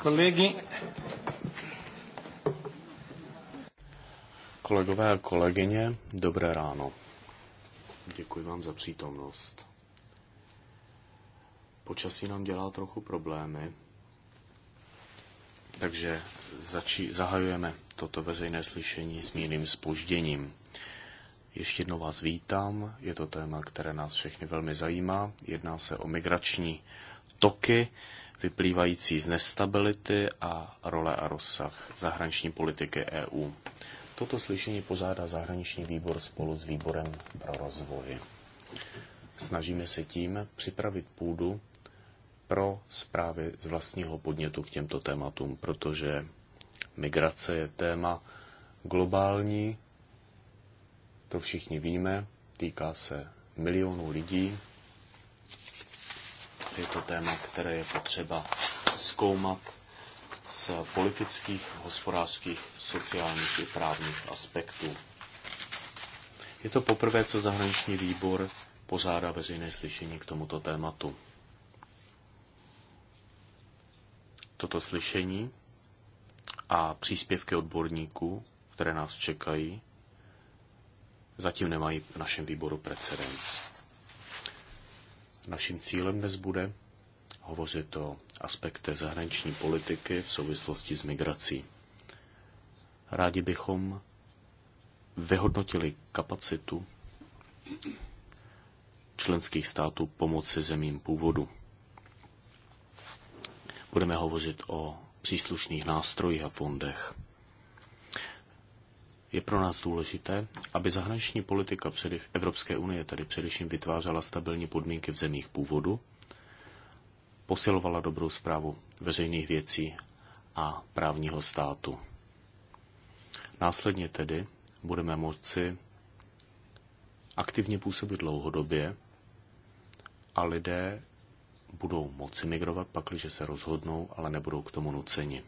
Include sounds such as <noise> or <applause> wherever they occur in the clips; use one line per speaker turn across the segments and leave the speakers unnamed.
Kolegy.
Kolegové a kolegyně, dobré ráno. Děkuji vám za přítomnost. Počasí nám dělá trochu problémy, takže začí, zahajujeme toto veřejné slyšení s mírným spožděním. Ještě jednou vás vítám, je to téma, které nás všechny velmi zajímá. Jedná se o migrační toky vyplývající z nestability a role a rozsah zahraniční politiky EU. Toto slyšení pořádá zahraniční výbor spolu s výborem pro rozvoj. Snažíme se tím připravit půdu pro zprávy z vlastního podnětu k těmto tématům, protože migrace je téma globální, to všichni víme, týká se milionů lidí, je to téma, které je potřeba zkoumat z politických, hospodářských, sociálních i právních aspektů. Je to poprvé, co zahraniční výbor pořádá veřejné slyšení k tomuto tématu. Toto slyšení a příspěvky odborníků, které nás čekají, zatím nemají v našem výboru precedens. Naším cílem dnes bude hovořit o aspektech zahraniční politiky v souvislosti s migrací. Rádi bychom vyhodnotili kapacitu členských států pomoci zemím původu. Budeme hovořit o příslušných nástrojích a fondech. Je pro nás důležité, aby zahraniční politika předy, Evropské unie tedy především vytvářela stabilní podmínky v zemích původu, posilovala dobrou zprávu veřejných věcí a právního státu. Následně tedy budeme moci aktivně působit dlouhodobě a lidé budou moci migrovat, pakliže se rozhodnou, ale nebudou k tomu nuceni.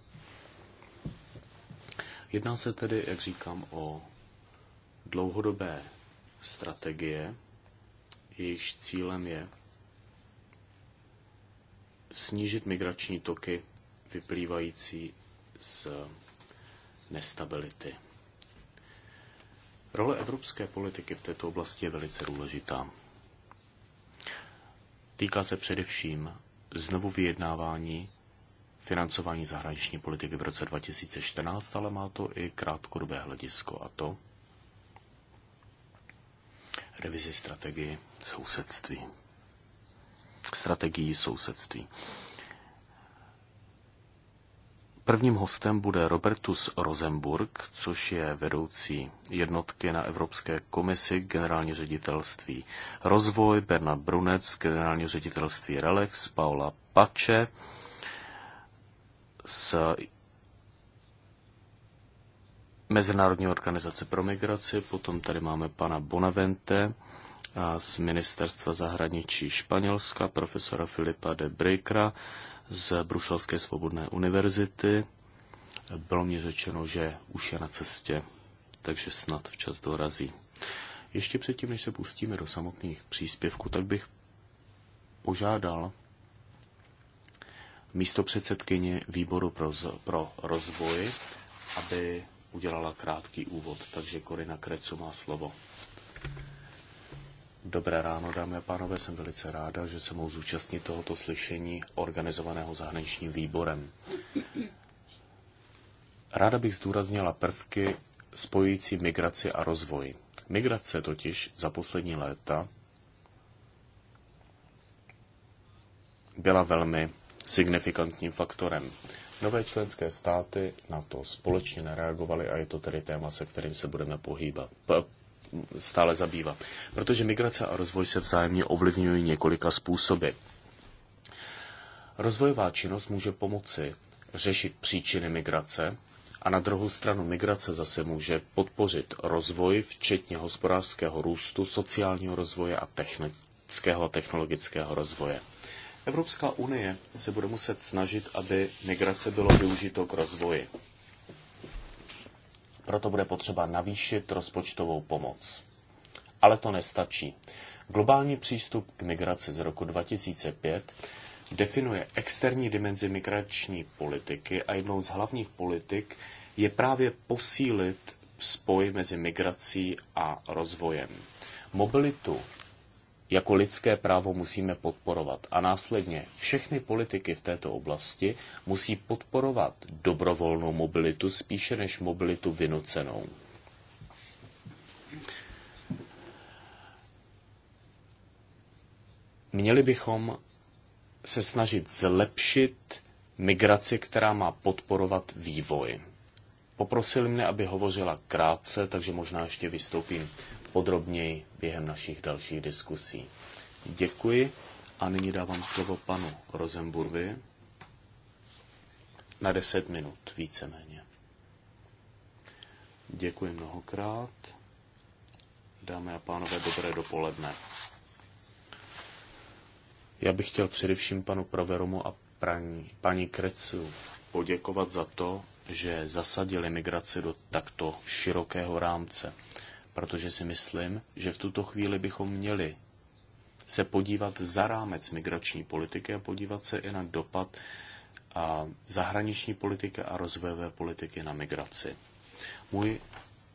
Jedná se tedy, jak říkám, o dlouhodobé strategie, jejichž cílem je snížit migrační toky vyplývající z nestability. Role evropské politiky v této oblasti je velice důležitá. Týká se především znovu vyjednávání financování zahraniční politiky v roce 2014, ale má to i krátkodobé hledisko a to revizi strategii sousedství. Strategii sousedství. Prvním hostem bude Robertus Rosenburg, což je vedoucí jednotky na Evropské komisi, generální ředitelství Rozvoj, Bernard Brunec, generální ředitelství Relex, Paula Pače, z Mezinárodní organizace pro migraci, potom tady máme pana Bonavente z Ministerstva zahraničí Španělska, profesora Filipa de Brejkra z Bruselské svobodné univerzity. Bylo mi řečeno, že už je na cestě, takže snad včas dorazí. Ještě předtím, než se pustíme do samotných příspěvků, tak bych požádal místo předsedkyně výboru pro, pro rozvoj, aby udělala krátký úvod. Takže Korina Krecu má slovo. Dobré ráno, dámy a pánové, jsem velice ráda, že se mohu zúčastnit tohoto slyšení organizovaného zahraničním výborem. Ráda bych zdůraznila prvky spojující migraci a rozvoj. Migrace totiž za poslední léta byla velmi signifikantním faktorem. Nové členské státy na to společně nereagovaly a je to tedy téma, se kterým se budeme pohýbat, stále zabývat. Protože migrace a rozvoj se vzájemně ovlivňují několika způsoby. Rozvojová činnost může pomoci řešit příčiny migrace a na druhou stranu migrace zase může podpořit rozvoj, včetně hospodářského růstu, sociálního rozvoje a technického a technologického rozvoje. Evropská unie se bude muset snažit, aby migrace bylo využito k rozvoji. Proto bude potřeba navýšit rozpočtovou pomoc. Ale to nestačí. Globální přístup k migraci z roku 2005 definuje externí dimenzi migrační politiky a jednou z hlavních politik je právě posílit spoj mezi migrací a rozvojem. Mobilitu jako lidské právo musíme podporovat. A následně všechny politiky v této oblasti musí podporovat dobrovolnou mobilitu spíše než mobilitu vynucenou. Měli bychom se snažit zlepšit migraci, která má podporovat vývoj. Poprosili mne, aby hovořila krátce, takže možná ještě vystoupím podrobněji během našich dalších diskusí. Děkuji a nyní dávám slovo panu Rosenburvi na 10 minut víceméně. Děkuji mnohokrát. Dámy a pánové, dobré dopoledne. Já bych chtěl především panu Proveromu a praní, paní Krecu poděkovat za to, že zasadili migraci do takto širokého rámce protože si myslím, že v tuto chvíli bychom měli se podívat za rámec migrační politiky a podívat se i na dopad a zahraniční politiky a rozvojové politiky na migraci. Můj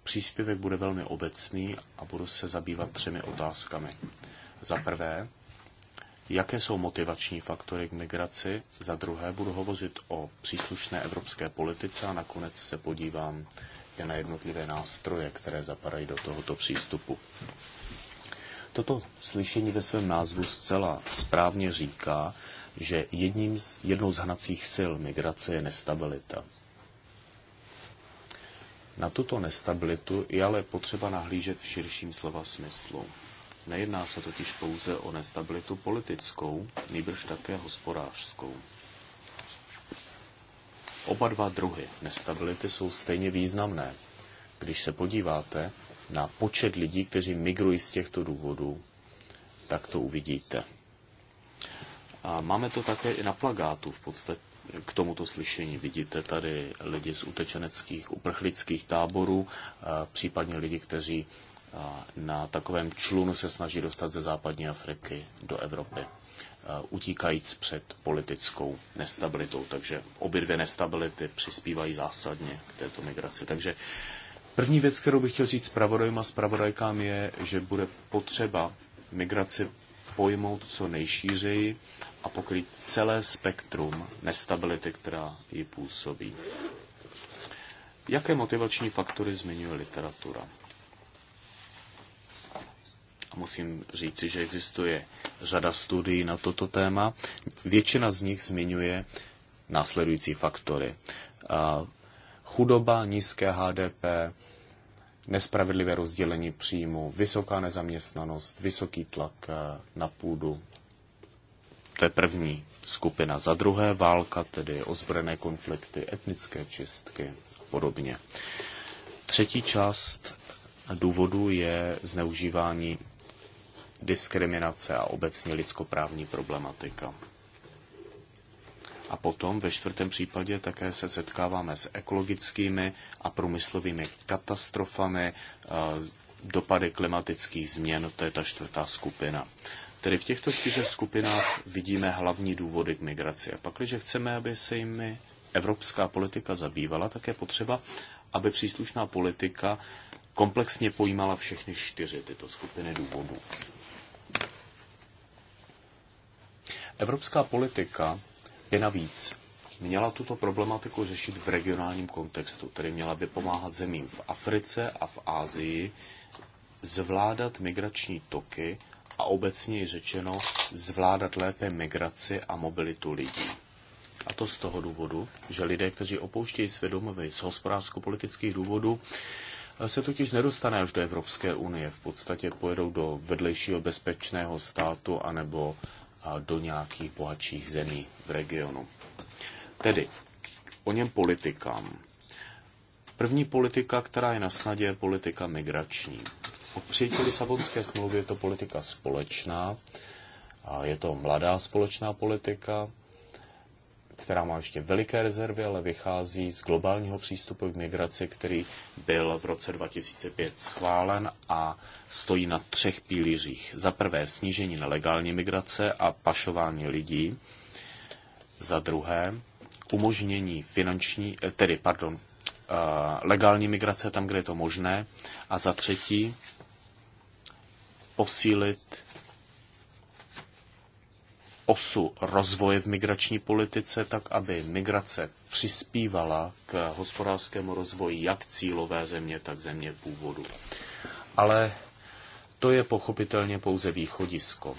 příspěvek bude velmi obecný a budu se zabývat třemi otázkami. Za prvé, jaké jsou motivační faktory k migraci, za druhé budu hovořit o příslušné evropské politice a nakonec se podívám a prostě na jednotlivé nástroje, které zapadají do tohoto přístupu. Toto slyšení ve svém názvu zcela správně říká, že jedním z, jednou z hnacích sil migrace je nestabilita. Na tuto nestabilitu je ale potřeba nahlížet v širším slova smyslu. Nejedná se totiž pouze o nestabilitu politickou, nejbrž také hospodářskou. Oba dva druhy nestability jsou stejně významné. Když se podíváte na počet lidí, kteří migrují z těchto důvodů, tak to uvidíte. A máme to také i na plagátu v podstatě k tomuto slyšení. Vidíte tady lidi z utečeneckých, uprchlických táborů, případně lidi, kteří na takovém člunu se snaží dostat ze západní Afriky do Evropy. Eh, utíkajíc před politickou nestabilitou. Takže obě dvě nestability přispívají zásadně k této migraci. Takže první věc, kterou bych chtěl říct spravodajům a spravodajkám, je, že bude potřeba migraci pojmout co nejšířeji a pokrýt celé spektrum nestability, která ji působí. Jaké motivační faktory zmiňuje literatura? musím říci, že existuje řada studií na toto téma. Většina z nich zmiňuje následující faktory. Chudoba, nízké HDP, nespravedlivé rozdělení příjmu, vysoká nezaměstnanost, vysoký tlak eh, na půdu. To je první skupina. Za druhé válka, tedy ozbrojené konflikty, etnické čistky a podobně. Třetí část důvodu je zneužívání diskriminace a obecně lidskoprávní problematika. A potom ve čtvrtém případě také se setkáváme s ekologickými a průmyslovými katastrofami, eh, dopady klimatických změn, to je ta čtvrtá skupina. Tedy v těchto čtyřech skupinách vidíme hlavní důvody k migraci. A pak, když chceme, aby se jimi evropská politika zabývala, tak je potřeba, aby příslušná politika komplexně pojímala všechny čtyři tyto skupiny důvodů. Evropská politika by navíc měla tuto problematiku řešit v regionálním kontextu, tedy měla by pomáhat zemím v Africe a v Ázii zvládat migrační toky a obecně řečeno zvládat lépe migraci a mobilitu lidí. A to z toho důvodu, že lidé, kteří opouštějí své domovy z hospodářsko-politických důvodů, se totiž nedostane až do Evropské unie. V podstatě pojedou do vedlejšího bezpečného státu anebo do nějakých bohatších zemí v regionu. Tedy o něm politikám. První politika, která je na snadě, je politika migrační. Od přijetí Lisabonské smlouvy je to politika společná, je to mladá společná politika, která má ještě veliké rezervy, ale vychází z globálního přístupu k migraci, který byl v roce 2005 schválen a stojí na třech pílířích. Za prvé snížení nelegální migrace a pašování lidí. Za druhé umožnění finanční, eh, tedy pardon, eh, legální migrace tam, kde je to možné. A za třetí posílit osu rozvoje v migrační politice, tak aby migrace přispívala k hospodářskému rozvoji jak cílové země, tak země původu. Ale to je pochopitelně pouze východisko.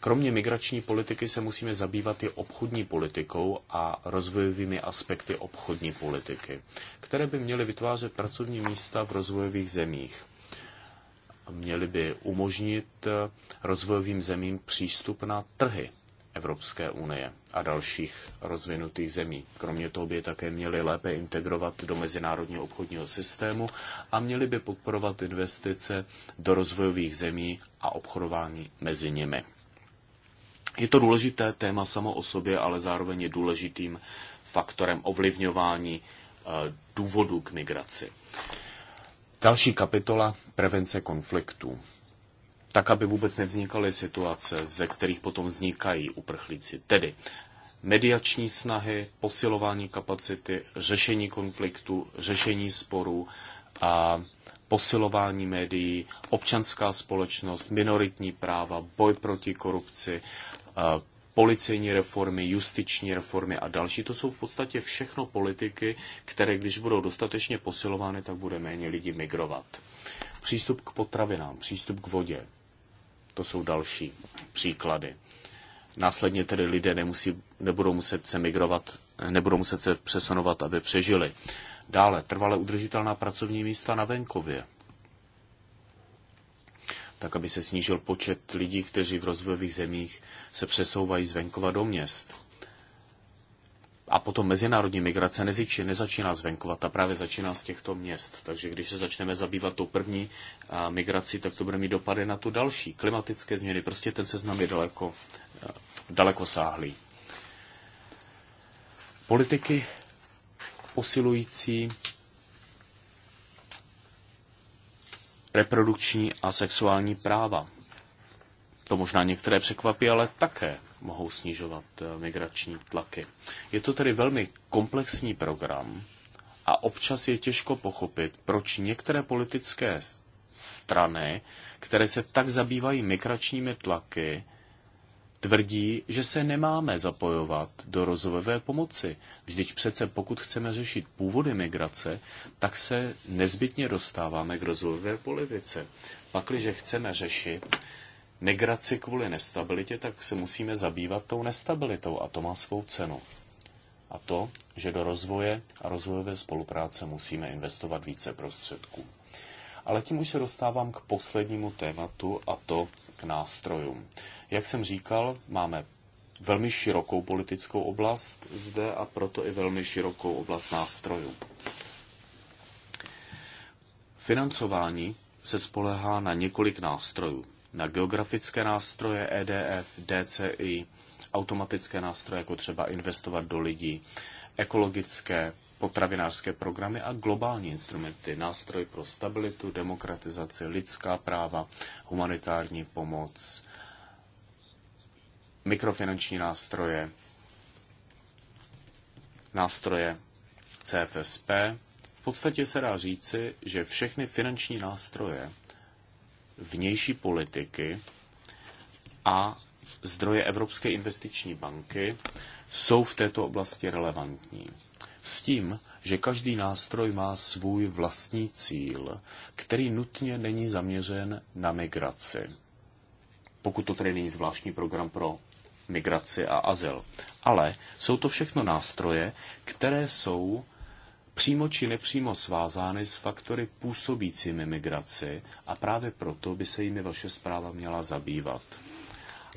Kromě migrační politiky se musíme zabývat i obchodní politikou a rozvojovými aspekty obchodní politiky, které by měly vytvářet pracovní místa v rozvojových zemích měly by umožnit eh, rozvojovým zemím přístup na trhy Evropské unie a dalších rozvinutých zemí. Kromě toho by je také měly lépe integrovat do mezinárodního obchodního systému a měly by podporovat investice do rozvojových zemí a obchodování mezi nimi. Je to důležité téma samo o sobě, ale zároveň je důležitým faktorem ovlivňování eh, důvodu k migraci. Další kapitola prevence konfliktů. Tak, aby vůbec nevznikaly situace, ze kterých potom vznikají uprchlíci. Tedy mediační snahy, posilování kapacity, řešení konfliktu, řešení sporů a posilování médií, občanská společnost, minoritní práva, boj proti korupci, eh, policejní reformy, justiční reformy a další. To jsou v podstatě všechno politiky, které když budou dostatečně posilovány, tak bude méně lidí migrovat. Přístup k potravinám, přístup k vodě, to jsou další příklady. Následně tedy lidé nemusí, nebudou muset se migrovat, nebudou muset se přesunovat, aby přežili. Dále trvale udržitelná pracovní místa na venkově tak aby se snížil počet lidí, kteří v rozvojových zemích se přesouvají z venkova do měst. A potom mezinárodní migrace nezačíná, nezačíná z venkova, ta právě začíná z těchto měst. Takže když se začneme zabývat tou první migrací, tak to bude mít dopady na tu další. Klimatické změny, prostě ten seznam je daleko, daleko sáhlý. Politiky posilující reprodukční a sexuální práva. To možná některé překvapí, ale také mohou snižovat eh, migrační tlaky. Je to tedy velmi komplexní program a občas je těžko pochopit, proč některé politické strany, které se tak zabývají migračními tlaky, tvrdí, že se nemáme zapojovat do rozvojové pomoci. Vždyť přece pokud chceme řešit původy migrace, tak se nezbytně dostáváme k rozvojové politice. Pakliže chceme řešit migraci kvůli nestabilitě, tak se musíme zabývat tou nestabilitou a to má svou cenu. A to, že do rozvoje a rozvojové spolupráce musíme investovat více prostředků. Ale tím už se dostávám k poslednímu tématu a to nástrojům. Jak jsem říkal, máme velmi širokou politickou oblast zde a proto i velmi širokou oblast nástrojů. Financování se spolehá na několik nástrojů. Na geografické nástroje EDF, DCI, automatické nástroje, jako třeba investovat do lidí, ekologické potravinářské programy a globální instrumenty, nástroj pro stabilitu, demokratizaci, lidská práva, humanitární pomoc, mikrofinanční nástroje, nástroje CFSP. V podstatě se dá říci, že všechny finanční nástroje vnější politiky a zdroje Evropské investiční banky jsou v této oblasti relevantní. S tím, že každý nástroj má svůj vlastní cíl, který nutně není zaměřen na migraci. Pokud to tedy není zvláštní program pro migraci a azyl. Ale jsou to všechno nástroje, které jsou přímo či nepřímo svázány s faktory působícími migraci a právě proto by se jimi vaše zpráva měla zabývat.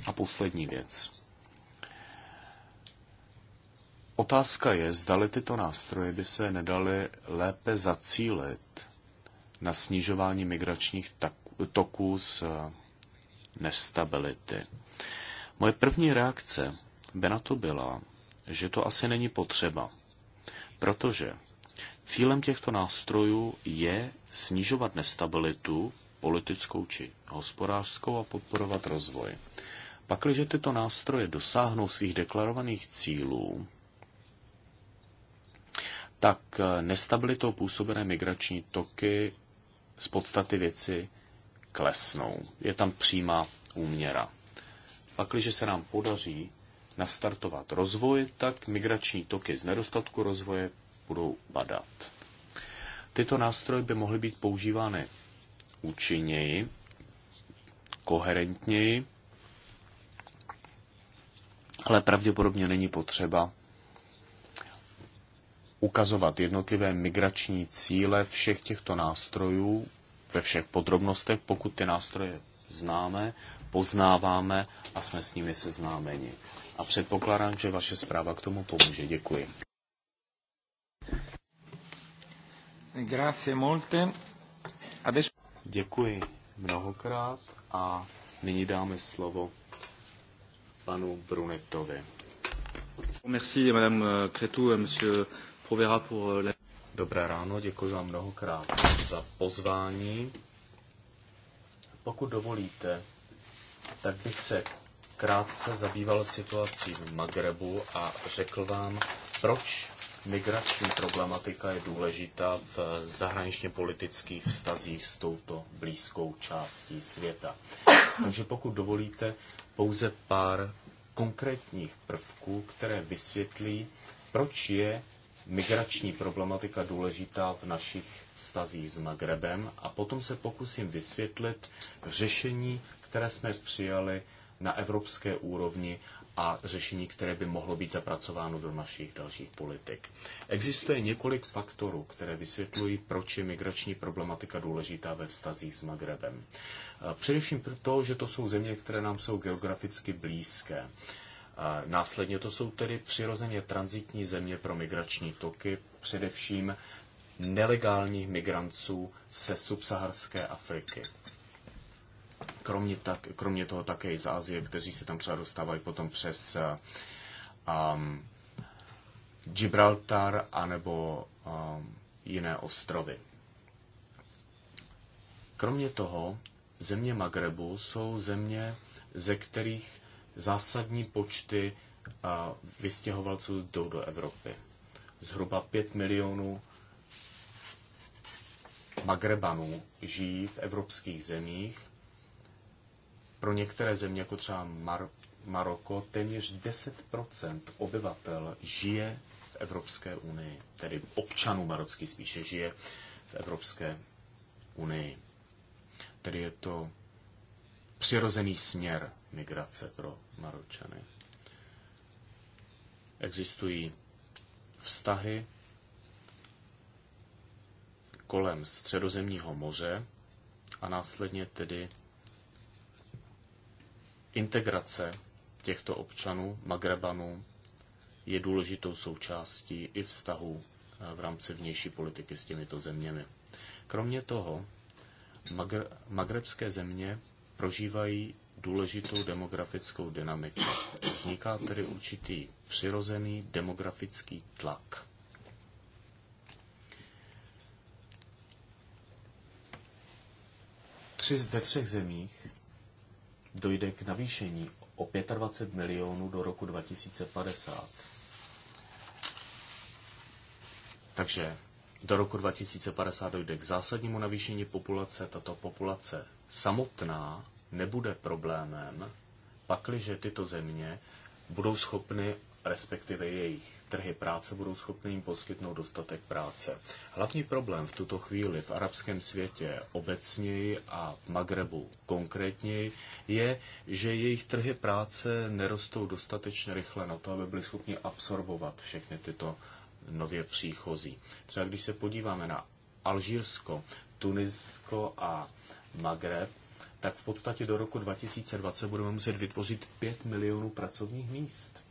A poslední věc. Otázka je, zdali tyto nástroje by se nedaly lépe zacílit na snižování migračních toků z eh, nestability. Moje první reakce by na to byla, že to asi není potřeba, protože cílem těchto nástrojů je snižovat nestabilitu politickou či hospodářskou a podporovat rozvoj. Pakliže tyto nástroje dosáhnou svých deklarovaných cílů, tak nestabilitou působené migrační toky z podstaty věci klesnou. Je tam přímá úměra. Pak, když se nám podaří nastartovat rozvoj, tak migrační toky z nedostatku rozvoje budou padat. Tyto nástroje by mohly být používány účinněji, koherentněji, ale pravděpodobně není potřeba ukazovat jednotlivé migrační cíle všech těchto nástrojů ve všech podrobnostech, pokud ty nástroje známe, poznáváme a jsme s nimi seznámeni. A předpokládám, že vaše zpráva k tomu pomůže. Děkuji. Grazie Děkuji mnohokrát a nyní dáme slovo panu Brunetovi. Merci, madame Cretu, monsieur Eh, Dobré ráno, děkuji vám mnohokrát za pozvání. Pokud dovolíte, tak bych se krátce zabýval situací v Magrebu a řekl vám, proč migrační problematika je důležitá v zahraničně politických vztazích s touto blízkou částí světa. Takže pokud dovolíte, pouze pár konkrétních prvků, které vysvětlí, proč je migrační problematika důležitá v našich vztazích s Magrebem a potom se pokusím vysvětlit řešení, které jsme přijali na evropské úrovni a řešení, které by mohlo být zapracováno do našich dalších politik. Existuje několik faktorů, které vysvětlují, proč je migrační problematika důležitá ve vztazích s Magrebem. Především proto, že to jsou země, které nám jsou geograficky blízké. Následně to jsou tedy přirozeně transitní země pro migrační toky, především nelegálních migranců se subsaharské Afriky. Kromě, tak, kromě toho také i z Azie, kteří se tam třeba dostávají potom přes eh, um, Gibraltar anebo um, jiné ostrovy. Kromě toho, země Magrebu jsou země, ze kterých zásadní počty vystěhovalců jdou do Evropy. Zhruba 5 milionů Magrebanů žijí v evropských zemích. Pro některé země, jako třeba Mar- Maroko, téměř 10 obyvatel žije v Evropské unii, tedy občanů marockých spíše žije v Evropské unii. Tedy je to přirozený směr migrace pro Maročany. Existují vztahy kolem Středozemního moře a následně tedy integrace těchto občanů, Magrebanů, je důležitou součástí i vztahu eh, v rámci vnější politiky s těmito zeměmi. Kromě toho, magrebské země prožívají důležitou demografickou dynamiku. Vzniká tedy určitý přirozený demografický tlak. Tři, ve třech zemích dojde k navýšení o 25 milionů do roku 2050. Takže do roku 2050 dojde k zásadnímu navýšení populace. Tato populace samotná nebude problémem, pakliže tyto země budou schopny, respektive jejich trhy práce budou schopny jim poskytnout dostatek práce. Hlavní problém v tuto chvíli v arabském světě obecněji a v Magrebu konkrétněji je, že jejich trhy práce nerostou dostatečně rychle na to, aby byli schopni absorbovat všechny tyto nově příchozí. Třeba když se podíváme na Alžírsko, Tunisko a Magreb, tak v podstatě do roku 2020 budeme muset vytvořit 5 milionů pracovních míst.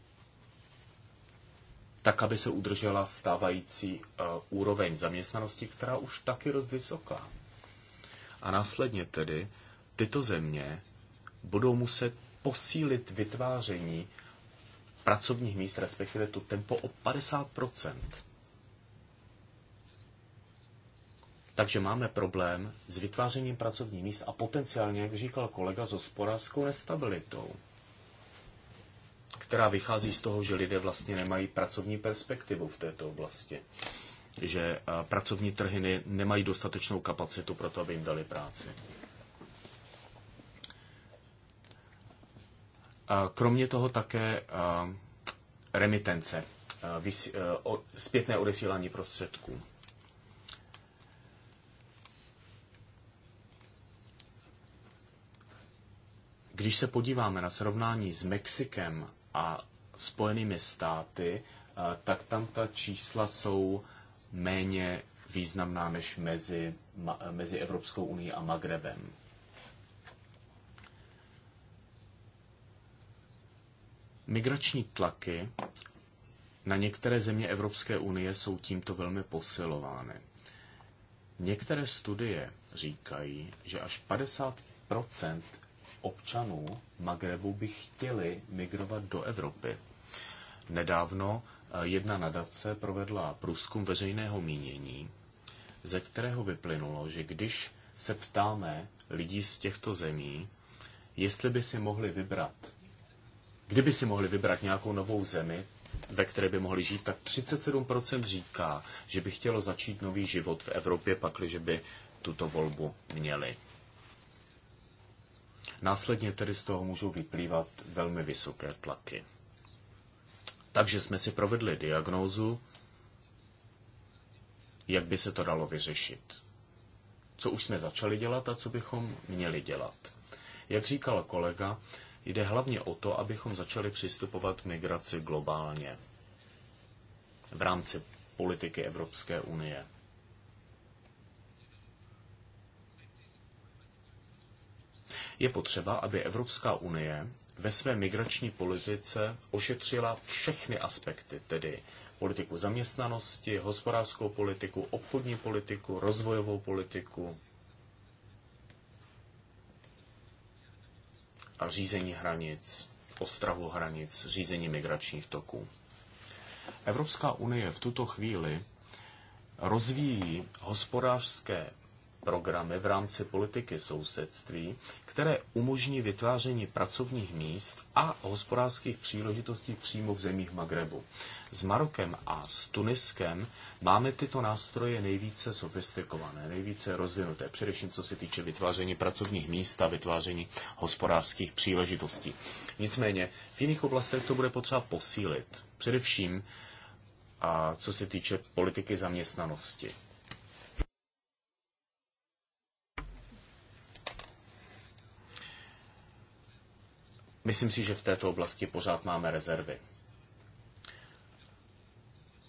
Tak, aby se udržela stávající eh, úroveň zaměstnanosti, která už taky dost vysoká. A následně tedy tyto země budou muset posílit vytváření pracovních míst, respektive tu tempo o 50 Takže máme problém s vytvářením pracovních míst a potenciálně, jak říkal kolega, s hospodářskou nestabilitou, která vychází z toho, že lidé vlastně nemají pracovní perspektivu v této oblasti, že eh, pracovní trhy nemají dostatečnou kapacitu pro to, aby jim dali práci. Kromě toho také eh, remitence, eh, zpětné odesílání prostředků. Když se podíváme na srovnání s Mexikem a Spojenými státy, eh, tak tam ta čísla jsou méně významná než mezi, eh, mezi Evropskou unii a Magrebem. Migrační tlaky na některé země Evropské unie jsou tímto velmi posilovány. Některé studie říkají, že až 50 občanů Magrebu by chtěli migrovat do Evropy. Nedávno eh, jedna nadace provedla průzkum veřejného mínění, ze kterého vyplynulo, že když se ptáme lidí z těchto zemí, jestli by si mohli vybrat, kdyby si mohli vybrat nějakou novou zemi, ve které by mohli žít, tak 37% říká, že by chtělo začít nový život v Evropě, pakliže by tuto volbu měli. Následně tedy z toho můžou vyplývat velmi vysoké tlaky. Takže jsme si provedli diagnózu, jak by se to dalo vyřešit. Co už jsme začali dělat a co bychom měli dělat. Jak říkal kolega, jde hlavně o to, abychom začali přistupovat k migraci globálně v rámci politiky Evropské unie. Je potřeba, aby Evropská unie ve své migrační politice ošetřila všechny aspekty, tedy politiku zaměstnanosti, hospodářskou politiku, obchodní politiku, rozvojovou politiku a řízení hranic, ostrahu hranic, řízení migračních toků. Evropská unie v tuto chvíli rozvíjí hospodářské programy v rámci politiky sousedství, které umožní vytváření pracovních míst a hospodářských příležitostí přímo v zemích Magrebu. S Marokem a s Tuniskem máme tyto nástroje nejvíce sofistikované, nejvíce rozvinuté, především co se týče vytváření pracovních míst a vytváření hospodářských příležitostí. Nicméně v jiných oblastech to bude potřeba posílit, především a co se týče politiky zaměstnanosti. Myslím si, že v této oblasti pořád máme rezervy.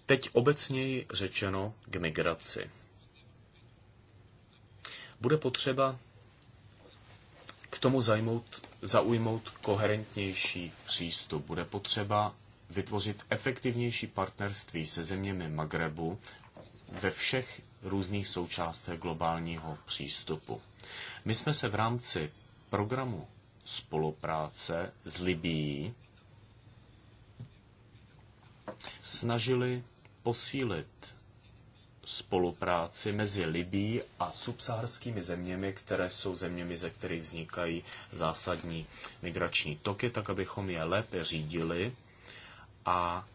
Teď obecněji řečeno k migraci. Bude potřeba k tomu zajmout, zaujmout koherentnější přístup. Bude potřeba vytvořit efektivnější partnerství se zeměmi Magrebu ve všech různých součástech globálního přístupu. My jsme se v rámci programu spolupráce s Libií snažili posílit spolupráci mezi Libií a subsaharskými zeměmi, které jsou zeměmi, ze kterých vznikají zásadní migrační toky, tak abychom je lépe řídili a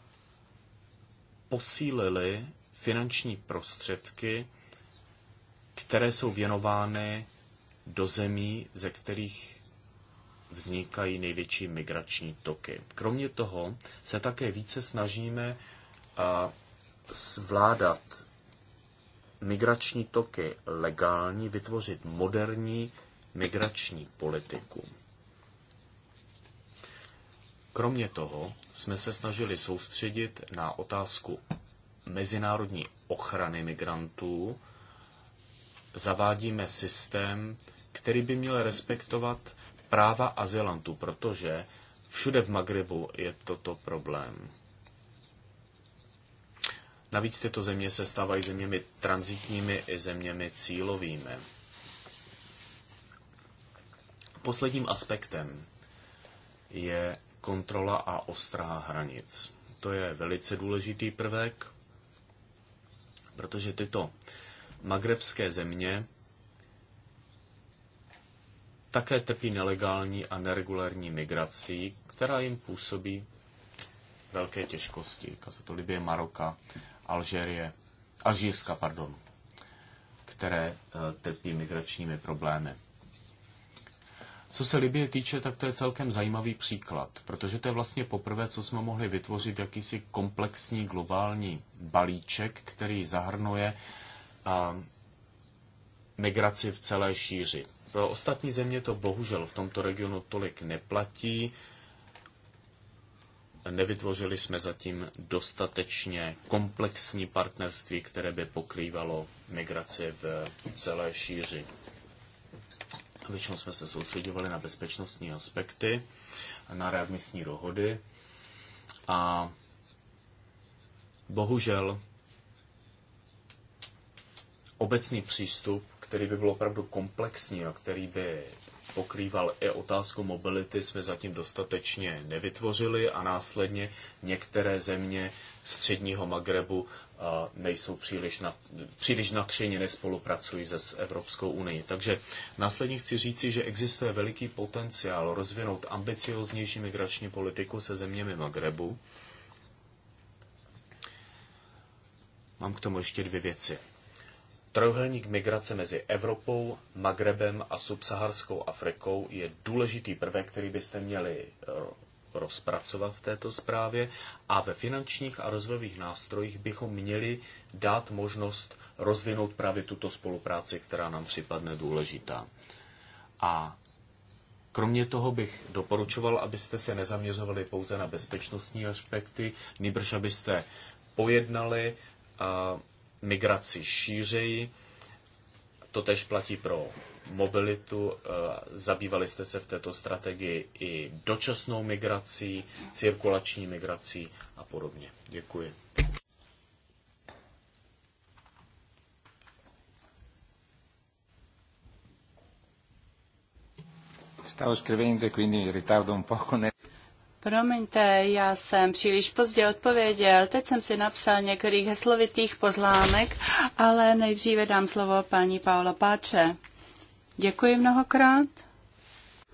posílili finanční prostředky, které jsou věnovány do zemí, ze kterých vznikají největší migrační toky. Kromě toho se také více snažíme zvládat migrační toky legální, vytvořit moderní migrační politiku. Kromě toho jsme se snažili soustředit na otázku mezinárodní ochrany migrantů. Zavádíme systém, který by měl respektovat práva azylantů, protože všude v Magribu je toto problém. Navíc tyto země se stávají zeměmi transitními i zeměmi cílovými. Posledním aspektem je kontrola a ostrá hranic. To je velice důležitý prvek, protože tyto magrebské země také trpí nelegální a neregulární migrací, která jim působí velké těžkosti. Kazat to Libie, Maroka, Alžérie, Alžírska, pardon, které eh, trpí migračními problémy. Co se Libie týče, tak to je celkem zajímavý příklad, protože to je vlastně poprvé, co jsme mohli vytvořit jakýsi komplexní globální balíček, který zahrnuje eh, migraci v celé šíři. Pro ostatní země to bohužel v tomto regionu tolik neplatí. Nevytvořili jsme zatím dostatečně komplexní partnerství, které by pokrývalo migraci v celé šíři. Většinou jsme se soustředovali na bezpečnostní aspekty, na readmisní dohody a bohužel obecný přístup který by byl opravdu komplexní a který by pokrýval i otázku mobility, jsme zatím dostatečně nevytvořili a následně některé země středního Magrebu eh, nejsou příliš, na, příliš natřeně, nespolupracují se s Evropskou unii. Takže následně chci říci, že existuje veliký potenciál rozvinout ambicioznější migrační politiku se zeměmi Magrebu. Mám k tomu ještě dvě věci. Trojuhelník migrace mezi Evropou, Magrebem a subsaharskou Afrikou je důležitý prvek, který byste měli eh, rozpracovat v této zprávě a ve finančních a rozvojových nástrojích bychom měli dát možnost rozvinout právě tuto spolupráci, která nám připadne důležitá. A kromě toho bych doporučoval, abyste se nezaměřovali pouze na bezpečnostní aspekty, nýbrž abyste pojednali eh, migraci šířejí. To tež platí pro mobilitu. Eh, zabývali jste se v této strategii i dočasnou migrací, cirkulační migrací a podobně. Děkuji. Stavo scrivendo e quindi in ritardo un po' con...
Promiňte, já jsem příliš pozdě odpověděl. Teď jsem si napsal několik heslovitých pozlámek, ale nejdříve dám slovo paní Paula Páče. Děkuji
mnohokrát.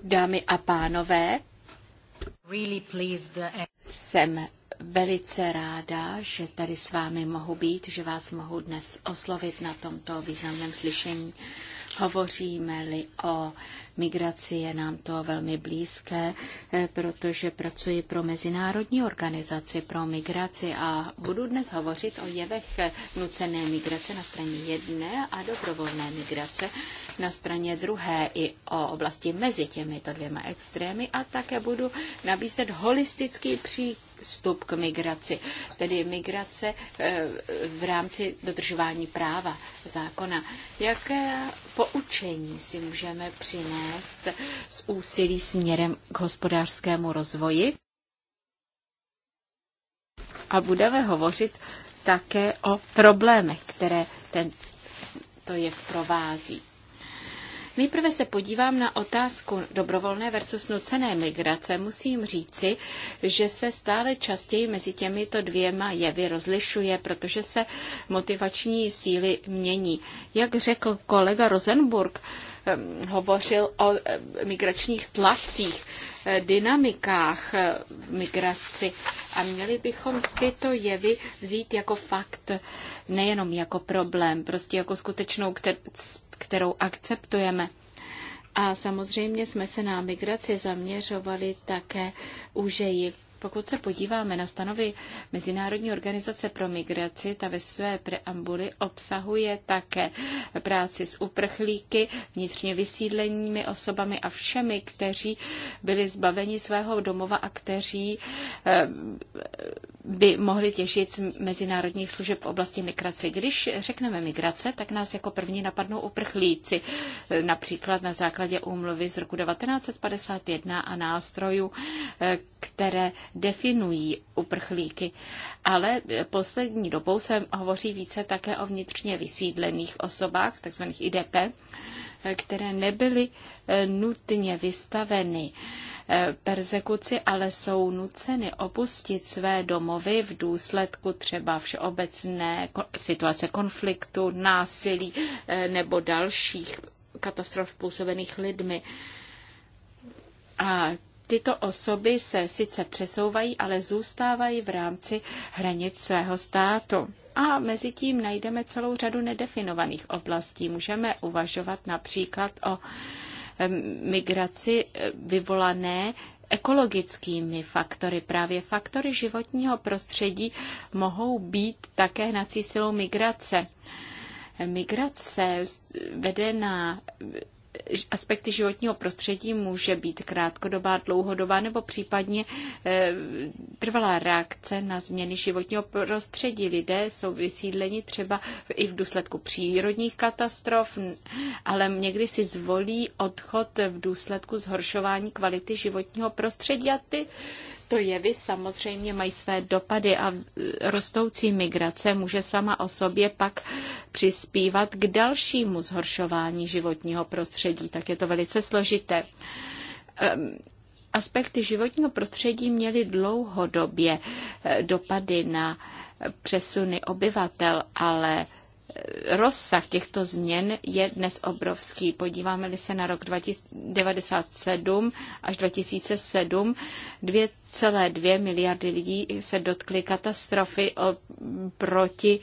Dámy a pánové, jsem velice ráda, že tady s vámi mohu být, že vás mohu dnes oslovit na tomto významném slyšení. Hovoříme-li o migraci, je nám to velmi blízké, eh, protože pracuji pro Mezinárodní organizaci pro migraci a budu dnes hovořit o jevech eh, nucené migrace na straně jedné a dobrovolné migrace na straně druhé i o oblasti mezi těmito dvěma extrémy a také budu nabízet holistický příklad přístup k migraci, tedy migrace eh, v rámci dodržování práva zákona. Jaké poučení si můžeme přinést z úsilí směrem k hospodářskému rozvoji? A budeme hovořit také o problémech, které ten, to je provází. Nejprve se podívám na otázku dobrovolné versus nucené migrace. Musím říci, že se stále častěji mezi těmito dvěma jevy rozlišuje, protože se motivační síly mění. Jak řekl kolega Rosenburg, ehm, hovořil o ehm, migračních tlacích, eh, dynamikách eh, migraci a měli bychom tyto jevy vzít jako fakt, nejenom jako problém, prostě jako skutečnou kterou akceptujeme. A samozřejmě jsme se na migraci zaměřovali také úžeji. Pokud se podíváme na stanovy Mezinárodní organizace pro migraci, ta ve své preambuli obsahuje také práci s uprchlíky, vnitřně vysídlenými osobami a všemi, kteří byli zbaveni svého domova a kteří eh, by mohli těžit z mezinárodních služeb v oblasti migrace. Když řekneme migrace, tak nás jako první napadnou uprchlíci, například na základě úmluvy z roku 1951 a nástrojů, eh, které definují uprchlíky. Ale poslední dobou se hovoří více také o vnitřně vysídlených osobách, takzvaných IDP, které nebyly eh, nutně vystaveny eh, persekuci, ale jsou nuceny opustit své domovy v důsledku třeba všeobecné situace konfliktu, násilí eh, nebo dalších katastrof působených lidmi. A Tyto osoby se sice přesouvají, ale zůstávají v rámci hranic svého státu. A mezi tím najdeme celou řadu nedefinovaných oblastí. Můžeme uvažovat například o migraci eh, vyvolané ekologickými faktory. Právě faktory životního prostředí mohou být také hnací silou migrace. Migrace na aspekty životního prostředí může být krátkodobá, dlouhodobá nebo případně eh, trvalá reakce na změny životního prostředí. Lidé jsou vysídleni třeba i v důsledku přírodních katastrof, ale někdy si zvolí odchod v důsledku zhoršování kvality životního prostředí a ty tyto jevy samozřejmě mají své dopady a rostoucí migrace může sama o sobě pak přispívat k dalšímu zhoršování životního prostředí, tak je to velice složité. Ehm, aspekty životního prostředí měly dlouhodobě eh, dopady na přesuny obyvatel, ale rozsah těchto změn je dnes obrovský. Podíváme-li se na rok 1997 až 2007, 2,2 miliardy lidí se dotkly katastrofy proti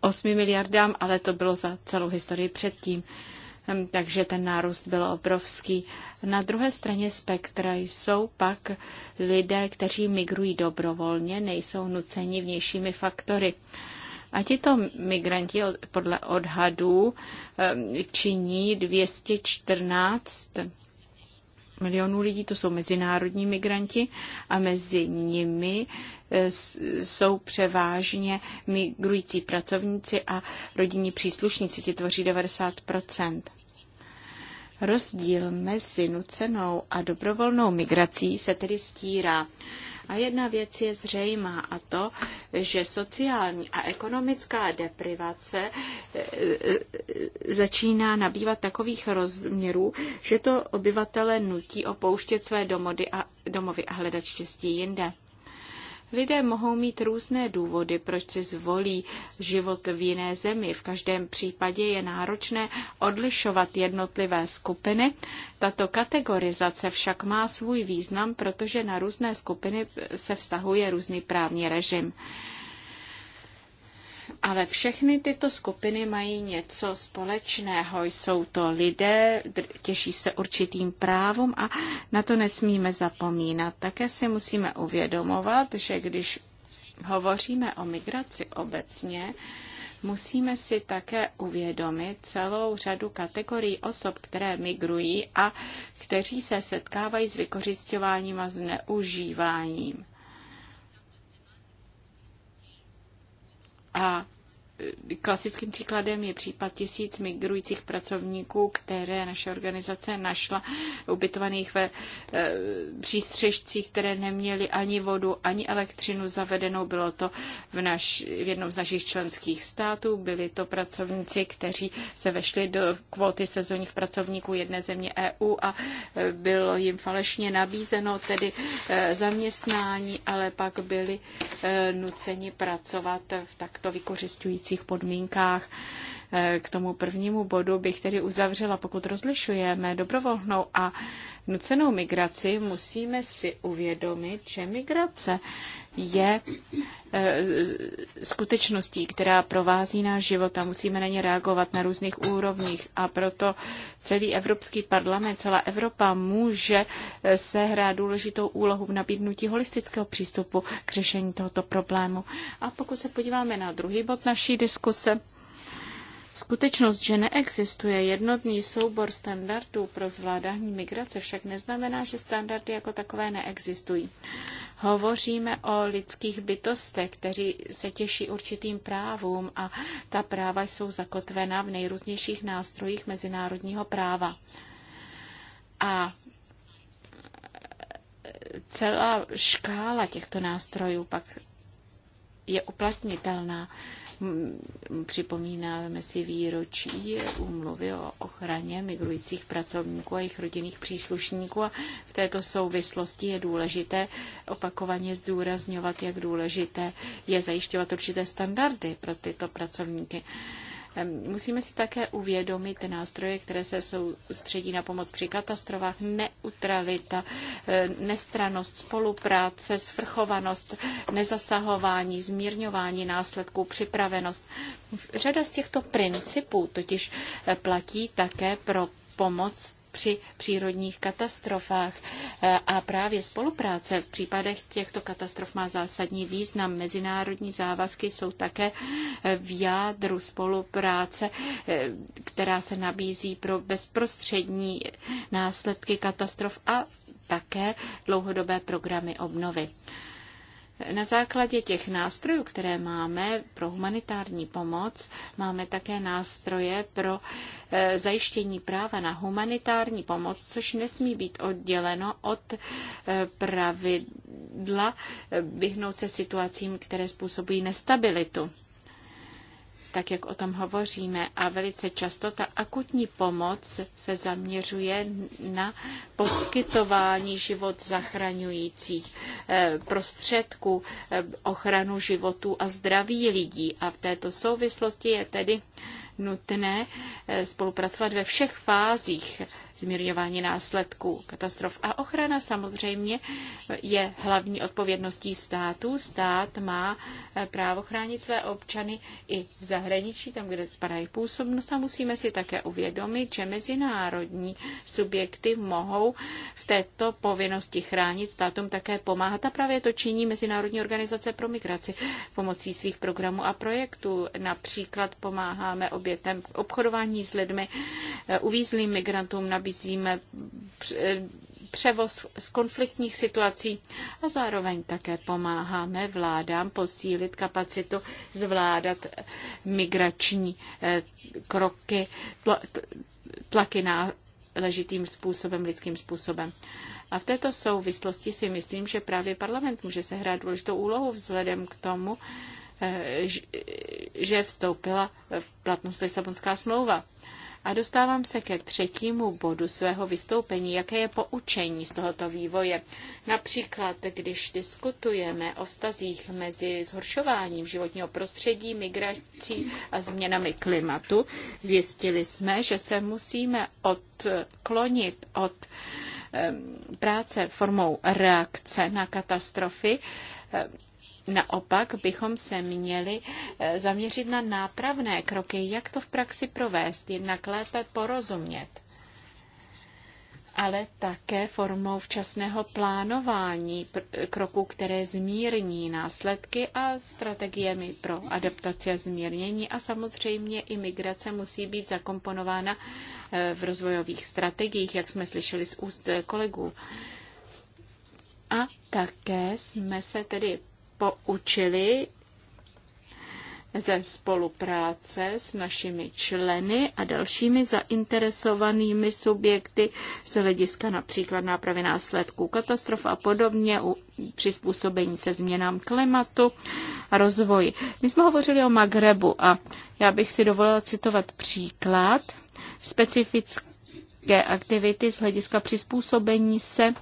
8 eh, miliardám, ale to bylo za celou historii předtím. Hm, takže ten nárůst byl obrovský. Na druhé straně spektra jsou pak lidé, kteří migrují dobrovolně, nejsou nuceni vnějšími faktory. A tito migranti podle odhadů ehm, činí 214 milionů lidí, to jsou mezinárodní migranti a mezi nimi e, jsou převážně migrující pracovníci a rodinní příslušníci, ti tvoří 90 Rozdíl mezi nucenou a dobrovolnou migrací se tedy stírá. A jedna věc je zřejmá a to, že sociální a ekonomická deprivace e, e, začíná nabývat takových rozměrů, že to obyvatele nutí opouštět své domody a domovy a hledat štěstí jinde. Lidé mohou mít různé důvody, proč si zvolí život v jiné zemi. V každém případě je náročné odlišovat jednotlivé skupiny. Tato kategorizace však má svůj význam, protože na různé skupiny se vztahuje různý právní režim. Ale všechny tyto skupiny mají něco společného. Jsou to lidé, těší se určitým právům a na to nesmíme zapomínat. Také si musíme uvědomovat, že když hovoříme o migraci obecně, musíme si také uvědomit celou řadu kategorií osob, které migrují a kteří se setkávají s vykořišťováním a zneužíváním. A klasickým příkladem je případ tisíc migrujících pracovníků, které naše organizace našla ubytovaných ve e, přístřežcích, které neměly ani vodu, ani elektřinu zavedenou. Bylo to v, naš, v jednom z našich členských států. Byli to pracovníci, kteří se vešli do kvóty sezónních pracovníků jedné země EU a e, bylo jim falešně nabízeno tedy e, zaměstnání, ale pak byli nuceni pracovat v takto vykořistující stávajících podmínkách Eh, k tomu prvnímu bodu bych tedy uzavřela, pokud rozlišujeme dobrovolnou a nucenou migraci, musíme si uvědomit, že migrace je eh, skutečností, která provází náš život a musíme na ně reagovat na různých úrovních. A proto celý Evropský parlament, celá Evropa může eh, sehrát důležitou úlohu v nabídnutí holistického přístupu k řešení tohoto problému. A pokud se podíváme na druhý bod naší diskuse, Skutečnost, že neexistuje jednotný soubor standardů pro zvládání migrace, však neznamená, že standardy jako takové neexistují. Hovoříme o lidských bytostech, kteří se těší určitým právům a ta práva jsou zakotvena v nejrůznějších nástrojích mezinárodního práva. A celá škála těchto nástrojů pak je uplatnitelná. Připomínáme si výročí úmluvy o ochraně migrujících pracovníků a jejich rodinných příslušníků a v této souvislosti je důležité opakovaně zdůrazňovat, jak důležité je zajišťovat určité standardy pro tyto pracovníky. Musíme si také uvědomit nástroje, které se soustředí na pomoc při katastrofách, neutralita, e, nestranost, spolupráce, svrchovanost, nezasahování, zmírňování následků, připravenost. Řada z těchto principů totiž e, platí také pro pomoc při přírodních katastrofách. E, a právě spolupráce v případech těchto katastrof má zásadní význam. Mezinárodní závazky jsou také e, v jádru spolupráce, e, která se nabízí pro bezprostřední následky katastrof a také dlouhodobé programy obnovy. Na základě těch nástrojů, které máme pro humanitární pomoc, máme také nástroje pro e, zajištění práva na humanitární pomoc, což nesmí být odděleno od e, pravidla e, vyhnout se situacím, které způsobují nestabilitu tak jak o tom hovoříme. A velice často ta akutní pomoc se zaměřuje na poskytování život zachraňujících eh, prostředků, eh, ochranu životů a zdraví lidí. A v této souvislosti je tedy nutné eh, spolupracovat ve všech fázích zmírňování následků katastrof. A ochrana samozřejmě je hlavní odpovědností státu. Stát má eh, právo chránit své občany i v zahraničí, tam, kde spadá působnost. A musíme si také uvědomit, že mezinárodní subjekty mohou v této povinnosti chránit státům také pomáhat. A právě to činí Mezinárodní organizace pro migraci pomocí svých programů a projektů. Například pomáháme obětem obchodování s lidmi, eh, uvízlým migrantům, nabízíme nabízíme převoz z konfliktních situací a zároveň také pomáháme vládám posílit kapacitu zvládat migrační eh, kroky, tlaky na ležitým způsobem, lidským způsobem. A v této souvislosti si myslím, že právě parlament může sehrát důležitou úlohu vzhledem k tomu, eh, že vstoupila v platnost Lisabonská smlouva. A dostávám se ke třetímu bodu svého vystoupení, jaké je poučení z tohoto vývoje. Například, když diskutujeme o vztazích mezi zhoršováním životního prostředí, migrací a změnami klimatu, zjistili jsme, že se musíme odklonit od práce formou reakce na katastrofy Naopak bychom se měli eh, zaměřit na nápravné kroky, jak to v praxi provést, jednak lépe porozumět ale také formou včasného plánování kroků, které zmírní následky a strategiemi pro adaptaci a zmírnění. A samozřejmě i migrace musí být zakomponována eh, v rozvojových strategiích, jak jsme slyšeli z úst kolegů. A také jsme se tedy poučili ze spolupráce s našimi členy a dalšími zainteresovanými subjekty z hlediska například nápravy následků katastrof a podobně u přizpůsobení se změnám klimatu a rozvoji. My jsme hovořili o Magrebu a já bych si dovolila citovat příklad specifické aktivity z hlediska přizpůsobení se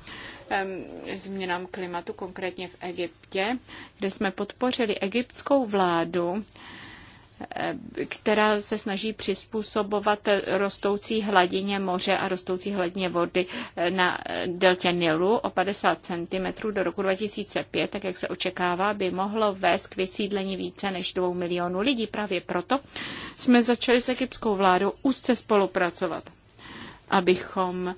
změnám klimatu, konkrétně v Egyptě, kde jsme podpořili egyptskou vládu, eh, která se snaží přizpůsobovat rostoucí hladině moře a rostoucí hladině vody eh, na eh, deltě Nilu o 50 cm do roku 2005, tak jak se očekává, by mohlo vést k vysídlení více než 2 milionů lidí. Právě proto jsme začali s egyptskou vládou úzce spolupracovat, abychom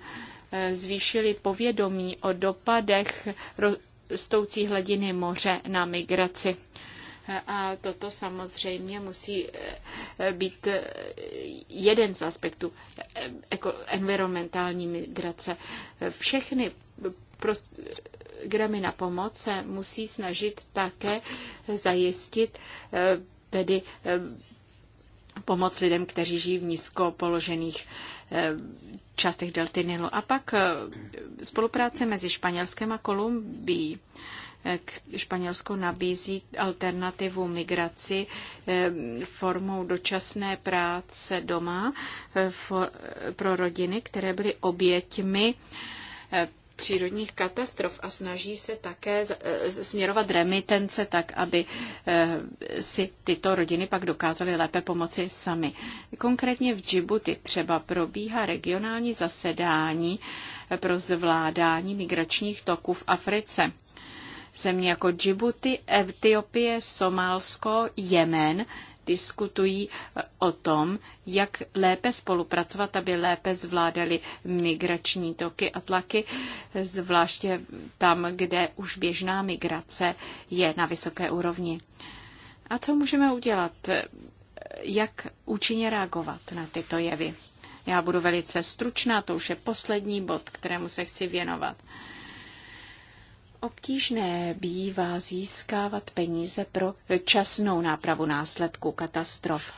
Eh, zvýšili povědomí o dopadech rostoucí hladiny moře na migraci. Eh, a toto samozřejmě musí eh, být jeden z aspektů environmentální migrace. Všechny programy na pomoc se musí snažit také zajistit tedy pomoc lidem, kteří žijí v nízko položených eh, částech delty Nilu. A pak eh, spolupráce mezi Španělskem a Kolumbií. Eh, Španělsko nabízí alternativu migraci formou dočasné práce doma pro rodiny, které byly oběťmi přírodních katastrof a snaží se také e, směrovat remitence tak, aby e, si tyto rodiny pak dokázaly lépe pomoci sami. Konkrétně v Džibuti třeba probíhá regionální zasedání e, pro zvládání migračních toků v Africe. Země jako Džibuti, Etiopie, Somálsko, Jemen diskutují eh, o tom, jak lépe spolupracovat, aby lépe zvládali migrační toky a tlaky, zvláště tam, kde už běžná migrace je na vysoké úrovni. A co můžeme udělat? Jak účinně reagovat na tyto jevy? Já budu velice stručná, to už je poslední bod, kterému se chci věnovat. Obtížné bývá získávat peníze pro časnou nápravu následků katastrof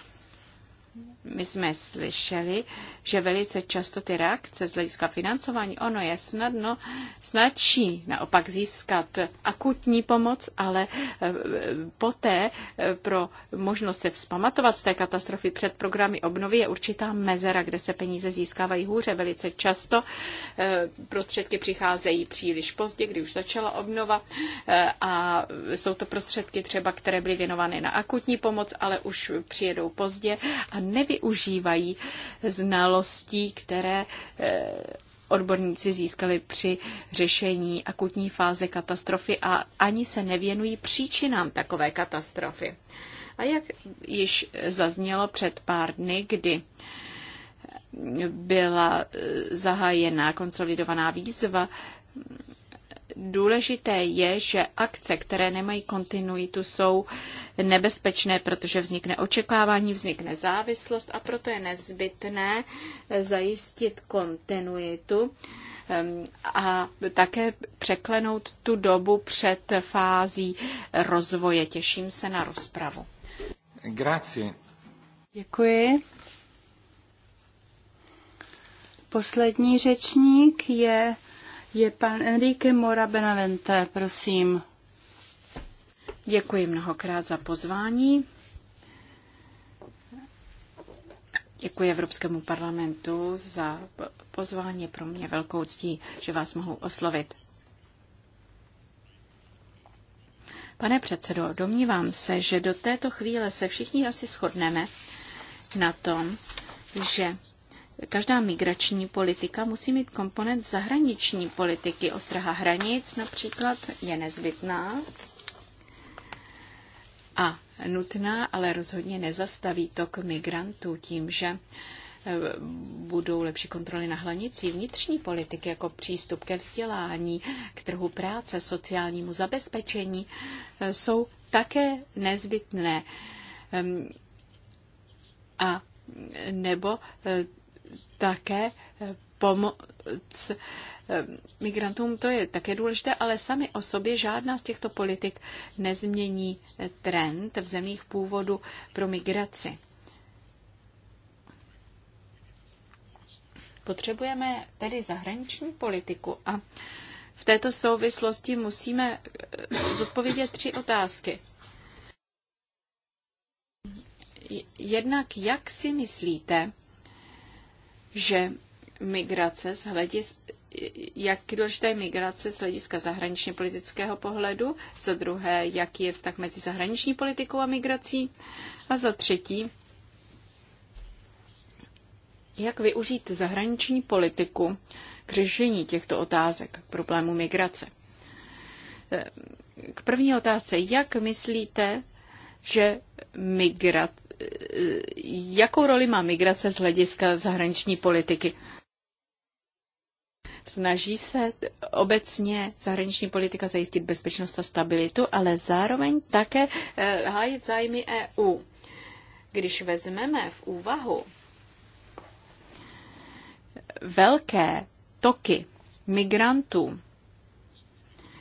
my jsme slyšeli, že velice často ty reakce z hlediska financování, ono je snadno, snadší naopak získat akutní pomoc, ale eh, poté eh, pro možnost se vzpamatovat z té katastrofy před programy obnovy je určitá mezera, kde se peníze získávají hůře. Velice často eh, prostředky přicházejí příliš pozdě, kdy už začala obnova a jsou to prostředky třeba, které byly věnovány na akutní pomoc, ale už přijedou pozdě a neví nevyužívají znalostí, které eh, odborníci získali při řešení akutní fáze katastrofy a ani se nevěnují příčinám takové katastrofy. A jak již zaznělo před pár dny, kdy byla eh, zahájena konsolidovaná výzva důležité je, že akce, které nemají kontinuitu, jsou nebezpečné, protože vznikne očekávání, vznikne závislost a proto je nezbytné zajistit kontinuitu a také překlenout tu dobu před fází rozvoje. Těším se na rozpravu.
Grazie.
Děkuji.
Poslední řečník je je pan Enrique Mora
Benavente, prosím. Děkuji mnohokrát za pozvání. Děkuji Evropskému parlamentu za pozvání. Pro mě velkou ctí, že vás mohu oslovit. Pane předsedo, domnívám se, že do této chvíle se všichni asi shodneme na tom, že Každá migrační politika musí mít komponent zahraniční politiky. Ostraha hranic například je nezbytná a nutná, ale rozhodně nezastaví tok migrantů tím, že e, budou lepší kontroly na hranici, vnitřní politiky jako přístup ke vzdělání, k trhu práce, sociálnímu zabezpečení e, jsou také nezbytné. A nebo e, také eh, pomoc eh, migrantům, to je také důležité, ale sami o sobě žádná z těchto politik nezmění trend v zemích původu pro migraci. Potřebujeme tedy zahraniční politiku a v této souvislosti musíme eh, zodpovědět tři otázky. Jednak, jak si myslíte, že migrace z hledis, jak důležité je migrace z hlediska zahraničně politického pohledu, za druhé, jaký je vztah mezi zahraniční politikou a migrací a za třetí, jak využít zahraniční politiku k řešení těchto otázek, problému migrace. K první otázce, jak myslíte, že migrat, jakou roli má migrace z hlediska zahraniční politiky? Snaží se obecně zahraniční politika zajistit bezpečnost a stabilitu, ale zároveň také eh, hájit zájmy EU. Když vezmeme v úvahu velké toky migrantů,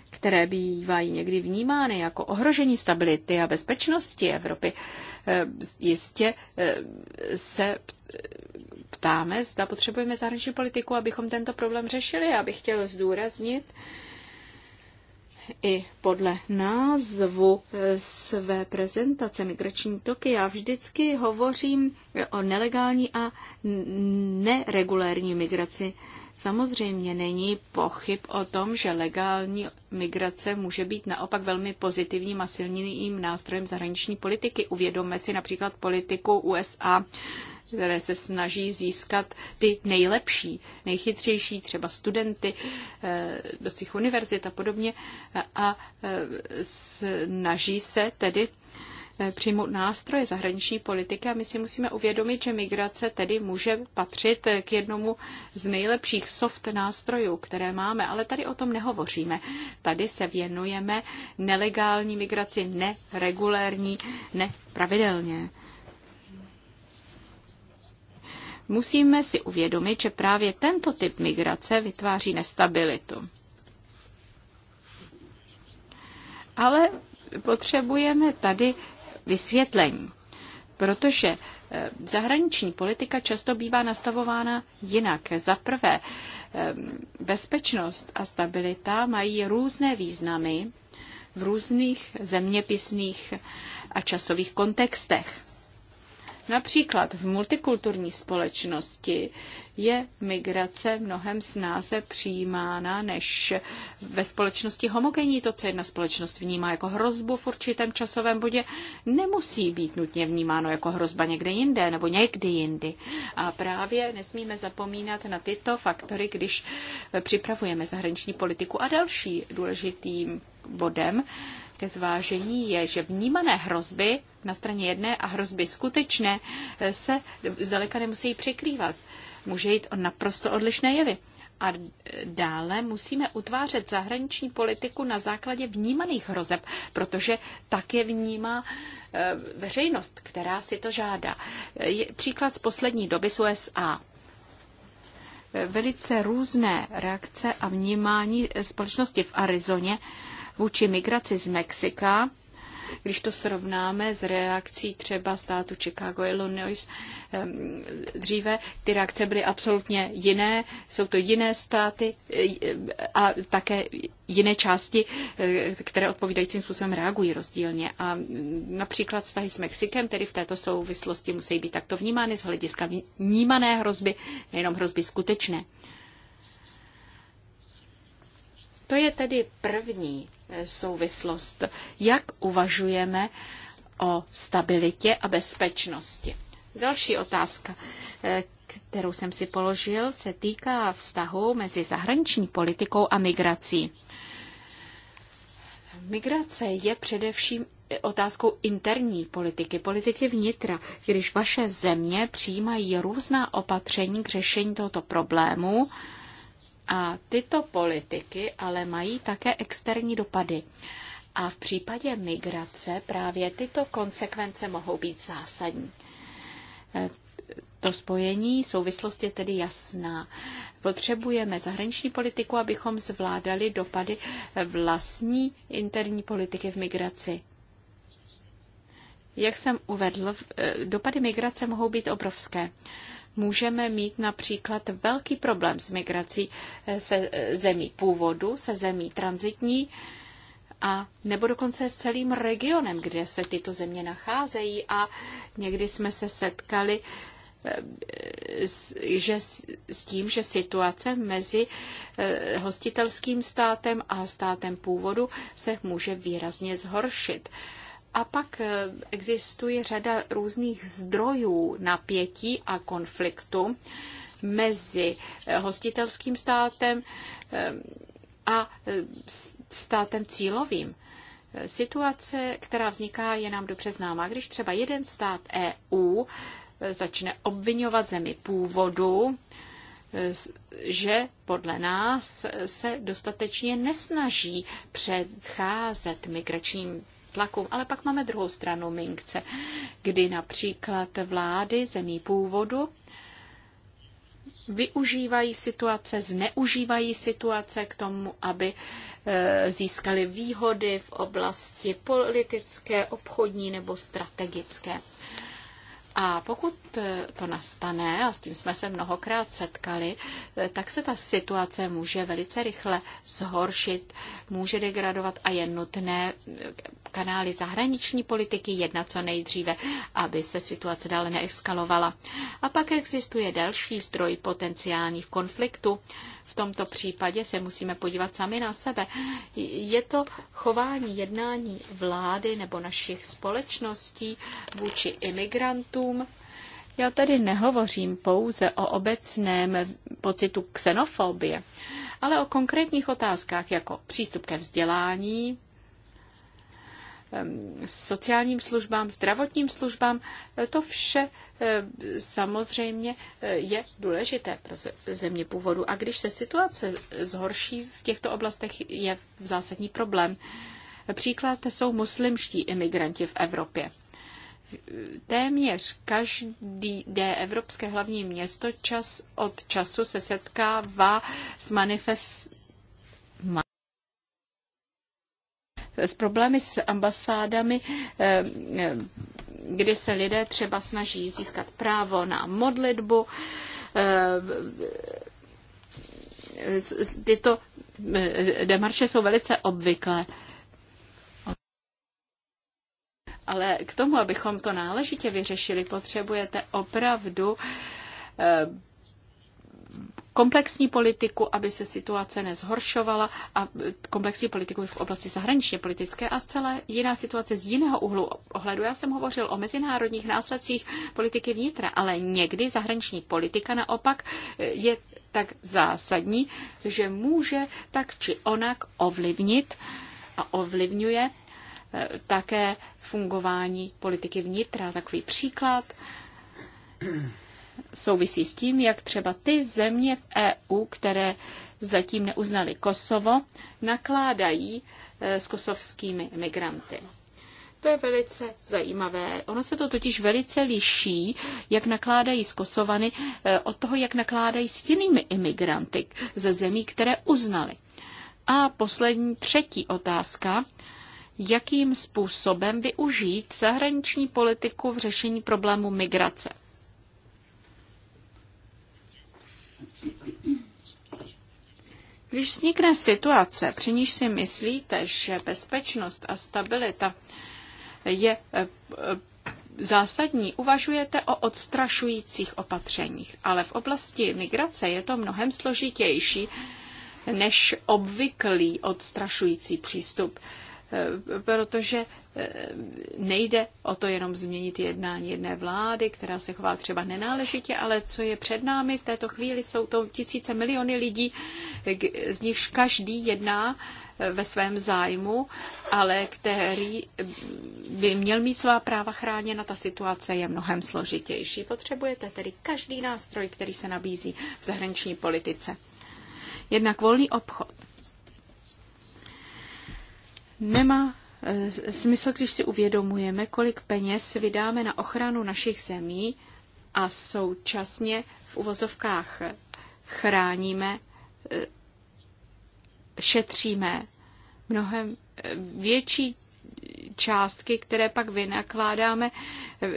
které bývají někdy vnímány jako ohrožení stability a bezpečnosti Evropy, Eh, jistě eh, se ptáme, zda potřebujeme zahraniční politiku, abychom tento problém řešili. Já bych chtěl zdůraznit, i podle názvu eh, své prezentace Migrační toky já vždycky hovořím o nelegální a neregulérní migraci. Samozřejmě není pochyb o tom, že legální migrace může být naopak velmi pozitivním a silným nástrojem zahraniční politiky. Uvědomme si například politiku USA, které se snaží získat ty nejlepší, nejchytřejší, třeba studenty eh, do svých univerzit a podobně a eh, snaží se tedy Eh, přijmout nástroje zahraniční politiky a my si musíme uvědomit, že migrace tedy může patřit k jednomu z nejlepších soft nástrojů, které máme, ale tady o tom nehovoříme. Tady se věnujeme nelegální migraci, neregulérní, nepravidelně. Musíme si uvědomit, že právě tento typ migrace vytváří nestabilitu. Ale potřebujeme tady vysvětlení, protože eh, zahraniční politika často bývá nastavována jinak. Za prvé, eh, bezpečnost a stabilita mají různé významy v různých zeměpisných a časových kontextech. Například v multikulturní společnosti je migrace mnohem snáze přijímána než ve společnosti homogenní. To, co jedna společnost vnímá jako hrozbu v určitém časovém bodě, nemusí být nutně vnímáno jako hrozba někde jinde nebo někdy jindy. A právě nesmíme zapomínat na tyto faktory, když připravujeme zahraniční politiku. A další důležitým bodem ke zvážení je, že vnímané hrozby na straně jedné a hrozby skutečné se zdaleka nemusí překrývat může jít o naprosto odlišné jevy. A dále musíme utvářet zahraniční politiku na základě vnímaných hrozeb, protože tak je vnímá eh, veřejnost, která si to žádá. Příklad z poslední doby z USA velice různé reakce a vnímání společnosti v Arizoně vůči migraci z Mexika když to srovnáme s reakcí třeba státu Chicago, Illinois, dříve ty reakce byly absolutně jiné, jsou to jiné státy e, e, a také jiné části, e, které odpovídajícím způsobem reagují rozdílně. A například vztahy s Mexikem, tedy v této souvislosti musí být takto vnímány z hlediska vnímané hrozby, nejenom hrozby skutečné. To je tedy první eh, souvislost, jak uvažujeme o stabilitě a bezpečnosti. Další otázka, eh, kterou jsem si položil, se týká vztahu mezi zahraniční politikou a migrací. Migrace je především otázkou interní politiky, politiky vnitra. Když vaše země přijímají různá opatření k řešení tohoto problému, a tyto politiky ale mají také externí dopady. A v případě migrace právě tyto konsekvence mohou být zásadní. E, to spojení, souvislost je tedy jasná. Potřebujeme zahraniční politiku, abychom zvládali dopady vlastní interní politiky v migraci. Jak jsem uvedl, e, dopady migrace mohou být obrovské můžeme mít například velký problém s migrací eh, se eh, zemí původu, se zemí transitní a nebo dokonce s celým regionem, kde se tyto země nacházejí a někdy jsme se setkali eh, že s tím, že situace mezi hostitelským státem a státem původu se může výrazně zhoršit. A pak eh, existuje řada různých zdrojů napětí a konfliktu mezi eh, hostitelským státem eh, a státem cílovým. Situace, která vzniká, je nám dobře známá. Když třeba jeden stát EU začne obvinovat zemi původu, že podle nás se dostatečně nesnaží předcházet migračním tlakům. Ale pak máme druhou stranu mince, kdy například vlády zemí původu využívají situace, zneužívají situace k tomu, aby e, získali výhody v oblasti politické, obchodní nebo strategické. A pokud e, to nastane, a s tím jsme se mnohokrát setkali, e, tak se ta situace může velice rychle zhoršit, může degradovat a je nutné e, kanály zahraniční politiky jednat co nejdříve, aby se situace dále neeskalovala. A pak existuje další zdroj potenciálních konfliktů. V tomto případě se musíme podívat sami na sebe. Je to chování jednání vlády nebo našich společností vůči imigrantům, poslancům. Já tady nehovořím pouze o obecném pocitu xenofobie, ale o konkrétních otázkách jako přístup ke vzdělání, sociálním službám, zdravotním službám. To vše samozřejmě je důležité pro země původu. A když se situace zhorší v těchto oblastech, je zásadní problém. Příklad jsou muslimští imigranti v Evropě téměř každý de evropské hlavní město čas od času se setkává s manifest s problémy s ambasádami, eh, kdy se lidé třeba snaží získat právo na modlitbu. Eh, tyto eh, demarše jsou velice obvyklé. Ale k tomu, abychom to náležitě vyřešili, potřebujete opravdu eh, komplexní politiku, aby se situace nezhoršovala a eh, komplexní politiku v oblasti zahraničně politické a celé jiná situace z jiného úhlu ohledu. Já jsem hovořil o mezinárodních následcích politiky vnitra, ale někdy zahraniční politika naopak eh, je tak zásadní, že může tak či onak ovlivnit a ovlivňuje Eh, také fungování politiky vnitra. Takový příklad <clears throat> souvisí s tím, jak třeba ty země v EU, které zatím neuznali Kosovo, nakládají eh, s kosovskými migranty. To je velice zajímavé. Ono se to totiž velice liší, jak nakládají s Kosovany, eh, od toho, jak nakládají s jinými imigranty ze zemí, které uznali. A poslední třetí otázka jakým způsobem využít zahraniční politiku v řešení problému migrace. Když vznikne situace, při níž si myslíte, že bezpečnost a stabilita je eh, eh, zásadní, uvažujete o odstrašujících opatřeních. Ale v oblasti migrace je to mnohem složitější než obvyklý odstrašující přístup. Eh, protože eh, nejde o to jenom změnit jednání jedné vlády, která se chová třeba nenáležitě, ale co je před námi v této chvíli, jsou to tisíce miliony lidí, z nichž každý jedná eh, ve svém zájmu, ale který by měl mít svá práva chráněna, ta situace je mnohem složitější. Potřebujete tedy každý nástroj, který se nabízí v zahraniční politice. Jednak volný obchod – nemá eh, smysl, když si uvědomujeme, kolik peněz vydáme na ochranu našich zemí a současně v uvozovkách chráníme, eh, šetříme mnohem eh, větší částky, které pak vynakládáme,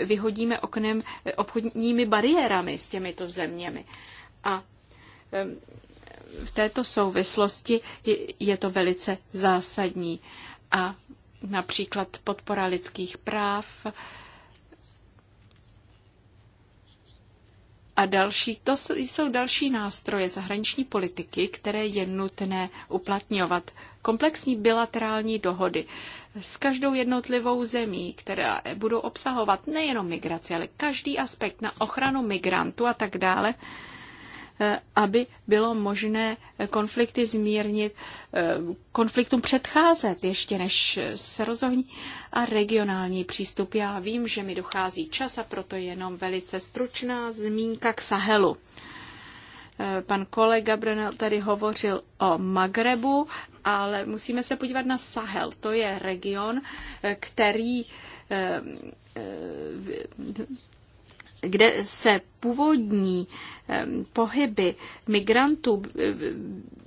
vyhodíme oknem obchodními bariérami s těmito zeměmi. A v této souvislosti je to velice zásadní a například podpora lidských práv a další. To jsou další nástroje zahraniční politiky, které je nutné uplatňovat. Komplexní bilaterální dohody s každou jednotlivou zemí, které budou obsahovat nejenom migraci, ale každý aspekt na ochranu migrantů a tak dále, Eh, aby bylo možné konflikty zmírnit, eh, konfliktům předcházet ještě než se rozohní a regionální přístup. Já vím, že mi dochází čas a proto jenom velice stručná zmínka k Sahelu. Eh, pan kolega Brunel tady hovořil o Magrebu, ale musíme se podívat na Sahel. To je region, který kde se původní pohyby migrantů eh,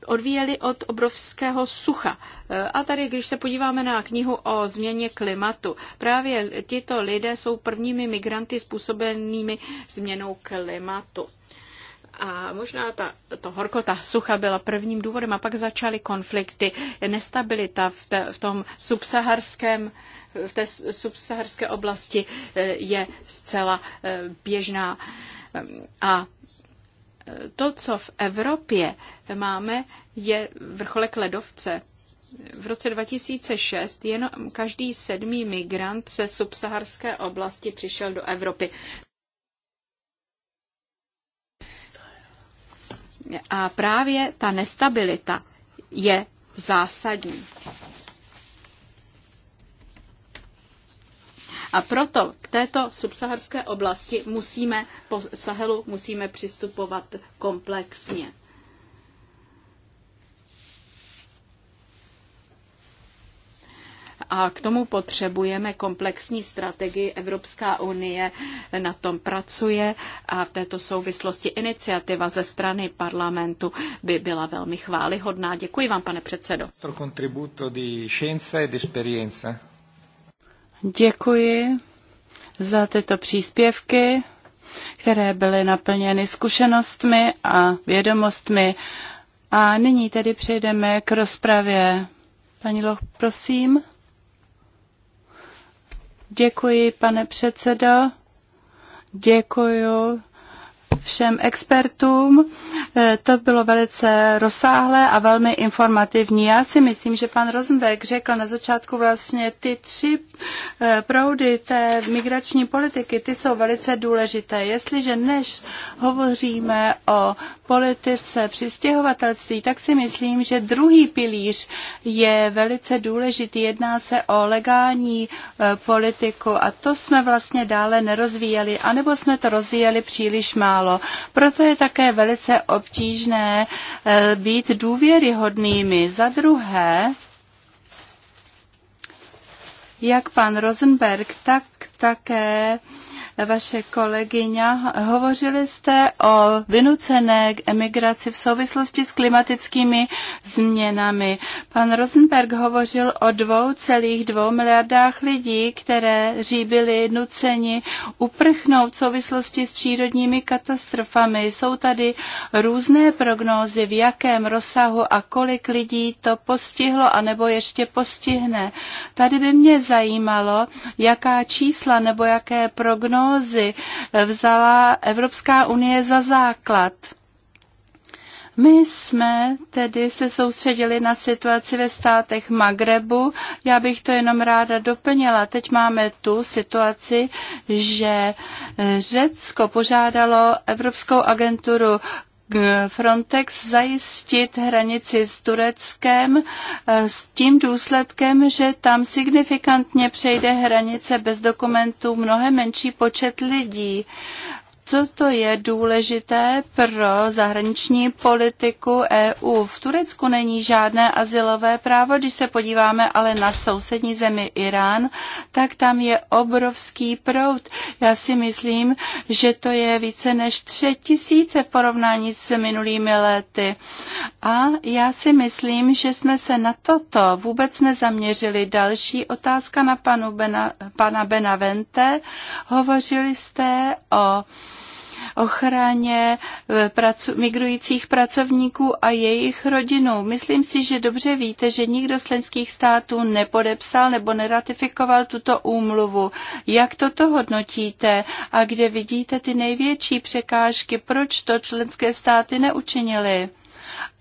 odvíjely od obrovského sucha. Eh, a tady, když se podíváme na knihu o změně klimatu, právě tito lidé jsou prvními migranty způsobenými změnou klimatu. A možná ta, to horkota sucha byla prvním důvodem a pak začaly konflikty, nestabilita v, te, v tom subsaharském v té subsaharské oblasti eh, je zcela běžná. A to, co v Evropě máme, je vrcholek ledovce. V roce 2006 jenom každý sedmý migrant ze se subsaharské oblasti přišel do Evropy. A právě ta nestabilita je zásadní. A proto k této subsaharské oblasti musíme, po Sahelu musíme přistupovat komplexně. A k tomu potřebujeme komplexní strategii. Evropská unie na tom pracuje a v této souvislosti iniciativa ze strany parlamentu by byla velmi chválihodná. Děkuji vám, pane předsedo. Děkuji za
tyto příspěvky, které byly naplněny zkušenostmi a vědomostmi. A nyní tedy přejdeme k rozpravě. Paní Loch, prosím. Děkuji, pane předsedo. Děkuji všem expertům. E, to bylo velice rozsáhlé a velmi informativní. Já si myslím, že pan Rosenberg řekl na začátku vlastně ty tři e, proudy té migrační politiky, ty jsou velice důležité. Jestliže než hovoříme o politice přistěhovatelství, tak si myslím, že druhý pilíř je velice důležitý. Jedná se o legální e, politiku a to jsme vlastně dále nerozvíjeli, anebo jsme to rozvíjeli příliš málo stalo. Proto je také velice obtížné eh, být důvěryhodnými. Za druhé, jak pan Rosenberg, tak také vaše kolegyně. Hovořili jste o vynucené emigraci v souvislosti s klimatickými změnami. Pan Rosenberg hovořil o 2,2 miliardách lidí, které říbili nuceni uprchnout v souvislosti s přírodními katastrofami. Jsou tady různé prognózy, v jakém rozsahu a kolik lidí to postihlo, anebo ještě postihne. Tady by mě zajímalo, jaká čísla nebo jaké prognózy diagnózy vzala Evropská unie za základ. My jsme tedy se soustředili na situaci ve státech Magrebu. Já bych to jenom ráda doplnila. Teď máme tu situaci, že Řecko požádalo Evropskou agenturu Frontex zajistit hranici s Tureckem eh, s tím důsledkem, že tam signifikantně přejde hranice bez dokumentů mnohem menší počet lidí toto je důležité pro zahraniční politiku EU. V Turecku není žádné asilové právo, když se podíváme ale na sousední zemi Irán, tak tam je obrovský proud. Já si myslím, že to je více než tři tisíce v porovnání s minulými lety. A já si myslím, že jsme se na toto vůbec nezaměřili. Další otázka na panu Bena, pana Benavente. Hovořili jste o ochraně eh, pracu- migrujících pracovníků a jejich rodinou. Myslím si, že dobře víte, že nikdo z členských států nepodepsal nebo neratifikoval tuto úmluvu. Jak toto hodnotíte a kde vidíte ty největší překážky? Proč to členské státy neučinily?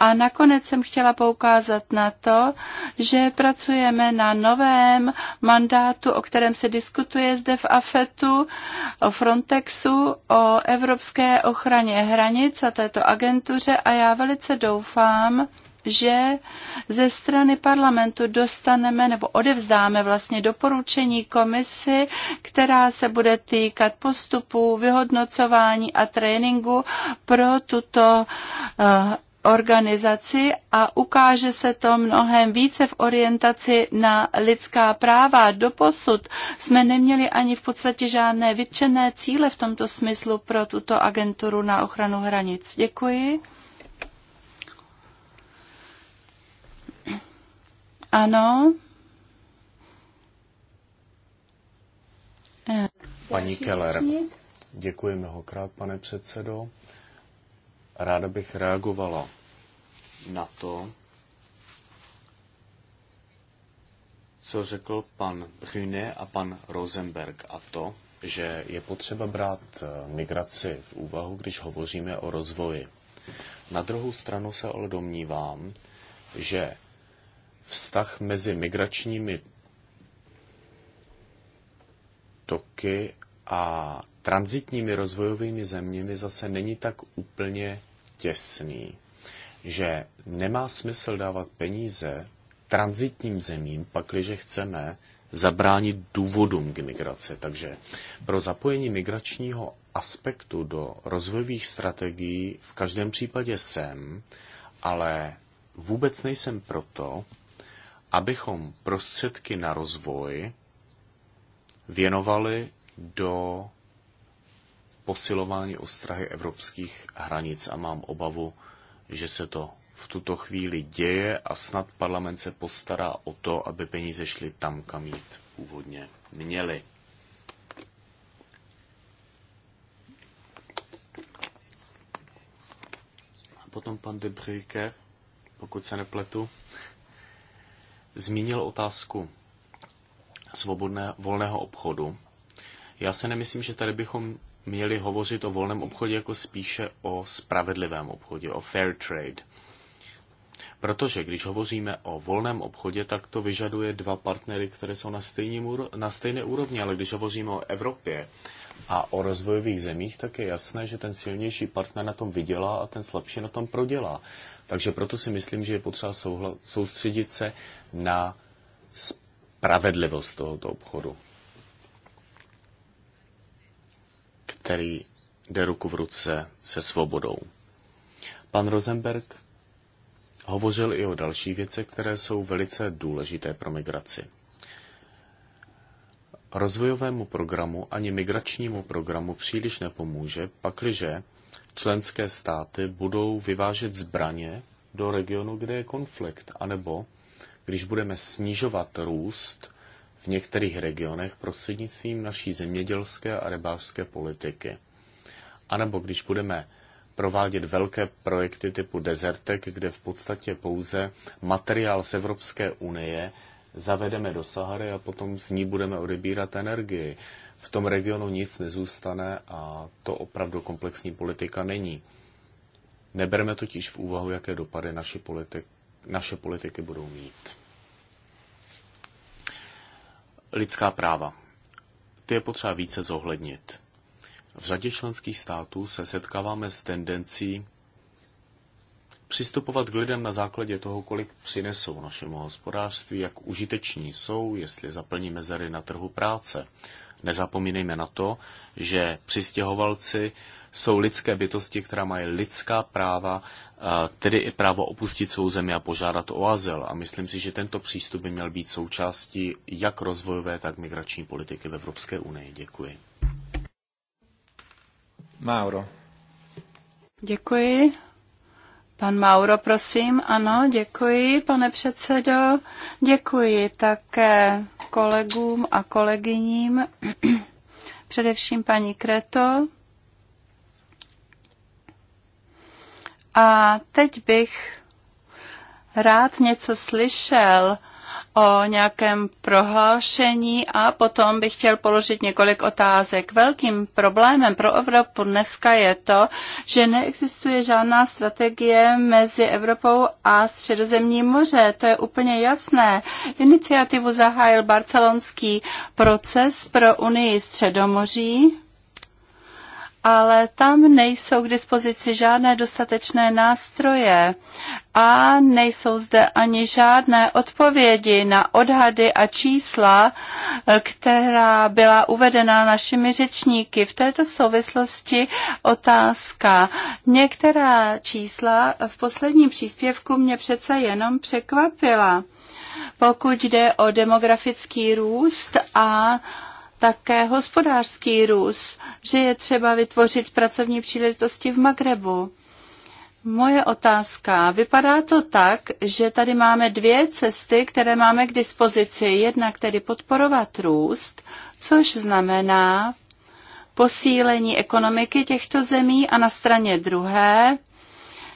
A nakonec jsem chtěla poukázat na to, že pracujeme na novém mandátu, o kterém se diskutuje zde v AFETu, o Frontexu, o Evropské ochraně hranic a této agentuře a já velice doufám, že ze strany parlamentu dostaneme nebo odevzdáme vlastně doporučení komisi, která se bude týkat postupů, vyhodnocování a tréninku pro tuto eh, organizaci a ukáže se to mnohem více v orientaci na lidská práva. Doposud jsme neměli ani v podstatě žádné vytčené cíle v tomto smyslu pro tuto agenturu na ochranu hranic. Děkuji. Ano. Paní Keller,
děkuji mnohokrát, pane předsedo. Ráda bych reagovala na to, co řekl pan Brune a pan Rosenberg a to, že je potřeba brát eh, migraci v úvahu, když hovoříme o rozvoji. Na druhou stranu se ale domnívám, že vztah mezi migračními toky a transitními rozvojovými zeměmi zase není tak úplně těsný, že nemá smysl dávat peníze transitním zemím, pakliže chceme zabránit důvodům k migraci. Takže pro zapojení migračního aspektu do rozvojových strategií v každém případě jsem, ale vůbec nejsem proto, abychom prostředky na rozvoj věnovali do posilování ostrahy evropských hranic a mám obavu, že se to v tuto chvíli děje a snad parlament se postará o to, aby peníze šly tam, kam jít původně měly. A potom pan de Brieke, pokud se nepletu, zmínil otázku svobodné, volného obchodu já se nemyslím, že tady bychom měli hovořit o volném obchodě jako spíše o spravedlivém obchodě, o fair trade. Protože když hovoříme o volném obchodě, tak to vyžaduje dva partnery, které jsou na, stejný, na stejné úrovni, ale když hovoříme o Evropě a o rozvojových zemích, tak je jasné, že ten silnější partner na tom vydělá a ten slabší na tom prodělá. Takže proto si myslím, že je potřeba soustředit se na spravedlivost tohoto obchodu. který jde ruku v ruce se svobodou. Pan Rosenberg hovořil i o další věci, které jsou velice důležité pro migraci. Rozvojovému programu ani migračnímu programu příliš nepomůže, pakliže členské státy budou vyvážet zbraně do regionu, kde je konflikt, anebo když budeme snižovat růst v některých regionech prostřednictvím naší zemědělské a rybářské politiky. A nebo když budeme provádět velké projekty typu Desertek, kde v podstatě pouze materiál z Evropské unie zavedeme do Sahary a potom z ní budeme odebírat energii. V tom regionu nic nezůstane a to opravdu komplexní politika není. Nebereme totiž v úvahu, jaké dopady naše, naše politiky budou mít. Lidská práva. Ty je potřeba více zohlednit. V řadě členských států se setkáváme s tendencí přistupovat k lidem na základě toho, kolik přinesou našemu hospodářství, jak užiteční jsou, jestli zaplní mezery na trhu práce. Nezapomínejme na to, že přistěhovalci jsou lidské bytosti, která mají lidská práva, eh, tedy i právo opustit svou zemi a požádat o azyl. A myslím si, že tento přístup by měl být součástí jak rozvojové, tak migrační politiky v Evropské unii. Děkuji. Mauro.
Děkuji. Pan Mauro, prosím. Ano, děkuji, pane předsedo. Děkuji také kolegům a kolegyním, <clears throat> především paní Kreto, A teď bych rád něco slyšel o nějakém prohlášení a potom bych chtěl položit několik otázek. Velkým problémem pro Evropu dneska je to, že neexistuje žádná strategie mezi Evropou a Středozemním moře. To je úplně jasné. Iniciativu zahájil barcelonský proces pro Unii Středomoří ale tam nejsou k dispozici žádné dostatečné nástroje a nejsou zde ani žádné odpovědi na odhady a čísla, eh, která byla uvedena našimi řečníky. V této souvislosti otázka. Některá čísla v posledním příspěvku mě přece jenom překvapila. Pokud jde o demografický růst a také hospodářský růst, že je třeba vytvořit pracovní příležitosti v Magrebu. Moje otázka. Vypadá to tak, že tady máme dvě cesty, které máme k dispozici. Jedna, tedy podporovat růst, což znamená posílení ekonomiky těchto zemí a na straně druhé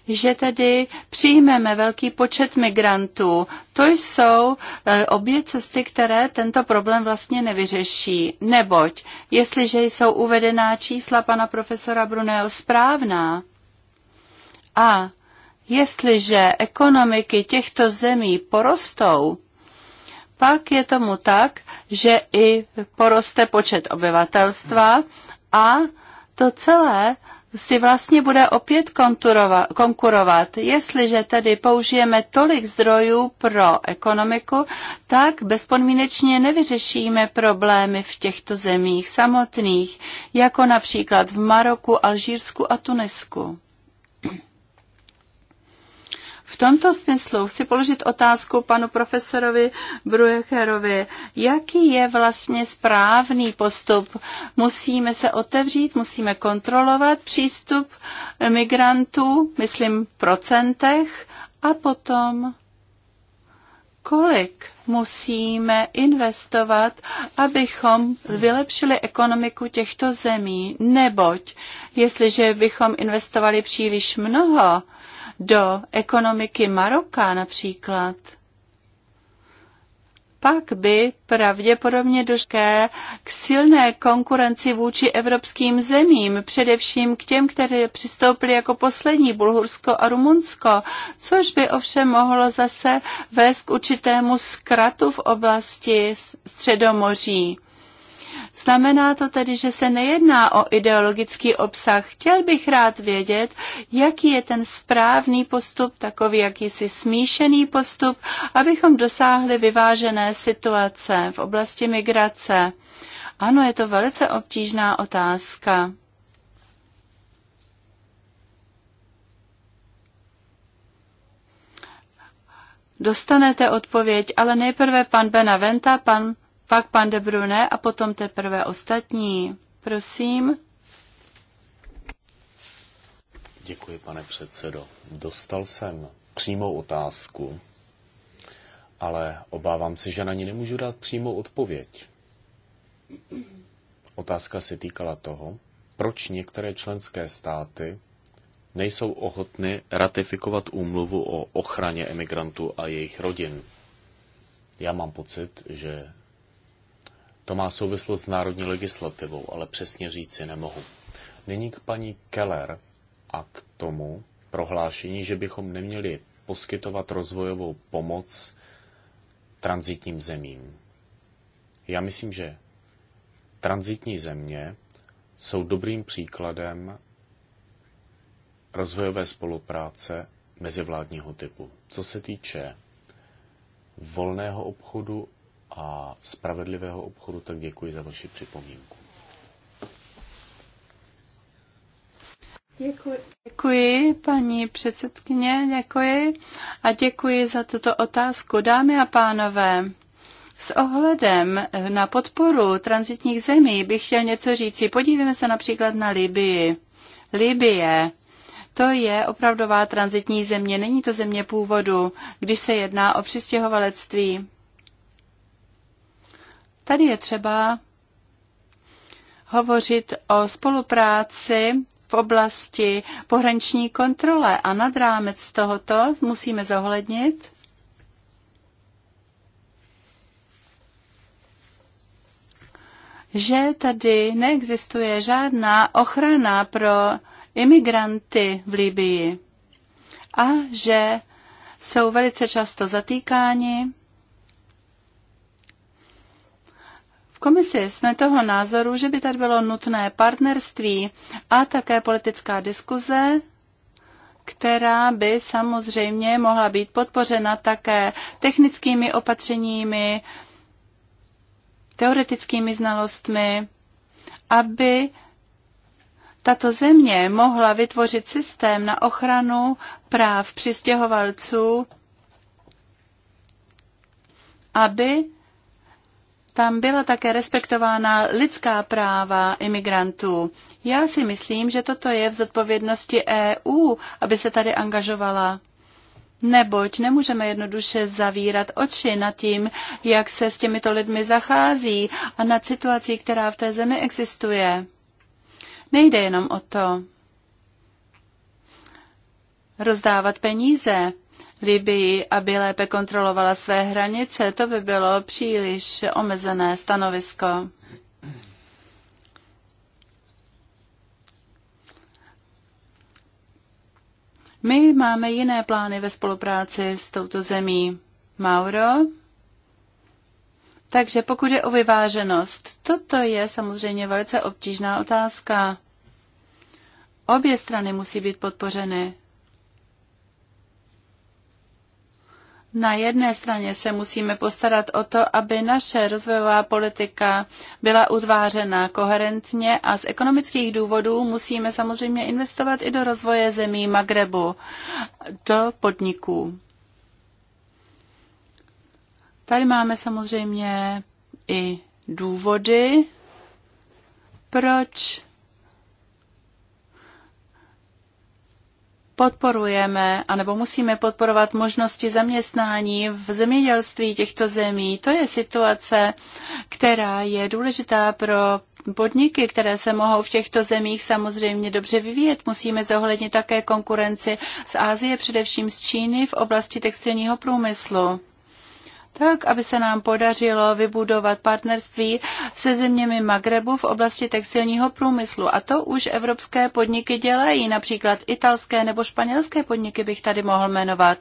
že tedy přijmeme velký počet migrantů. To jsou e, obě cesty, které tento problém vlastně nevyřeší. Neboť, jestliže jsou uvedená čísla pana profesora Brunel správná a jestliže ekonomiky těchto zemí porostou, pak je tomu tak, že i poroste počet obyvatelstva a to celé si vlastně bude opět konkurovat. Jestliže tedy použijeme tolik zdrojů pro ekonomiku, tak bezpodmínečně nevyřešíme problémy v těchto zemích samotných, jako například v Maroku, Alžírsku a Tunisku. V tomto smyslu chci položit otázku panu profesorovi Bruecherovi, jaký je vlastně správný postup. Musíme se otevřít, musíme kontrolovat přístup migrantů, myslím v procentech, a potom kolik musíme investovat, abychom vylepšili ekonomiku těchto zemí, neboť jestliže bychom investovali příliš mnoho, do ekonomiky Maroka například, pak by pravděpodobně došlo k silné konkurenci vůči evropským zemím, především k těm, které přistoupili jako poslední Bulhursko a Rumunsko, což by ovšem mohlo zase vést k určitému zkratu v oblasti Středomoří. Znamená to tedy, že se nejedná o ideologický obsah. Chtěl bych rád vědět, jaký je ten správný postup, takový jakýsi smíšený postup, abychom dosáhli vyvážené situace v oblasti migrace. Ano, je to velice obtížná otázka. Dostanete odpověď, ale nejprve pan Benaventa, pan pak pan de Brune a potom teprve ostatní. Prosím.
Děkuji, pane předsedo. Dostal jsem přímou otázku, ale obávám se, že na ní nemůžu dát přímou odpověď. Otázka se týkala toho, proč některé členské státy nejsou ochotny ratifikovat úmluvu o ochraně emigrantů a jejich rodin. Já mám pocit, že to má souvislost s národní legislativou, ale přesně říci nemohu. Nyní k paní Keller a k tomu prohlášení, že bychom neměli poskytovat rozvojovou pomoc transitním zemím. Já myslím, že transitní země jsou dobrým příkladem rozvojové spolupráce mezivládního typu. Co se týče volného obchodu a spravedlivého obchodu, tak děkuji za vaši připomínku.
Děkuji. děkuji, paní předsedkyně, děkuji. A děkuji za tuto otázku. Dámy a pánové, s ohledem na podporu transitních zemí bych chtěl něco říci. Podívejme se například na Libii. Libie, to je opravdová transitní země, není to země původu, když se jedná o přistěhovalectví. Tady je třeba hovořit o spolupráci v oblasti pohraniční kontrole a nad rámec tohoto musíme zohlednit že tady neexistuje žádná ochrana pro imigranty v Libii a že jsou velice často zatýkáni V komisi jsme toho názoru, že by tady bylo nutné partnerství a také politická diskuze, která by samozřejmě mohla být podpořena také technickými opatřeními, teoretickými znalostmi, aby tato země mohla vytvořit systém na ochranu práv přistěhovalců, aby tam byla také respektována lidská práva imigrantů. Já si myslím, že toto je v zodpovědnosti EU, aby se tady angažovala. Neboť nemůžeme jednoduše zavírat oči nad tím, jak se s těmito lidmi zachází a nad situací, která v té zemi existuje. Nejde jenom o to rozdávat peníze. Libii, aby lépe kontrolovala své hranice, to by bylo příliš omezené stanovisko. My máme jiné plány ve spolupráci s touto zemí. Mauro? Takže pokud je o vyváženost, toto je samozřejmě velice obtížná otázka. Obě strany musí být podpořeny. Na jedné straně se musíme postarat o to, aby naše rozvojová politika byla utvářena koherentně a z ekonomických důvodů musíme samozřejmě investovat i do rozvoje zemí Magrebu, do podniků. Tady máme samozřejmě i důvody, proč podporujeme anebo musíme podporovat možnosti zaměstnání v zemědělství těchto zemí. To je situace, která je důležitá pro podniky, které se mohou v těchto zemích samozřejmě dobře vyvíjet. Musíme zohlednit také konkurenci z Ázie, především z Číny v oblasti textilního průmyslu tak, aby se nám podařilo vybudovat partnerství se zeměmi Magrebu v oblasti textilního průmyslu. A to už evropské podniky dělají, například italské nebo španělské podniky bych tady mohl jmenovat.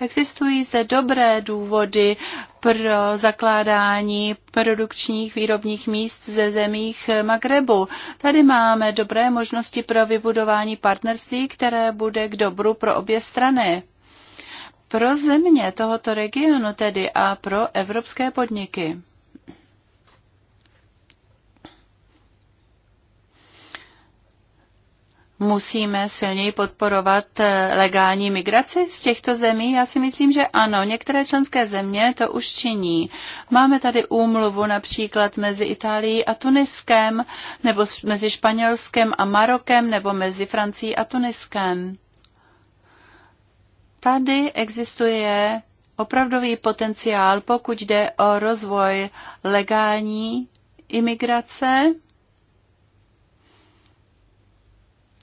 Existují zde dobré důvody pro zakládání produkčních výrobních míst ze zemích Magrebu. Tady máme dobré možnosti pro vybudování partnerství, které bude k dobru pro obě strany pro země tohoto regionu tedy a pro evropské podniky. Musíme silněji podporovat eh, legální migraci z těchto zemí? Já si myslím, že ano. Některé členské země to už činí. Máme tady úmluvu například mezi Itálií a Tuniskem, nebo mezi Španělskem a Marokem, nebo mezi Francií a Tuniskem. Tady existuje opravdový potenciál, pokud jde o rozvoj legální imigrace,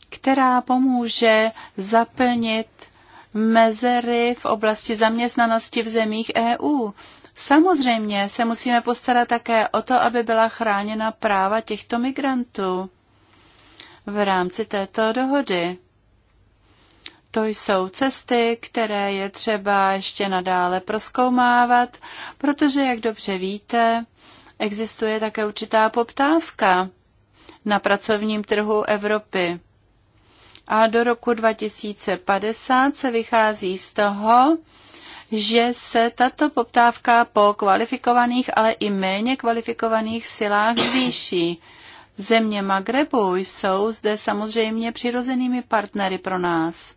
která pomůže zaplnit mezery v oblasti zaměstnanosti v zemích EU. Samozřejmě se musíme postarat také o to, aby byla chráněna práva těchto migrantů v rámci této dohody. To jsou cesty, které je třeba ještě nadále proskoumávat, protože, jak dobře víte, existuje také určitá poptávka na pracovním trhu Evropy. A do roku 2050 se vychází z toho, že se tato poptávka po kvalifikovaných, ale i méně kvalifikovaných silách zvýší. Země Magrebu jsou zde samozřejmě přirozenými partnery pro nás.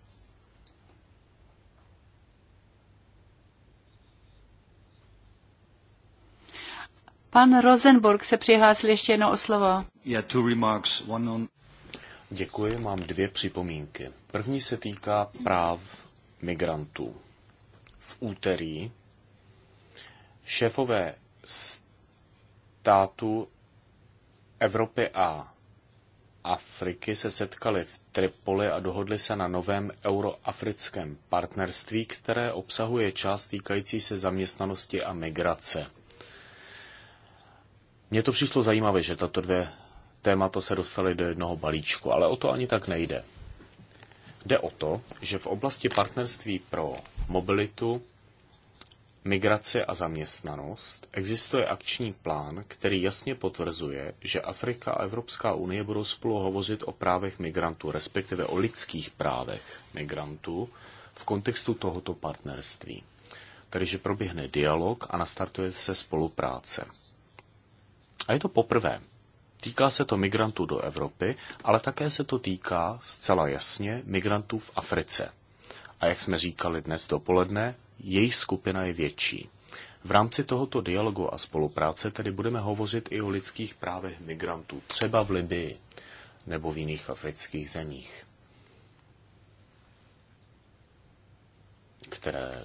Pan Rosenborg se přihlásil ještě jednou o slovo.
Děkuji, mám dvě připomínky. První se týká práv migrantů. V úterý šéfové státu Evropy a Afriky se setkali v Tripoli a dohodli se na novém euroafrickém partnerství, které obsahuje část týkající se zaměstnanosti a migrace. Mně to přišlo zajímavé, že tato dvě témata se dostaly do jednoho balíčku, ale o to ani tak nejde. Jde o to, že v oblasti partnerství pro mobilitu, migraci a zaměstnanost existuje akční plán, který jasně potvrzuje, že Afrika a Evropská unie budou spolu hovořit o právech migrantů, respektive o lidských právech migrantů v kontextu tohoto partnerství. tedy že proběhne dialog a nastartuje se spolupráce. A je to poprvé. Týká se to migrantů do Evropy, ale také se to týká zcela jasně migrantů v Africe. A jak jsme říkali dnes dopoledne, jejich skupina je větší. V rámci tohoto dialogu a spolupráce tedy budeme hovořit i o lidských právech migrantů, třeba v Libii nebo v jiných afrických zemích, které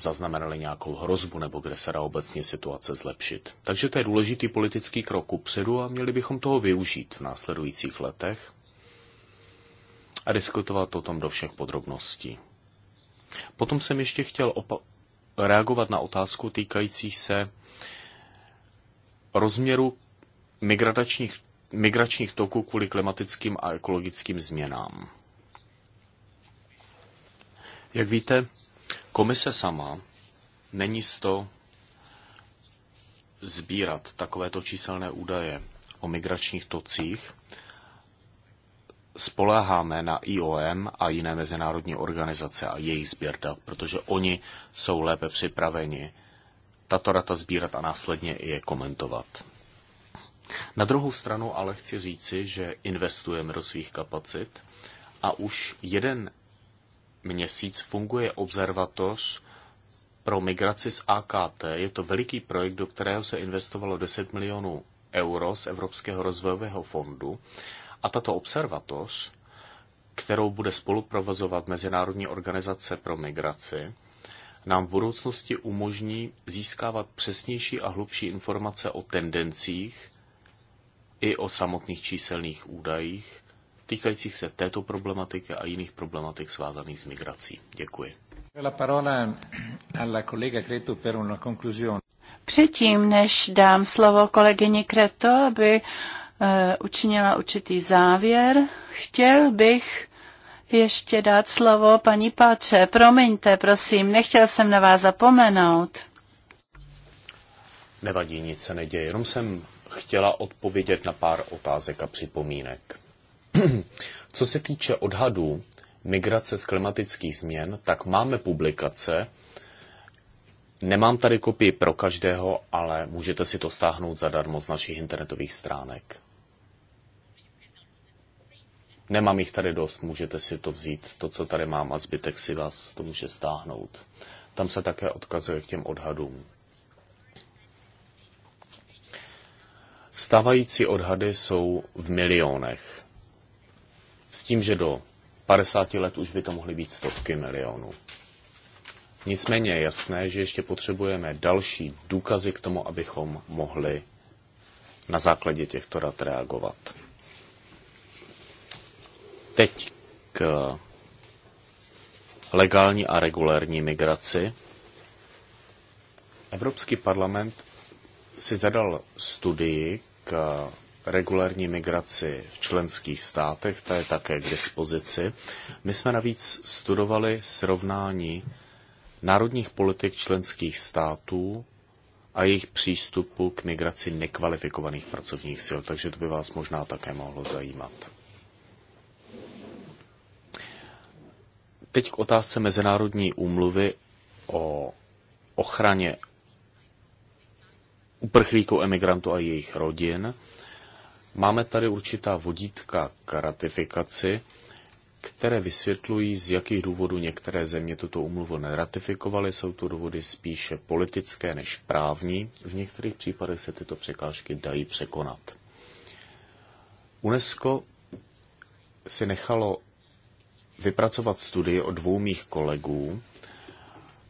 zaznamenali nějakou hrozbu nebo kde se dá obecně situace zlepšit. Takže to je důležitý politický krok upředu a měli bychom toho využít v následujících letech a diskutovat o tom do všech podrobností. Potom jsem ještě chtěl reagovat na otázku týkající se rozměru migračních, migračních toků kvůli klimatickým a ekologickým změnám. Jak víte, Komise sama není z to sbírat takovéto číselné údaje o migračních tocích. Spoléháme na IOM a jiné mezinárodní organizace a jejich sběr dat, protože oni jsou lépe připraveni tato data sbírat a následně i je komentovat. Na druhou stranu ale chci říci, že investujeme do svých kapacit a už jeden měsíc funguje observatoř pro migraci z AKT. Je to veliký projekt, do kterého se investovalo 10 milionů euro z Evropského rozvojového fondu. A tato observatoř, kterou bude spoluprovozovat Mezinárodní organizace pro migraci, nám v budoucnosti umožní získávat přesnější a hlubší informace o tendencích i o samotných číselných údajích týkajících se této problematiky a jiných problematik svázaných s migrací. Děkuji.
Předtím, než dám slovo kolegyni Kreto, aby eh, učinila určitý závěr, chtěl bych ještě dát slovo paní Páče. Promiňte, prosím, nechtěl jsem na vás zapomenout.
Nevadí, nic se neděje, jenom jsem chtěla odpovědět na pár otázek a připomínek. <clears throat> Co se týče odhadů migrace z klimatických změn, tak máme publikace. Nemám tady kopii pro každého, ale můžete si to stáhnout zadarmo z našich internetových stránek. Nemám jich tady dost, můžete si to vzít, to, co tady mám, a zbytek si vás to může stáhnout. Tam se také odkazuje k těm odhadům. Stávající odhady jsou v milionech s tím, že do 50 let už by to mohly být stovky milionů. Nicméně je jasné, že ještě potřebujeme další důkazy k tomu, abychom mohli na základě těchto dat reagovat. Teď k legální a regulérní migraci. Evropský parlament si zadal studii k regulární migraci v členských státech, ta je také k dispozici. My jsme navíc studovali srovnání národních politik členských států a jejich přístupu k migraci nekvalifikovaných pracovních sil, takže to by vás možná také mohlo zajímat. Teď k otázce Mezinárodní úmluvy o ochraně uprchlíků, emigrantů a jejich rodin. Máme tady určitá vodítka k ratifikaci, které vysvětlují, z jakých důvodů některé země tuto umluvu neratifikovaly. Jsou to důvody spíše politické než právní. V některých případech se tyto překážky dají překonat. UNESCO si nechalo vypracovat studii o dvou mých kolegů,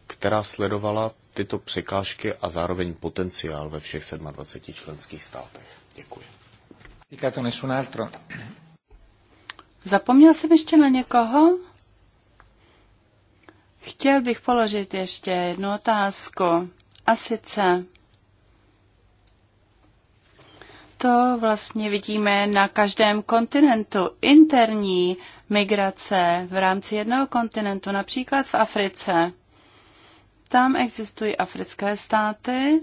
která sledovala tyto překážky a zároveň potenciál ve všech 27 členských státech. Děkuji altro.
Zapomněl jsem ještě na někoho? Chtěl bych položit ještě jednu otázku. A sice, to vlastně vidíme na každém kontinentu. Interní migrace v rámci jednoho kontinentu, například v Africe. Tam existují africké státy,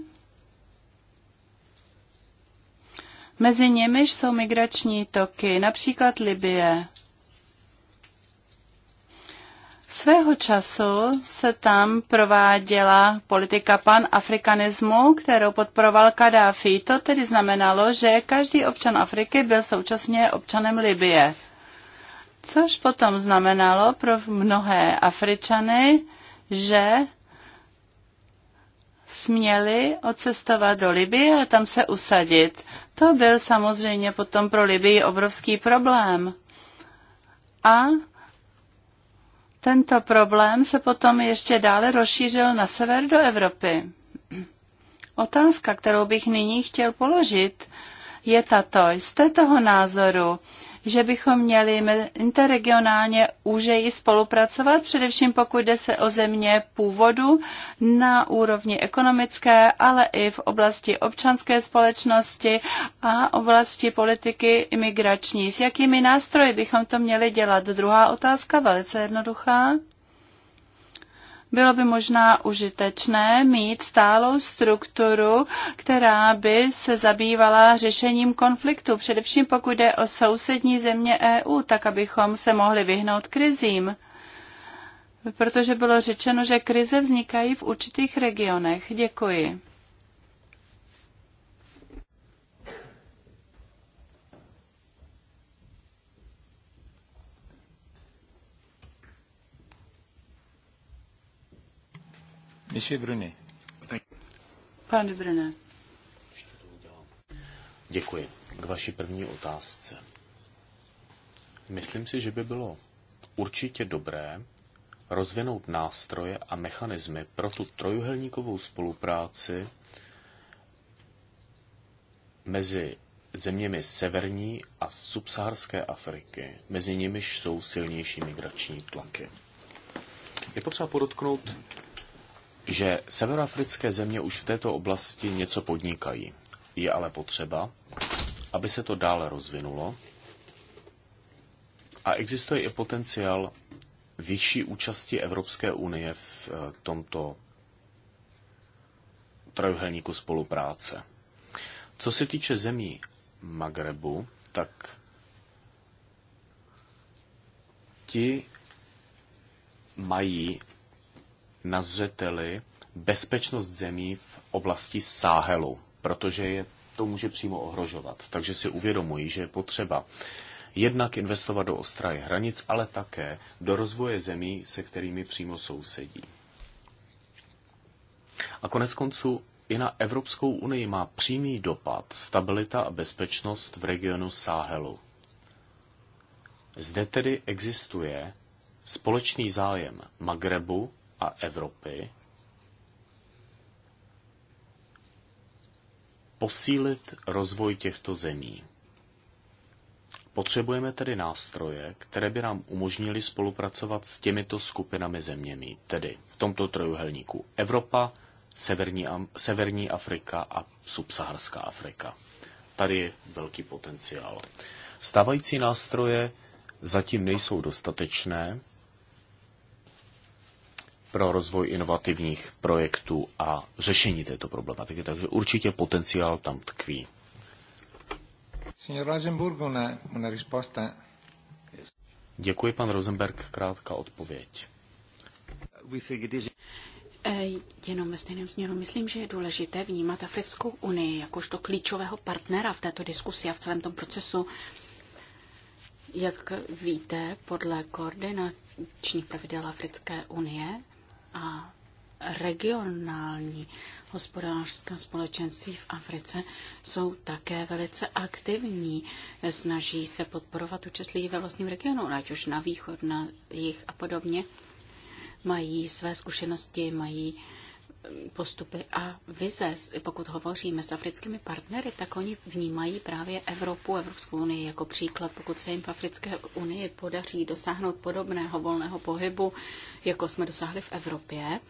Mezi nimiž jsou migrační toky, například Libie. Svého času se tam prováděla politika panafrikanismu, kterou podporoval Kadáfi. To tedy znamenalo, že každý občan Afriky byl současně občanem Libie. Což potom znamenalo pro mnohé Afričany, že směli odcestovat do Libie a tam se usadit. To byl samozřejmě potom pro Libii obrovský problém. A tento problém se potom ještě dále rozšířil na sever do Evropy. Otázka, kterou bych nyní chtěl položit, je tato. Jste toho názoru, že bychom měli interregionálně úžeji spolupracovat, především pokud jde se o země původu na úrovni ekonomické, ale i v oblasti občanské společnosti a oblasti politiky imigrační. S jakými nástroji bychom to měli dělat? Druhá otázka, velice jednoduchá. Bylo by možná užitečné mít stálou strukturu, která by se zabývala řešením konfliktu, především pokud jde o sousední země EU, tak abychom se mohli vyhnout krizím. Protože bylo řečeno, že krize vznikají v určitých regionech. Děkuji.
Monsieur Bruny.
Pane Bruné.
Děkuji. K vaší první otázce. Myslím si, že by bylo určitě dobré rozvinout nástroje a mechanismy pro tu trojuhelníkovou spolupráci mezi zeměmi severní a subsaharské Afriky, mezi nimiž jsou silnější migrační tlaky. Je potřeba podotknout, že severoafrické země už v této oblasti něco podnikají. Je ale potřeba, aby se to dále rozvinulo a existuje i potenciál vyšší účasti Evropské unie v eh, tomto trojuhelníku spolupráce. Co se týče zemí Magrebu, tak ti mají na zřeteli bezpečnost zemí v oblasti Sáhelu, protože je to může přímo ohrožovat. Takže si uvědomují, že je potřeba jednak investovat do ostraje hranic, ale také do rozvoje zemí, se kterými přímo sousedí. A konec konců i na Evropskou unii má přímý dopad stabilita a bezpečnost v regionu Sáhelu. Zde tedy existuje společný zájem Magrebu a Evropy posílit rozvoj těchto zemí. Potřebujeme tedy nástroje, které by nám umožnily spolupracovat s těmito skupinami zeměmi, tedy v tomto trojuhelníku Evropa, Severní, Severní Afrika a Subsaharská Afrika. Tady je velký potenciál. Stávající nástroje zatím nejsou dostatečné, pro rozvoj inovativních projektů a řešení této problematiky. Takže určitě potenciál tam tkví. Děkuji, pan Rosenberg, krátká odpověď.
E, jenom ve stejném směru myslím, že je důležité vnímat Africkou unii jakožto klíčového partnera v této diskusi a v celém tom procesu. Jak víte, podle koordinačních pravidel Africké unie a regionální hospodářská společenství v Africe jsou také velice aktivní. Snaží se podporovat účast lidí ve vlastním regionu, ať už na východ, na jich a podobně. Mají své zkušenosti, mají postupy a vize. Pokud hovoříme s africkými partnery, tak oni vnímají právě Evropu, Evropskou unii jako příklad. Pokud se jim v Africké unii podaří dosáhnout podobného volného pohybu, jako jsme dosáhli v Evropě,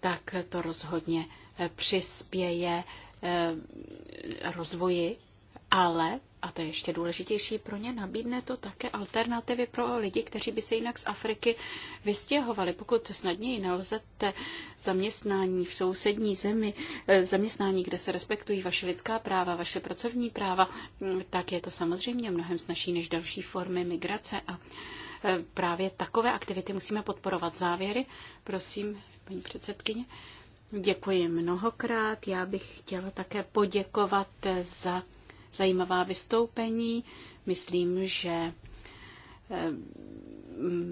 tak to rozhodně eh, přispěje eh, rozvoji, ale a to je ještě důležitější pro ně, nabídne to také alternativy pro lidi, kteří by se jinak z Afriky vystěhovali. Pokud snadněji nalezete zaměstnání v sousední zemi, eh, zaměstnání, kde se respektují vaše lidská práva, vaše pracovní práva, hm, tak je to samozřejmě mnohem snažší než další formy migrace a eh, právě takové aktivity musíme podporovat. Závěry, prosím, paní předsedkyně. Děkuji mnohokrát. Já bych chtěla také poděkovat eh, za zajímavá vystoupení. Myslím, že eh,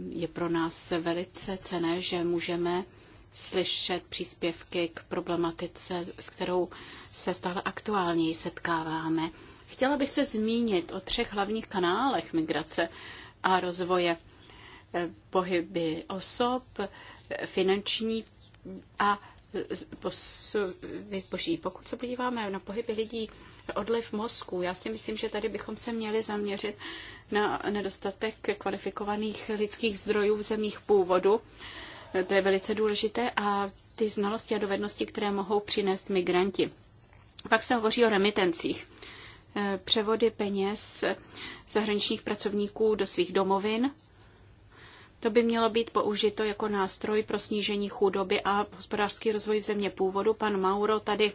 je pro nás velice cené, že můžeme slyšet příspěvky k problematice, s kterou se stále aktuálněji setkáváme. Chtěla bych se zmínit o třech hlavních kanálech migrace a rozvoje eh, pohyby osob, finanční a zboží. Pokud se podíváme na pohyby lidí odliv mozku. Já si myslím, že tady bychom se měli zaměřit na nedostatek kvalifikovaných lidských zdrojů v zemích původu. To je velice důležité a ty znalosti a dovednosti, které mohou přinést migranti. Pak se hovoří o remitencích. Eh, převody peněz zahraničních pracovníků do svých domovin. To by mělo být použito jako nástroj pro snížení chudoby a hospodářský rozvoj v země původu. Pan Mauro tady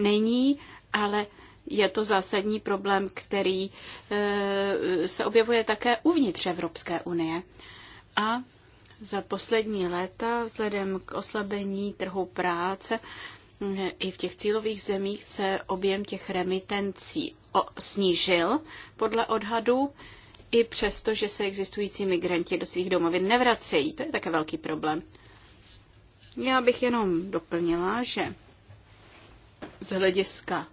není, ale je to zásadní problém, který eh, se objevuje také uvnitř Evropské unie. A za poslední léta, vzhledem k oslabení trhu práce, eh, i v těch cílových zemích se objem těch remitencí snížil podle odhadů, i přesto, že se existující migranti do svých domovin nevracejí. To je také velký problém. Já bych jenom doplnila, že z hlediska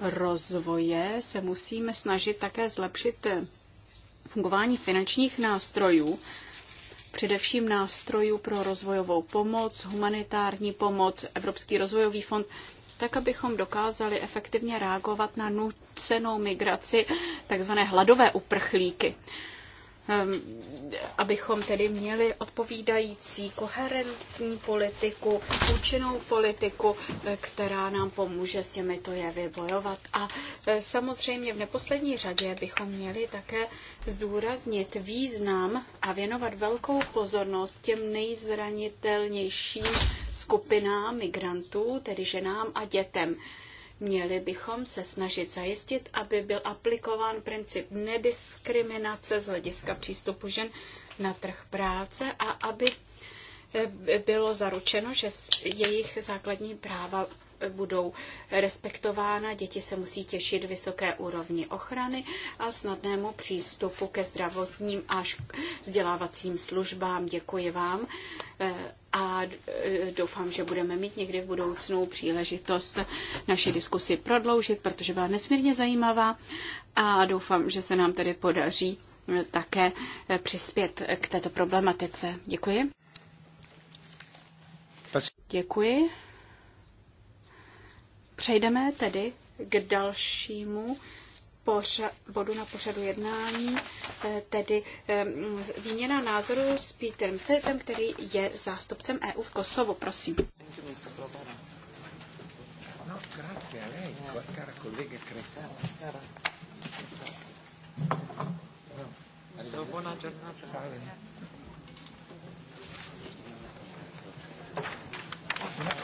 rozvoje se musíme snažit také zlepšit fungování finančních nástrojů, především nástrojů pro rozvojovou pomoc, humanitární pomoc, Evropský rozvojový fond, tak abychom dokázali efektivně reagovat na nucenou migraci, takzvané hladové uprchlíky. Ehm, abychom tedy měli odpovídající koherentní politiku, účinnou politiku, eh, která nám pomůže s těmito jevy bojovat. A eh, samozřejmě v neposlední řadě bychom měli také zdůraznit význam a věnovat velkou pozornost těm nejzranitelnějším skupinám migrantů, tedy ženám a dětem Měli bychom se snažit zajistit, aby byl aplikován princip nediskriminace z hlediska přístupu žen na trh práce a aby eh, bylo zaručeno, že jejich základní práva budou respektována, děti se musí těšit vysoké úrovni ochrany a snadnému přístupu ke zdravotním až vzdělávacím službám. Děkuji vám eh, a eh, doufám, že budeme mít někdy v budoucnu příležitost naši diskusi prodloužit, protože byla nesmírně zajímavá a doufám, že se nám tedy podaří eh, také přispět k této problematice. Děkuji. Děkuji. Přejdeme tedy k dalšímu bodu na pořadu jednání, eh, tedy eh, výměna názoru s Peterem Filipem, který je zástupcem EU v Kosovu. Prosím.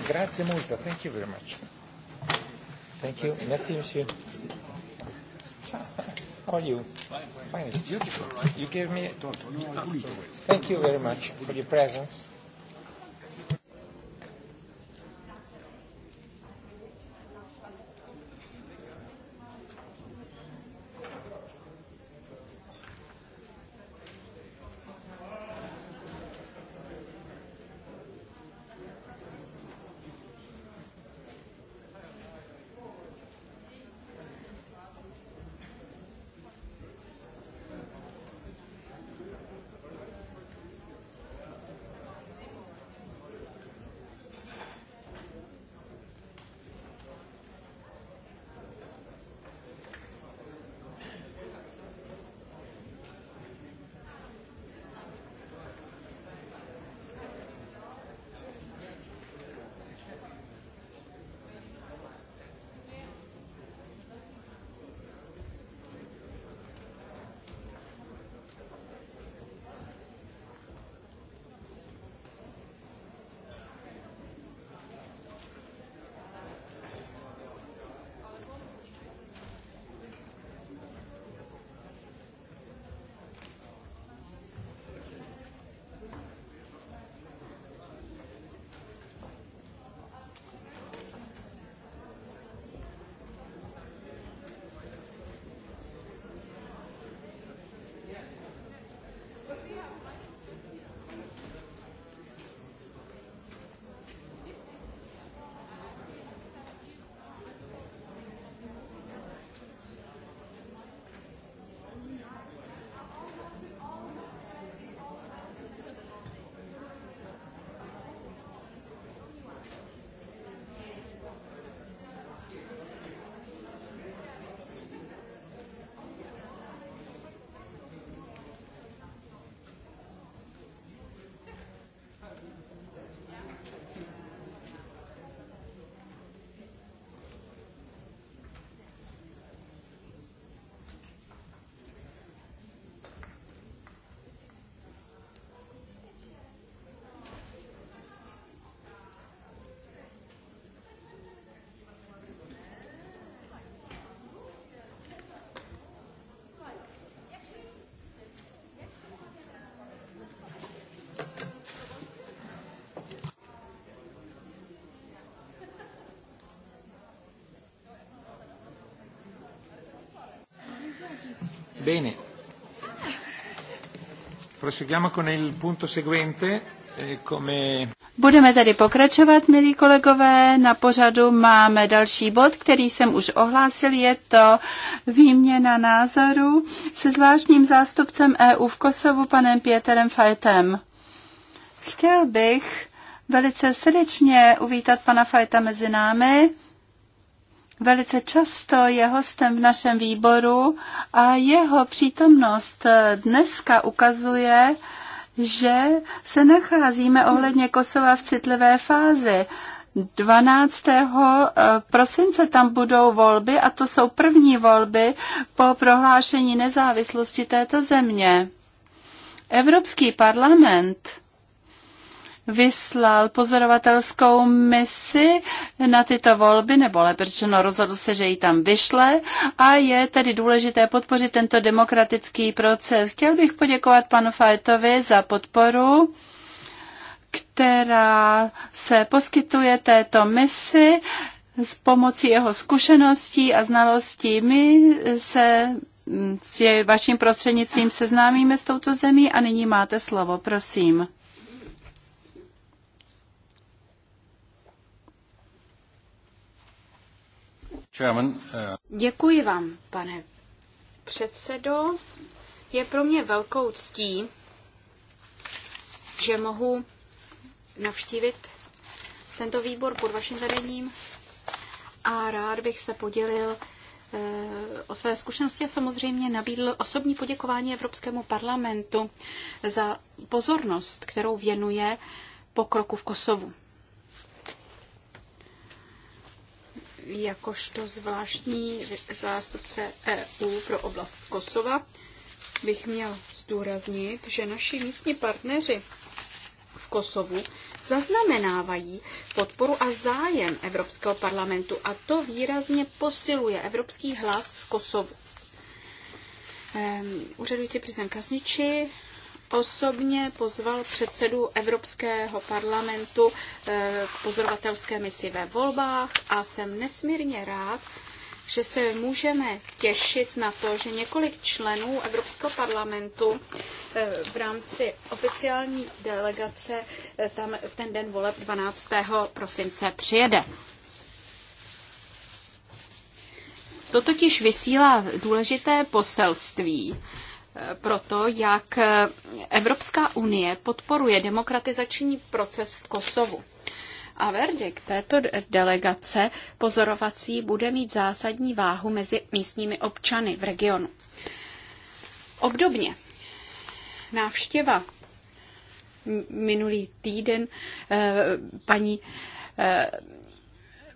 Grazie molto, thank you very much. Thank you. Merci, monsieur. How are you? Fine. Beautiful, right? You gave me... Thank you very much for your presence. Bene. Proseguiamo con il punto seguente. Eh, come...
Budeme tedy pokračovat, milí kolegové. Na pořadu máme další bod, který jsem už ohlásil. Je to výměna názoru se zvláštním zástupcem EU v Kosovu, panem Pěterem Fajtem. Chtěl bych velice srdečně uvítat pana Fajta mezi námi velice často je hostem v našem výboru a jeho přítomnost eh, dneska ukazuje, že se nacházíme ohledně Kosova v citlivé fázi. 12. Eh, prosince tam budou volby a to jsou první volby po prohlášení nezávislosti této země. Evropský parlament vyslal pozorovatelskou misi na tyto volby, nebo lepřečeno rozhodl se, že ji tam vyšle a je tedy důležité podpořit tento demokratický proces. Chtěl bych poděkovat panu Fajtovi za podporu která se poskytuje této misi s pomocí jeho zkušeností a znalostí. My se s vaším prostřednictvím seznámíme s touto zemí a nyní máte slovo, prosím.
Uh, Děkuji vám, pane předsedo. Je pro mě velkou ctí, že mohu navštívit tento výbor pod vaším vedením a rád bych se podělil eh, o své zkušenosti a samozřejmě nabídl osobní poděkování Evropskému parlamentu za pozornost, kterou věnuje pokroku v Kosovu. jakožto zvláštní zástupce EU pro oblast Kosova bych měl zdůraznit, že naši místní partneři v Kosovu zaznamenávají podporu a zájem Evropského parlamentu a to výrazně posiluje evropský hlas v Kosovu. Um, úřadující prezident Kasniči osobně pozval předsedu Evropského parlamentu eh, k pozorovatelské misi ve volbách a jsem nesmírně rád, že se můžeme těšit na to, že několik členů Evropského parlamentu eh, v rámci oficiální delegace eh, tam v ten den voleb 12. prosince přijede. To totiž vysílá důležité poselství proto, jak Evropská unie podporuje demokratizační proces v Kosovu. A verdikt této delegace pozorovací bude mít zásadní váhu mezi místními občany v regionu. Obdobně návštěva minulý týden eh, paní eh,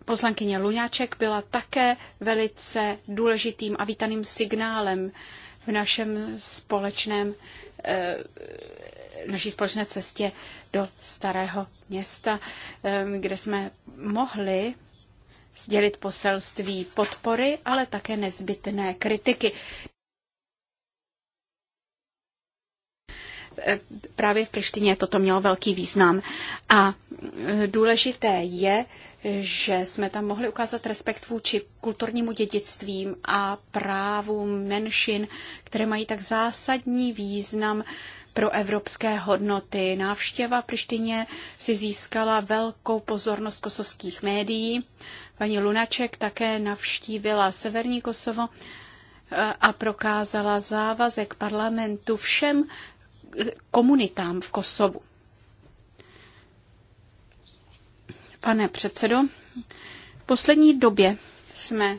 poslankyně Luňáček byla také velice důležitým a vítaným signálem v našem společném, eh, naší společné cestě do starého města, eh, kde jsme mohli sdělit poselství podpory, ale také nezbytné kritiky. Eh, právě v Prištině toto mělo velký význam. A důležité je že jsme tam mohli ukázat respekt vůči kulturnímu dědictvím a právům menšin, které mají tak zásadní význam pro evropské hodnoty. Návštěva Prištině si získala velkou pozornost kosovských médií. Paní Lunaček také navštívila severní Kosovo eh, a prokázala závazek parlamentu všem eh, komunitám v Kosovu. Pane předsedo, v poslední době jsme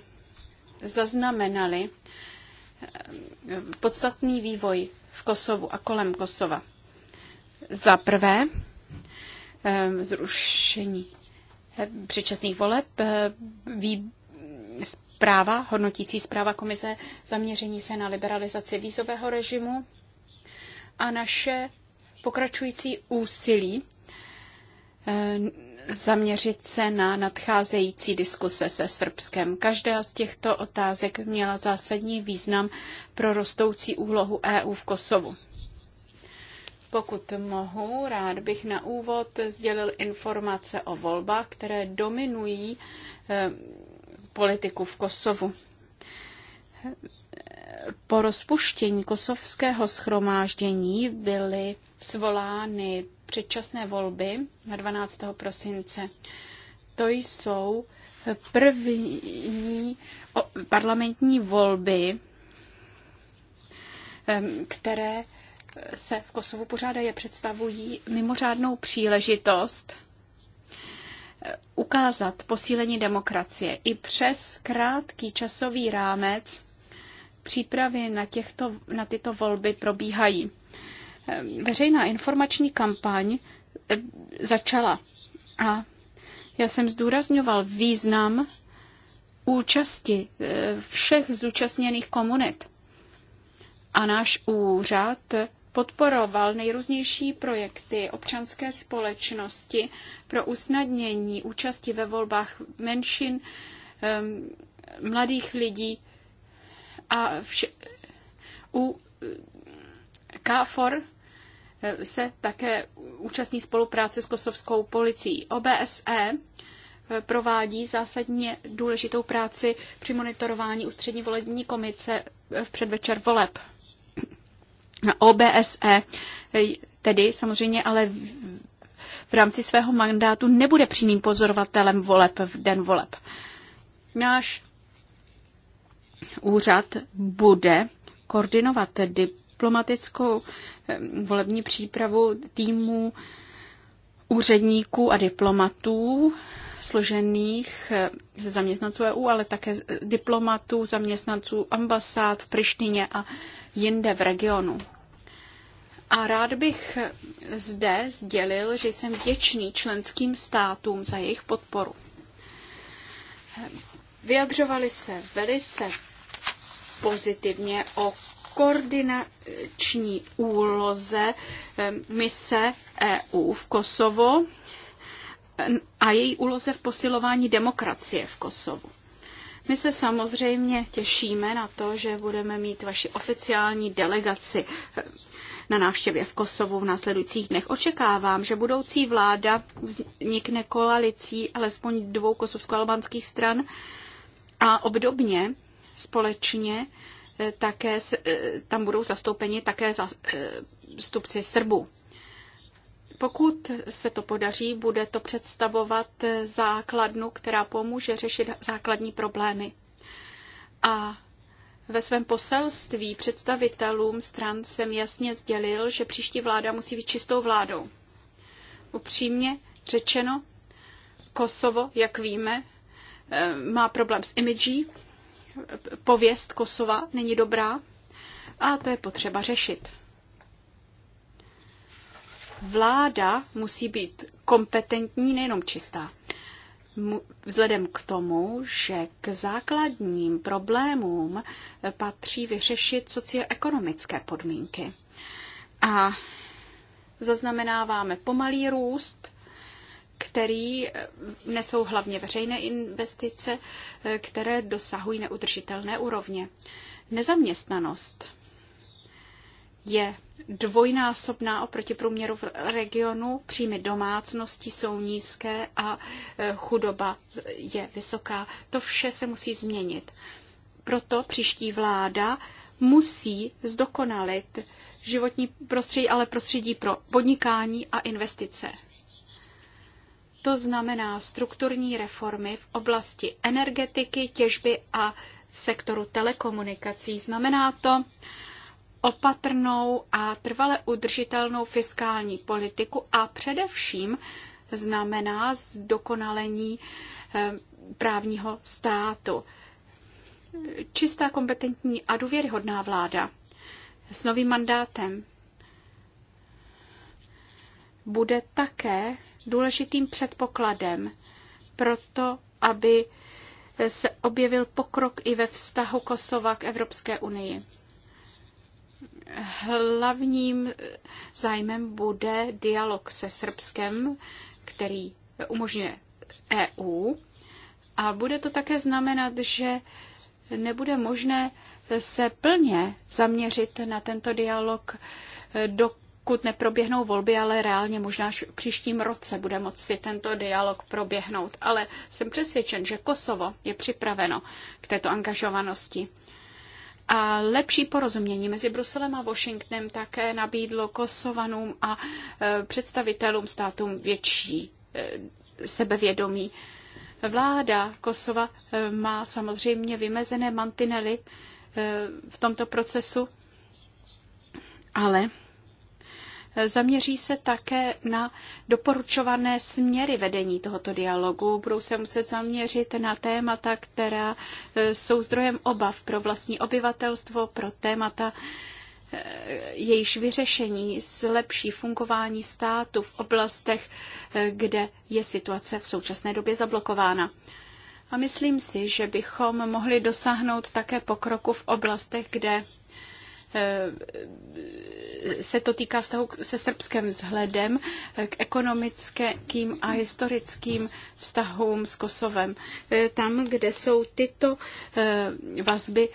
zaznamenali eh, podstatný vývoj v Kosovu a kolem Kosova. Za prvé eh, zrušení eh, předčasných voleb, zpráva, hodnotící zpráva komise, zaměření se na liberalizaci vízového režimu a naše pokračující úsilí Eh, zaměřit se na nadcházející diskuse se Srbskem. Každá z těchto otázek měla zásadní význam pro rostoucí úlohu EU v Kosovu. Pokud mohu, rád bych na úvod sdělil informace o volbách, které dominují eh, politiku v Kosovu. Po rozpuštění kosovského schromáždění byly zvolány předčasné volby na 12. prosince. To jsou první parlamentní volby, které se v Kosovu pořádají a představují mimořádnou příležitost eh, ukázat posílení demokracie. I přes krátký časový rámec přípravy na, těchto, na tyto volby probíhají. Ehm, veřejná informační kampaň ehm, začala. A já jsem zdůrazňoval význam účasti ehm, všech zúčastněných komunit. A náš úřad podporoval nejrůznější projekty občanské společnosti pro usnadnění účasti ve volbách menšin, mladých lidí a vše, u KFOR se také účastní spolupráce s kosovskou policií. OBSE eh, provádí zásadně důležitou práci při monitorování ústřední volební komice eh, v předvečer voleb. OBSE eh, tedy samozřejmě ale v rámci svého mandátu nebude přímým pozorovatelem voleb v den voleb. Náš úřad bude koordinovat tedy diplomatickou eh, volební přípravu týmu úředníků a diplomatů složených eh, ze zaměstnanců EU, ale také eh, diplomatů, zaměstnanců ambasád v Prištině a jinde v regionu. A rád bych zde sdělil, že jsem vděčný členským státům za jejich podporu. Vyjadřovali se velice pozitivně o koordinační úloze eh, mise EU v Kosovo eh, a její úloze v posilování demokracie v Kosovu. My se samozřejmě těšíme na to, že budeme mít vaši oficiální delegaci eh, na návštěvě v Kosovu v následujících dnech. Očekávám, že budoucí vláda vznikne koalicí alespoň dvou kosovsko-albanských stran a obdobně společně také eh, tam budou zastoupeni také zástupci eh, Srbů. Pokud se to podaří, bude to představovat základnu, která pomůže řešit základní problémy. A ve svém poselství představitelům stran jsem jasně sdělil, že příští vláda musí být čistou vládou. Upřímně řečeno, Kosovo, jak víme, eh, má problém s imidží, pověst Kosova není dobrá a to je potřeba řešit. Vláda musí být kompetentní, nejenom čistá. Vzhledem k tomu, že k základním problémům patří vyřešit socioekonomické podmínky. A zaznamenáváme pomalý růst, který eh, nesou hlavně veřejné investice, eh, které dosahují neudržitelné úrovně. Nezaměstnanost je dvojnásobná oproti průměru v regionu, příjmy domácnosti jsou nízké a eh, chudoba je vysoká. To vše se musí změnit. Proto příští vláda musí zdokonalit životní prostředí, ale prostředí pro podnikání a investice. To znamená strukturní reformy v oblasti energetiky, těžby a sektoru telekomunikací. Znamená to opatrnou a trvale udržitelnou fiskální politiku a především znamená zdokonalení eh, právního státu. Čistá, kompetentní a důvěryhodná vláda s novým mandátem bude také důležitým předpokladem pro to, aby se objevil pokrok i ve vztahu Kosova k Evropské unii. Hlavním zájmem bude dialog se Srbskem, který umožňuje EU. A bude to také znamenat, že nebude možné se plně zaměřit na tento dialog, dokud pokud neproběhnou volby, ale reálně možná až v příštím roce bude moci tento dialog proběhnout. Ale jsem přesvědčen, že Kosovo je připraveno k této angažovanosti. A lepší porozumění mezi Bruselem a Washingtonem také nabídlo Kosovanům a e, představitelům státům větší e, sebevědomí. Vláda Kosova e, má samozřejmě vymezené mantinely v tomto procesu, ale Zaměří se také na doporučované směry vedení tohoto dialogu. Budou se muset zaměřit na témata, která e, jsou zdrojem obav pro vlastní obyvatelstvo, pro témata, e, jejíž vyřešení zlepší fungování státu v oblastech, e, kde je situace v současné době zablokována. A myslím si, že bychom mohli dosáhnout také pokroku v oblastech, kde Eh, se to týká vztahu se Srbskem vzhledem eh, k ekonomickým a historickým vztahům s Kosovem. Eh, tam, kde jsou tyto vazby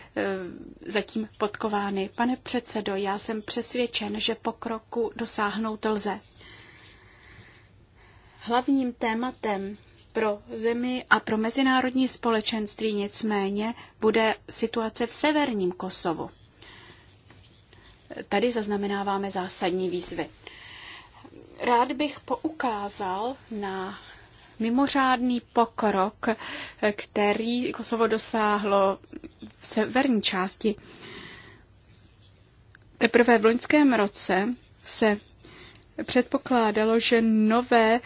zatím podkovány. Pane předsedo, já jsem přesvědčen, že pokroku dosáhnout lze. Hlavním tématem pro zemi a pro mezinárodní společenství nicméně bude situace v severním Kosovu tady zaznamenáváme zásadní výzvy. Rád bych poukázal na mimořádný pokrok, který Kosovo dosáhlo v severní části. Teprve v loňském roce se předpokládalo, že nové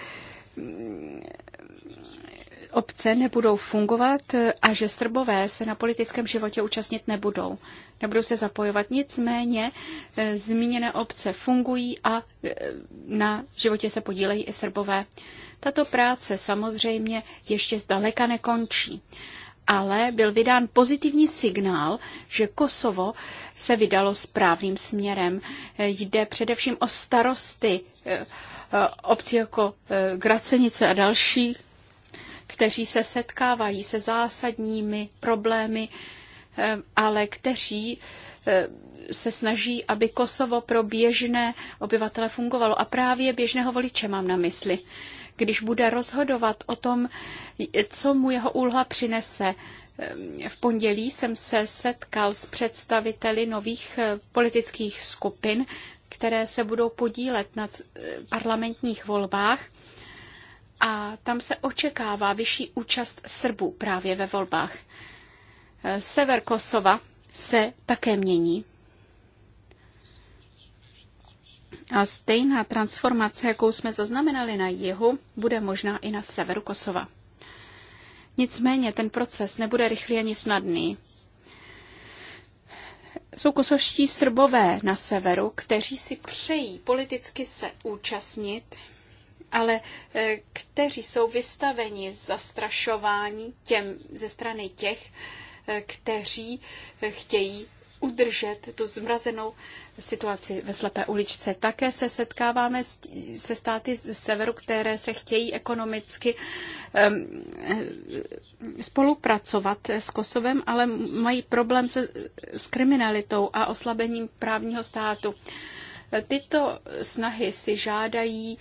obce nebudou fungovat a že Srbové se na politickém životě účastnit nebudou. Nebudou se zapojovat. Nicméně eh, zmíněné obce fungují a eh, na životě se podílejí i Srbové. Tato práce samozřejmě ještě zdaleka nekončí ale byl vydán pozitivní signál, že Kosovo se vydalo správným směrem. Eh, jde především o starosty obcí jako Gracenice a další, kteří se setkávají se zásadními problémy, eh, ale kteří eh, se snaží, aby Kosovo pro běžné obyvatele fungovalo. A právě běžného voliče mám na mysli. Když bude rozhodovat o tom, co mu jeho úloha přinese, eh, v pondělí jsem se setkal s představiteli nových politických skupin, které se budou podílet na parlamentních volbách a tam se očekává vyšší účast Srbů právě ve volbách. Sever Kosova se také mění. A stejná transformace, jakou jsme zaznamenali na jihu, bude možná i na severu Kosova. Nicméně ten proces nebude rychlý ani snadný. Jsou kosovští srbové na severu, kteří si přejí politicky se účastnit ale eh, kteří jsou vystaveni zastrašování těm, ze strany těch, eh, kteří eh, chtějí udržet tu zmrazenou situaci ve slepé uličce. Také se setkáváme se státy ze severu, které se chtějí ekonomicky spolupracovat s Kosovem, ale mají problém se, s kriminalitou a oslabením právního státu. Tyto snahy si žádají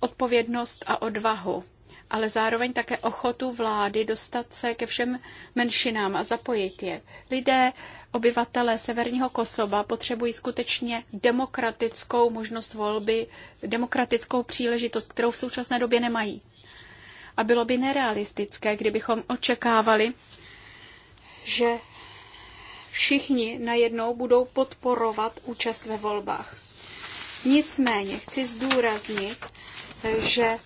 odpovědnost a odvahu, ale zároveň také ochotu vlády dostat se ke všem menšinám a zapojit je. Lidé, obyvatelé severního Kosova potřebují skutečně demokratickou možnost volby, demokratickou příležitost, kterou v současné době nemají. A bylo by nerealistické, kdybychom očekávali, že všichni najednou budou podporovat účast ve volbách. Nicméně chci zdůraznit, že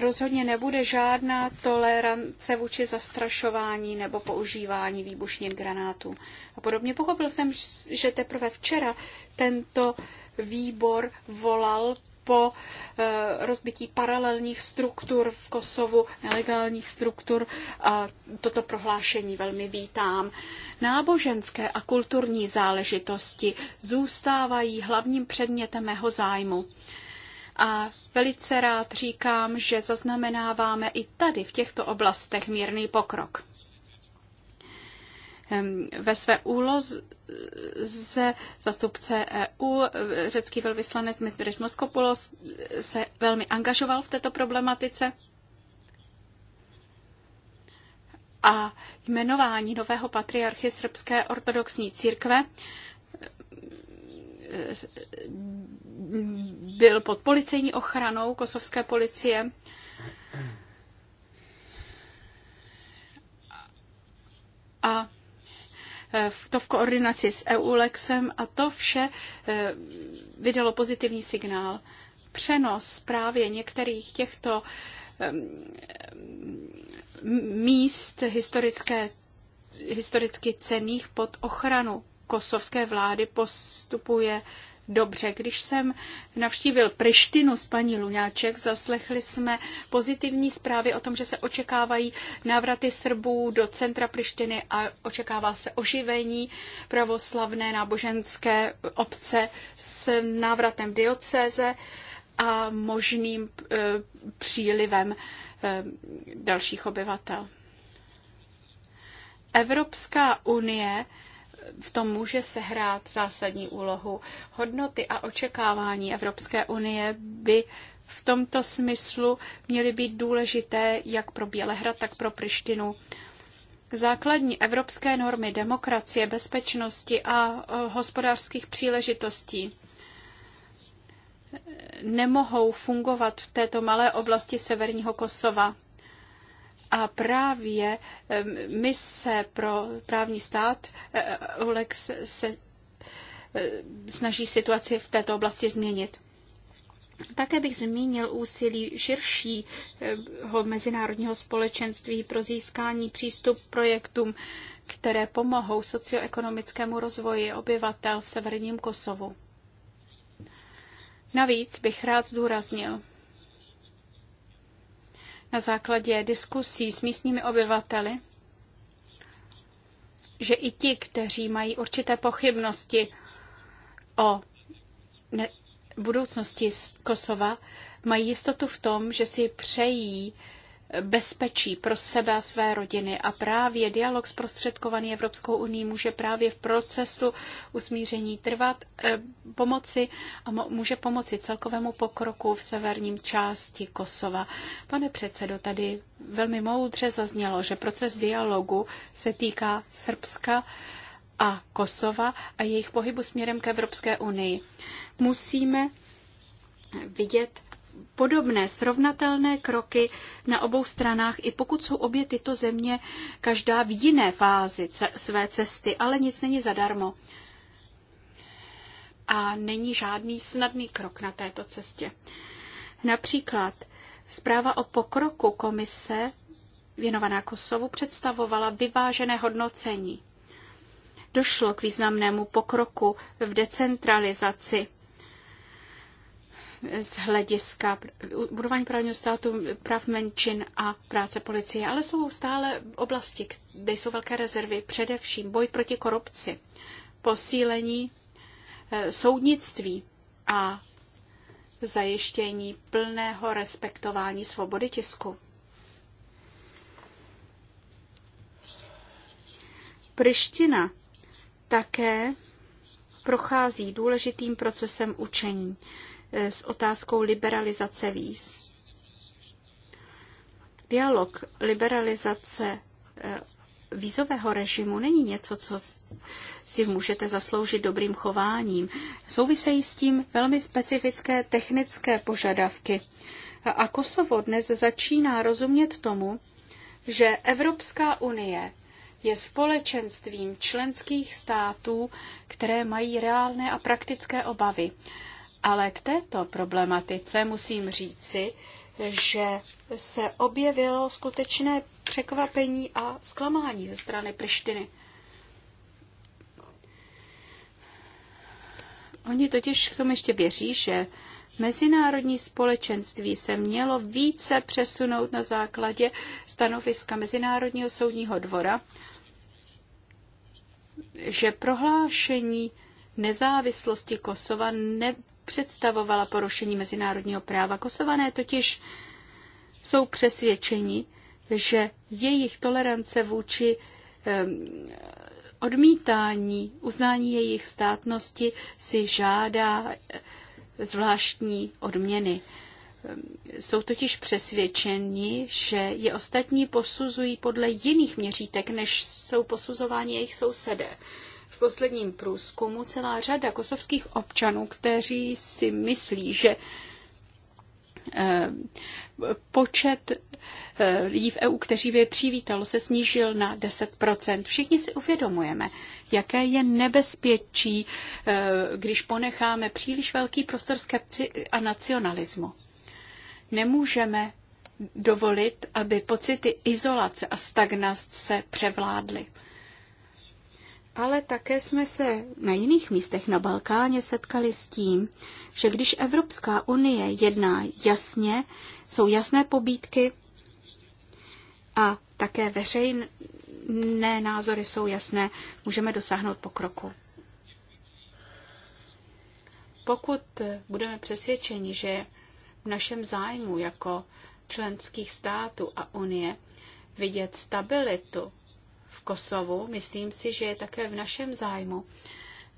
rozhodně nebude žádná tolerance vůči zastrašování nebo používání výbušnin granátů a podobně. Pochopil jsem, že teprve včera tento výbor volal po eh, rozbití paralelních struktur v Kosovu, nelegálních struktur. A toto prohlášení velmi vítám. Náboženské a kulturní záležitosti zůstávají hlavním předmětem mého zájmu a velice rád říkám, že zaznamenáváme i tady v těchto oblastech mírný pokrok. Ve své úloze ze zastupce EU, eh, řecký velvyslanec Mitris Moskopoulos se velmi angažoval v této problematice a jmenování nového patriarchy srbské ortodoxní církve eh, byl pod policejní ochranou kosovské policie. A e, to v koordinaci s EULEXem a to vše e, vydalo pozitivní signál. Přenos právě některých těchto míst historické, historicky cených pod ochranu kosovské vlády postupuje dobře. Když jsem navštívil Prištinu s paní Luňáček, zaslechli jsme pozitivní zprávy o tom, že se očekávají návraty Srbů do centra Prištiny a očekává se oživení pravoslavné náboženské obce s návratem diocéze a možným e, přílivem e, dalších obyvatel. Evropská unie v tom může sehrát zásadní úlohu. Hodnoty a očekávání Evropské unie by v tomto smyslu měly být důležité jak pro Bělehrad, tak pro Prištinu. Základní evropské normy demokracie, bezpečnosti a e, hospodářských příležitostí nemohou fungovat v této malé oblasti severního Kosova. A právě mise pro právní stát e, e, Olex se e, snaží situaci v této oblasti změnit. Také bych zmínil úsilí širšího mezinárodního společenství pro získání přístup projektům, které pomohou socioekonomickému rozvoji obyvatel v severním Kosovu. Navíc bych rád zdůraznil, na základě diskusí s místními obyvateli, že i ti, kteří mají určité pochybnosti o budoucnosti Kosova, mají jistotu v tom, že si přejí bezpečí pro sebe a své rodiny. A právě dialog zprostředkovaný Evropskou unii může právě v procesu usmíření trvat, eh, pomoci a může pomoci celkovému pokroku v severním části Kosova. Pane předsedo, tady velmi moudře zaznělo, že proces dialogu se týká Srbska, a Kosova a jejich pohybu směrem k Evropské unii. Musíme vidět podobné srovnatelné kroky na obou stranách, i pokud jsou obě tyto země každá v jiné fázi své cesty, ale nic není zadarmo. A není žádný snadný krok na této cestě. Například zpráva o pokroku komise věnovaná Kosovu představovala vyvážené hodnocení. Došlo k významnému pokroku v decentralizaci z hlediska budování právního státu, práv menšin a práce policie, ale jsou stále oblasti, kde jsou velké rezervy, především boj proti korupci, posílení eh, soudnictví a zajištění plného respektování svobody tisku. Priština také prochází důležitým procesem učení. Eh, s otázkou liberalizace víz. Dialog liberalizace eh, vízového režimu není něco, co si můžete zasloužit dobrým chováním. Souvisejí s tím velmi specifické technické požadavky. A Kosovo dnes začíná rozumět tomu, že Evropská unie je společenstvím členských států, které mají reálné a praktické obavy. Ale k této problematice musím říci, že se objevilo skutečné překvapení a zklamání ze strany Prištiny. Oni totiž k tomu ještě věří, že mezinárodní společenství se mělo více přesunout na základě stanoviska Mezinárodního soudního dvora, že prohlášení nezávislosti Kosova ne představovala porušení mezinárodního práva. Kosované totiž jsou přesvědčeni, že jejich tolerance vůči odmítání, uznání jejich státnosti si žádá eh, zvláštní odměny. Jsou totiž přesvědčeni, že je ostatní posuzují podle jiných měřítek, než jsou posuzováni jejich sousedé posledním průzkumu celá řada kosovských občanů, kteří si myslí, že eh, počet eh, lidí v EU, kteří by je přivítalo, se snížil na 10%. Všichni si uvědomujeme, jaké je nebezpečí, eh, když ponecháme příliš velký prostor skepci a nacionalismu. Nemůžeme dovolit, aby pocity izolace a stagnace převládly ale také jsme se na jiných místech na Balkáně setkali s tím, že když Evropská unie jedná jasně, jsou jasné pobídky a také veřejné názory jsou jasné, můžeme dosáhnout pokroku. Pokud budeme přesvědčeni, že v našem zájmu jako členských států a unie vidět stabilitu Kosovu, myslím si, že je také v našem zájmu,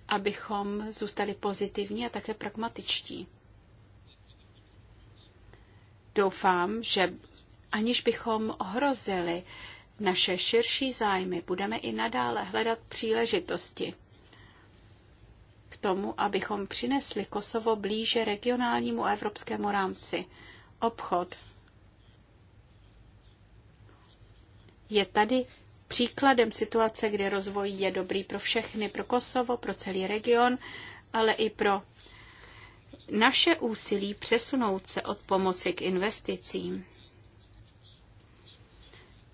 abychom zůstali pozitivní a také pragmatičtí. Doufám, že aniž bychom ohrozili naše širší zájmy, budeme i nadále hledat příležitosti k tomu, abychom přinesli Kosovo blíže regionálnímu evropskému rámci. Obchod je tady příkladem situace, kde rozvoj je dobrý pro všechny, pro Kosovo, pro celý region, ale i pro naše úsilí přesunout se od pomoci k investicím.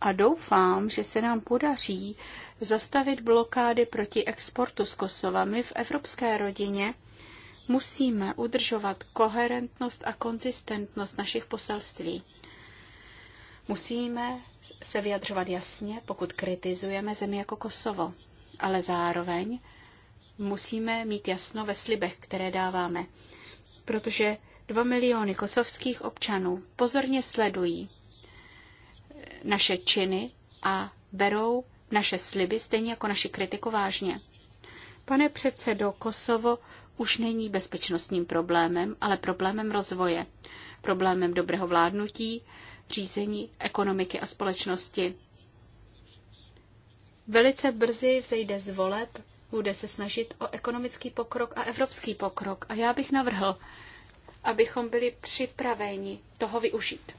A doufám, že se nám podaří zastavit blokády proti exportu z Kosova. My v evropské rodině musíme udržovat koherentnost a konzistentnost našich poselství. Musíme se vyjadřovat jasně, pokud kritizujeme zemi jako Kosovo, ale zároveň musíme mít jasno ve slibech, které dáváme, protože dva miliony kosovských občanů pozorně sledují eh, naše činy a berou naše sliby, stejně jako naši kritiku vážně. Pane předsedo, Kosovo už není bezpečnostním problémem, ale problémem rozvoje, problémem dobrého vládnutí, řízení ekonomiky a společnosti. Velice brzy vzejde z voleb, bude se snažit o ekonomický pokrok a evropský pokrok. A já bych navrhl, abychom byli připraveni toho využít.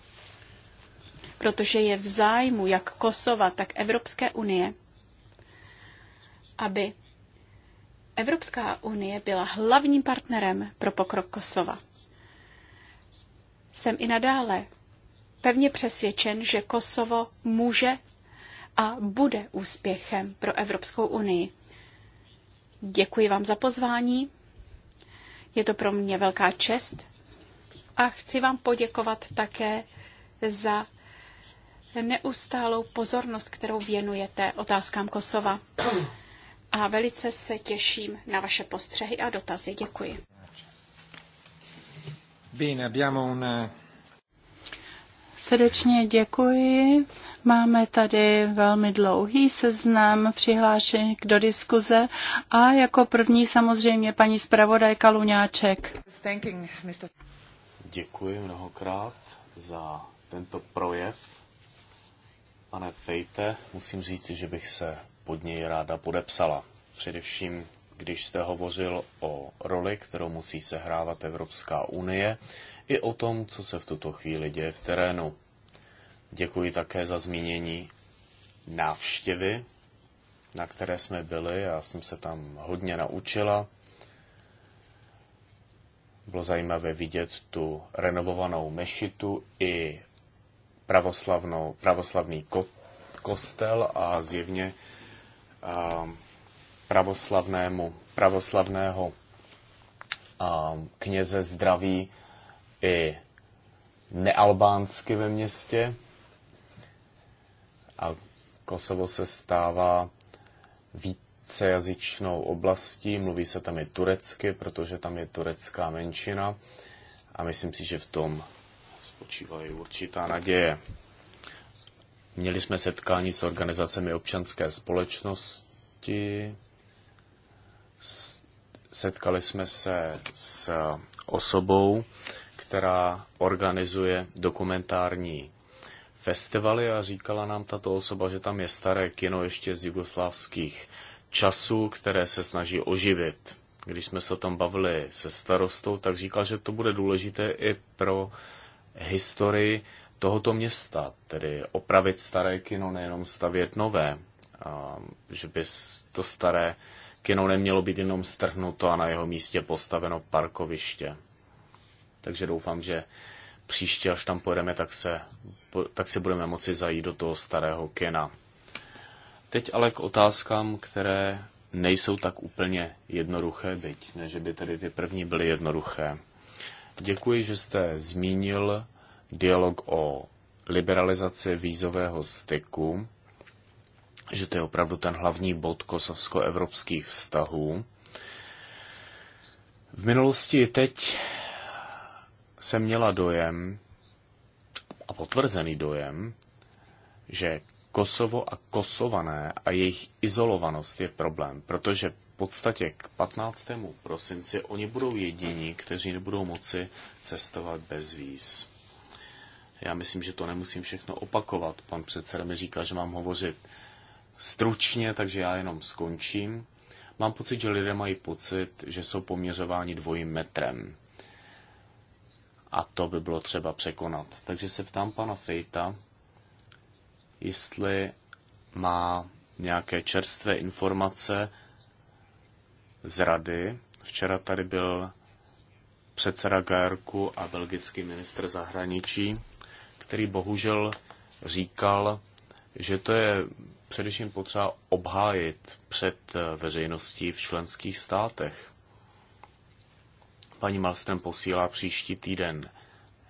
Protože je v zájmu jak Kosova, tak Evropské unie, aby Evropská unie byla hlavním partnerem pro pokrok Kosova. Jsem i nadále pevně přesvědčen, že Kosovo může a bude úspěchem pro Evropskou unii. Děkuji vám za pozvání. Je to pro mě velká čest a chci vám poděkovat také za neustálou pozornost, kterou věnujete otázkám Kosova. A velice se těším na vaše postřehy a dotazy. Děkuji.
Bene, abbiamo una eh,
Srdečně děkuji. Máme tady velmi dlouhý seznam přihlášených do diskuze a jako první samozřejmě paní zpravodajka Luňáček.
Děkuji mnohokrát za tento projev. Pane Fejte, musím říct, že bych se pod něj ráda podepsala. Především, když jste hovořil o roli, kterou musí sehrávat Evropská unie i o tom, co se v tuto chvíli děje v terénu. Děkuji také za zmínění návštěvy, na které jsme byli. Já jsem se tam hodně naučila. Bylo zajímavé vidět tu renovovanou mešitu i pravoslavnou, pravoslavný ko, kostel a zjevně a, pravoslavnému, pravoslavného a, kněze zdraví i nealbánsky ve městě a Kosovo se stává vícejazyčnou oblastí, mluví se tam i turecky, protože tam je turecká menšina a myslím si, že v tom spočívají určitá naděje. Měli jsme setkání s organizacemi občanské společnosti, setkali jsme se s osobou, která organizuje dokumentární festivaly a říkala nám tato osoba, že tam je staré kino ještě z jugoslávských časů, které se snaží oživit. Když jsme se tam bavili se starostou, tak říkal, že to bude důležité i pro historii tohoto města, tedy opravit staré kino, nejenom stavět nové, a že by to staré kino nemělo být jenom strhnuto a na jeho místě postaveno parkoviště takže doufám, že příště, až tam pojedeme, tak se, tak se budeme moci zajít do toho starého kina. Teď ale k otázkám, které nejsou tak úplně jednoduché, byť ne, že by tedy ty první byly jednoduché. Děkuji, že jste zmínil dialog o liberalizaci vízového styku, že to je opravdu ten hlavní bod kosovsko-evropských vztahů. V minulosti i teď jsem měla dojem a potvrzený dojem, že Kosovo a Kosované a jejich izolovanost je problém, protože v podstatě k 15. prosinci oni budou jediní, kteří nebudou moci cestovat bez víz. Já myslím, že to nemusím všechno opakovat. Pan předseda mi říká, že mám hovořit stručně, takže já jenom skončím. Mám pocit, že lidé mají pocit, že jsou poměřováni dvojím metrem a to by bylo třeba překonat. Takže se ptám pana Fejta, jestli má nějaké čerstvé informace z rady. Včera tady byl předseda Gajerku a belgický ministr zahraničí, který bohužel říkal, že to je především potřeba obhájit před veřejností v členských státech paní Malstrem posílá příští týden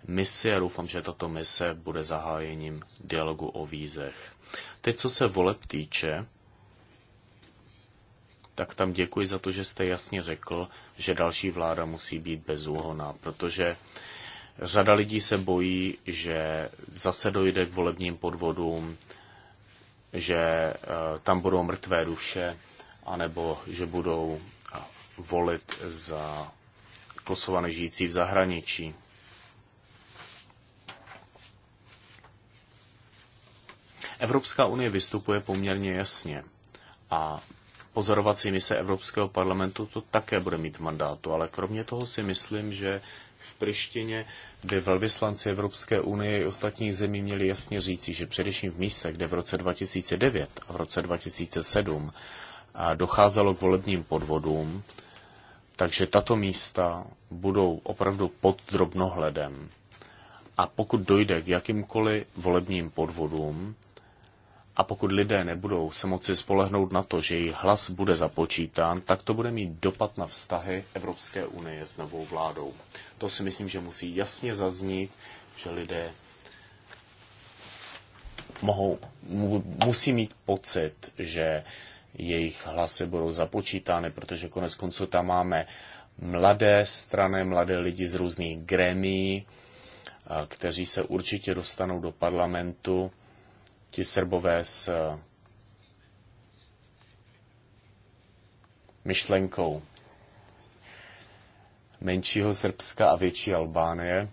misi a doufám, že tato mise bude zahájením dialogu o vízech. Teď, co se voleb týče, tak tam děkuji za to, že jste jasně řekl, že další vláda musí být bezúhoná, protože řada lidí se bojí, že zase dojde k volebním podvodům, že e, tam budou mrtvé duše, anebo že budou e, volit za Kosovany žijící v zahraničí. Evropská unie vystupuje poměrně jasně a pozorovací mise Evropského parlamentu to také bude mít v mandátu, ale kromě toho si myslím, že v Prištině by velvyslanci Evropské unie i ostatní zemí měli jasně říci, že především v místech, kde v roce 2009 a v roce 2007 docházelo k volebním podvodům, takže tato místa budou opravdu pod drobnohledem. A pokud dojde k jakýmkoliv volebním podvodům, a pokud lidé nebudou se moci spolehnout na to, že jejich hlas bude započítán, tak to bude mít dopad na vztahy Evropské unie s novou vládou. To si myslím, že musí jasně zaznít, že lidé mohou, mu, musí mít pocit, že jejich hlasy budou započítány, protože konec konců tam máme mladé strany, mladé lidi z různých gremií, kteří se určitě dostanou do parlamentu, ti srbové s myšlenkou menšího Srbska a větší Albánie.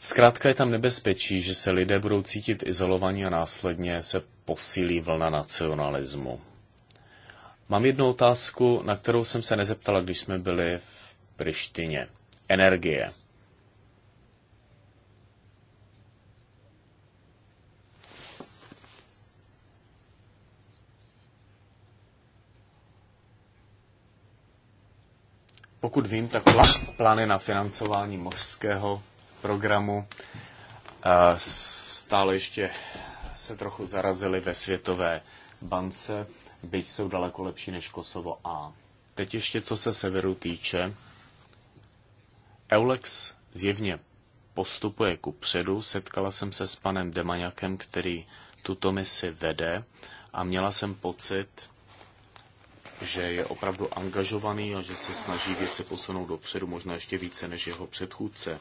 Zkrátka je tam nebezpečí, že se lidé budou cítit izolovaní a následně se posílí vlna nacionalismu. Mám jednu otázku, na kterou jsem se nezeptala, když jsme byli v Prištině. Energie. Pokud vím, tak plány na financování mořského programu eh, stále ještě se trochu zarazili ve Světové bance, byť jsou daleko lepší než Kosovo A. Teď ještě co se severu týče. Eulex zjevně postupuje ku předu. Setkala jsem se s panem Demaňakem, který tuto misi vede a měla jsem pocit, že je opravdu angažovaný a že se snaží věci posunout dopředu možná ještě více než jeho předchůdce.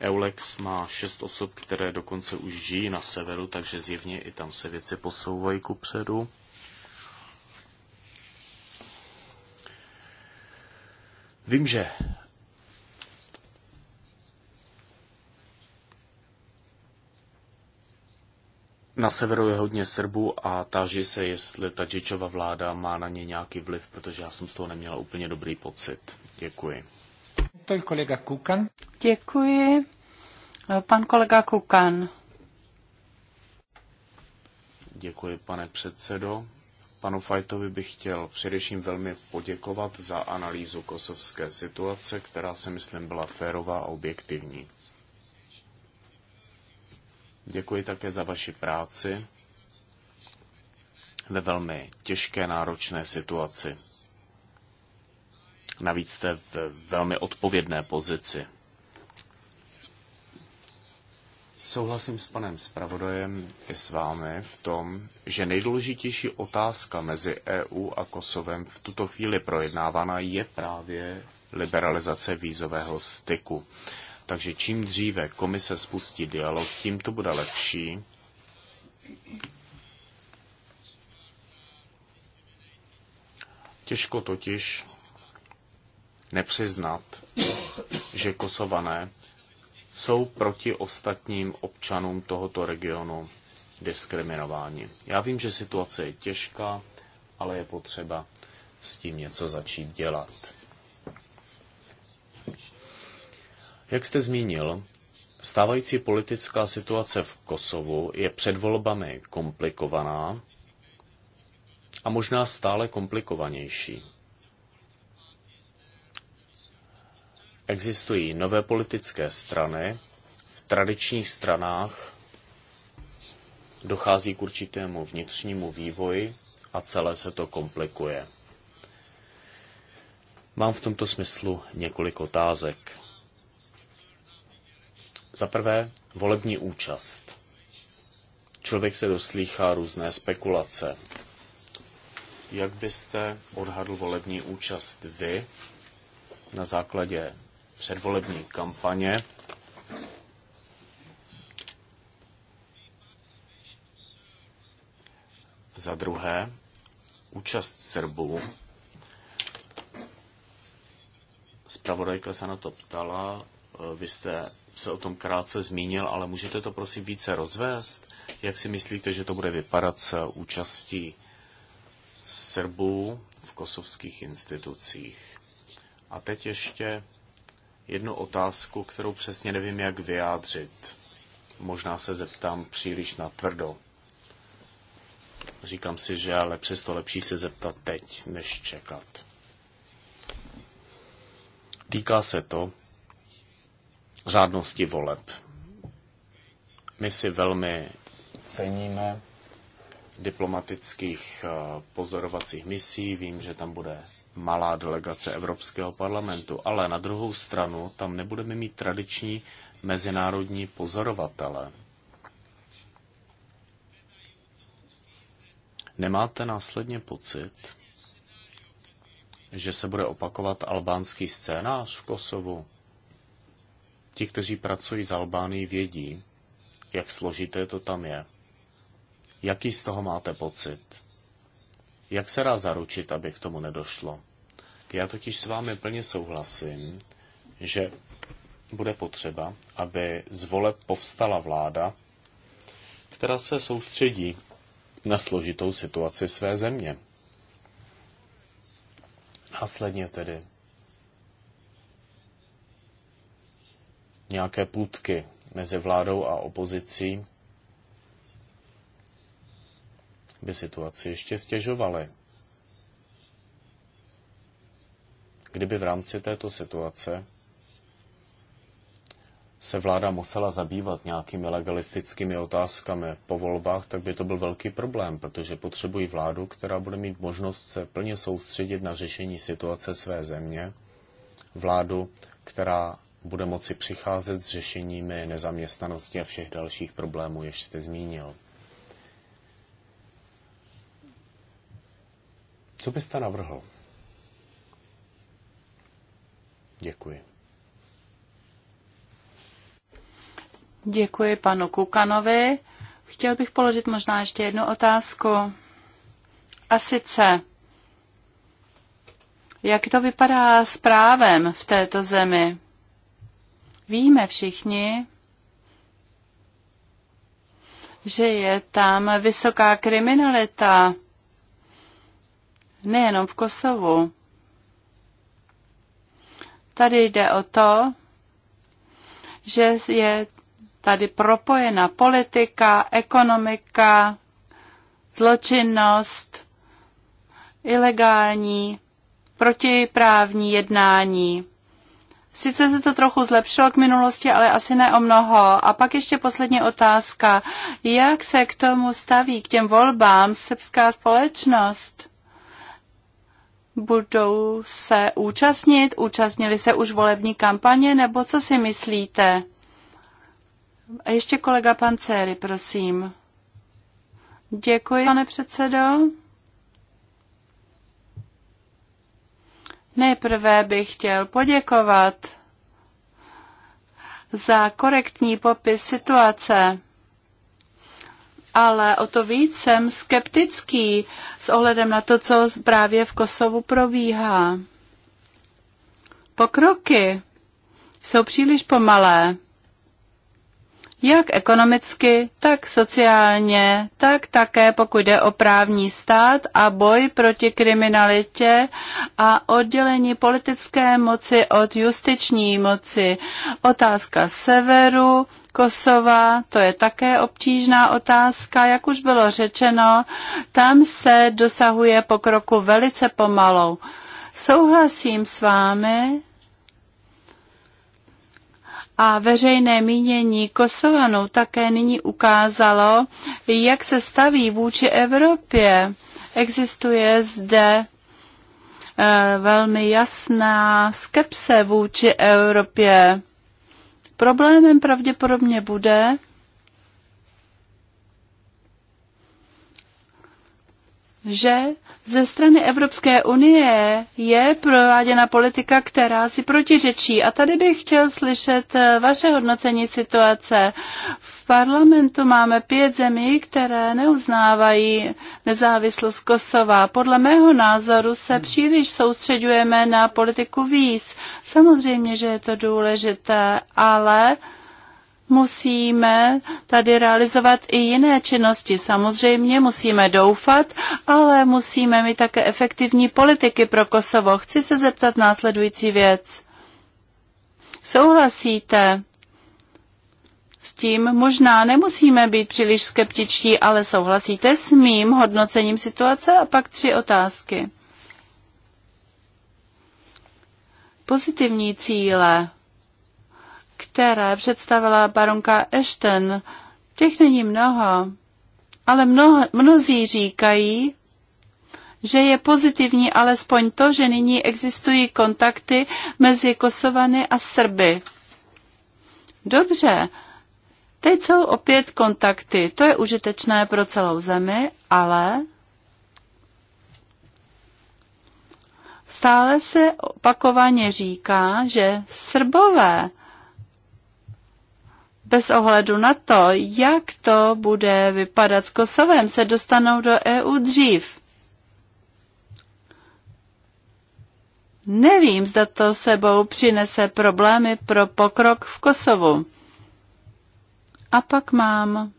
Eulex má šest osob, které dokonce už žijí na severu, takže zjevně i tam se věci posouvají ku předu. Vím, že na severu je hodně Srbů a táží se, jestli ta Čičova vláda má na ně nějaký vliv, protože já jsem z toho neměla úplně dobrý pocit. Děkuji. To je kolega Kukan.
Děkuji. Pan kolega Kukan.
Děkuji, pane předsedo. Panu Fajtovi bych chtěl především velmi poděkovat za analýzu kosovské situace, která se myslím byla férová a objektivní. Děkuji také za vaši práci ve velmi těžké, náročné situaci. Navíc jste v velmi odpovědné pozici. Souhlasím s panem zpravodajem i s vámi v tom, že nejdůležitější otázka mezi EU a Kosovem v tuto chvíli projednávaná je právě liberalizace vízového styku. Takže čím dříve komise spustí dialog, tím to bude lepší. Těžko totiž nepřiznat, že Kosované jsou proti ostatním občanům tohoto regionu diskriminováni. Já vím, že situace je těžká, ale je potřeba s tím něco začít dělat. Jak jste zmínil, stávající politická situace v Kosovu je před volbami komplikovaná a možná stále komplikovanější. existují nové politické strany. V tradičních stranách dochází k určitému vnitřnímu vývoji a celé se to komplikuje. Mám v tomto smyslu několik otázek. Za prvé, volební účast. Člověk se doslýchá různé spekulace. Jak byste odhadl volební účast vy na základě předvolební kampaně. Za druhé, účast Srbů. Spravodajka se na to ptala, vy jste se o tom krátce zmínil, ale můžete to prosím více rozvést? Jak si myslíte, že to bude vypadat s účastí Srbů v kosovských institucích? A teď ještě jednu otázku, kterou přesně nevím, jak vyjádřit. Možná se zeptám příliš na tvrdo. Říkám si, že ale přesto lepší se zeptat teď, než čekat. Týká se to řádnosti voleb. My si velmi ceníme diplomatických eh, pozorovacích misí. Vím, že tam bude malá delegace Evropského parlamentu, ale na druhou stranu tam nebudeme mít tradiční mezinárodní pozorovatele. Nemáte následně pocit, že se bude opakovat albánský scénář v Kosovu? Ti, kteří pracují z Albánií, vědí, jak složité to tam je. Jaký z toho máte pocit? Jak se dá zaručit, aby k tomu nedošlo? Já totiž s vámi plně souhlasím, že bude potřeba, aby z voleb povstala vláda, která se soustředí na složitou situaci své země. Následně tedy nějaké půdky mezi vládou a opozicí by situaci ještě stěžovaly. kdyby v rámci této situace se vláda musela zabývat nějakými legalistickými otázkami po volbách, tak by to byl velký problém, protože potřebují vládu, která bude mít možnost se plně soustředit na řešení situace své země, vládu, která bude moci přicházet s řešeními nezaměstnanosti a všech dalších problémů, jež jste zmínil. Co byste navrhl? Děkuji.
Děkuji panu Kukanovi. Chtěl bych položit možná ještě jednu otázku. A sice, jak to vypadá s právem v této zemi? Víme všichni, že je tam vysoká kriminalita, nejenom v Kosovu. Tady jde o to, že je tady propojena politika, ekonomika, zločinnost, ilegální, protiprávní jednání. Sice se to trochu zlepšilo k minulosti, ale asi ne o mnoho. A pak ještě poslední otázka. Jak se k tomu staví, k těm volbám srbská společnost? budou se účastnit? Účastnili se už volební kampaně, nebo co si myslíte? A ještě kolega Pancéry, prosím. Děkuji, pane předsedo. Nejprve bych chtěl poděkovat za korektní popis situace ale o to víc jsem skeptický s ohledem na to, co právě v Kosovu probíhá. Pokroky jsou příliš pomalé. Jak ekonomicky, tak sociálně, tak také pokud jde o právní stát a boj proti kriminalitě a oddělení politické moci od justiční moci. Otázka severu, Kosova, to je také obtížná otázka. Jak už bylo řečeno, tam se dosahuje pokroku velice pomalou. Souhlasím s vámi a veřejné mínění Kosovanů také nyní ukázalo, jak se staví vůči Evropě. Existuje zde eh, velmi jasná skepse vůči Evropě. Problémem pravděpodobně bude, že ze strany Evropské unie je prováděna politika, která si protiřečí. A tady bych chtěl slyšet eh, vaše hodnocení situace. V parlamentu máme pět zemí, které neuznávají nezávislost Kosova. Podle mého názoru se příliš soustředujeme na politiku víz. Samozřejmě, že je to důležité, ale musíme tady realizovat i jiné činnosti. Samozřejmě musíme doufat, ale musíme mít také efektivní politiky pro Kosovo. Chci se zeptat následující věc. Souhlasíte? S tím možná nemusíme být příliš skeptičtí, ale souhlasíte s mým hodnocením situace a pak tři otázky. Pozitivní cíle které představila baronka Ashton, těch není mnoho, ale mnoho, mnozí říkají, že je pozitivní alespoň to, že nyní existují kontakty mezi Kosovany a Srby. Dobře, teď jsou opět kontakty. To je užitečné pro celou zemi, ale stále se opakovaně říká, že Srbové bez ohledu na to, jak to bude vypadat s Kosovem, se dostanou do EU dřív. Nevím, zda to sebou přinese problémy pro pokrok v Kosovu. A pak mám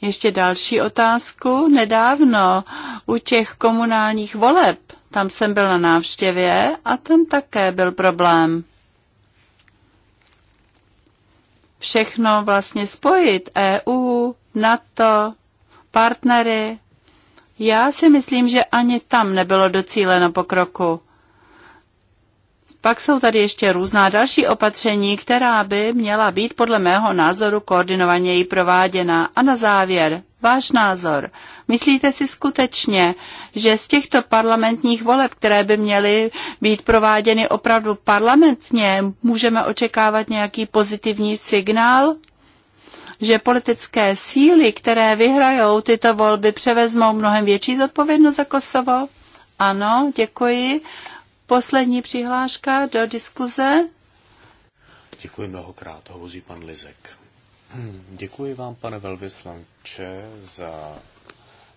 ještě další otázku. Nedávno u těch komunálních voleb, tam jsem byl na návštěvě a tam také byl problém všechno vlastně spojit. EU, NATO, partnery. Já si myslím, že ani tam nebylo docíleno pokroku. Pak jsou tady ještě různá další opatření, která by měla být podle mého názoru koordinovaněji prováděna. A na závěr, váš názor. Myslíte si skutečně, že z těchto parlamentních voleb, které by měly být prováděny opravdu parlamentně, můžeme očekávat nějaký pozitivní signál? že politické síly, které vyhrajou tyto volby, převezmou mnohem větší zodpovědnost za Kosovo? Ano, děkuji. Poslední přihláška do diskuze.
Děkuji mnohokrát, hovoří pan Lizek. Děkuji vám, pane velvyslanče, za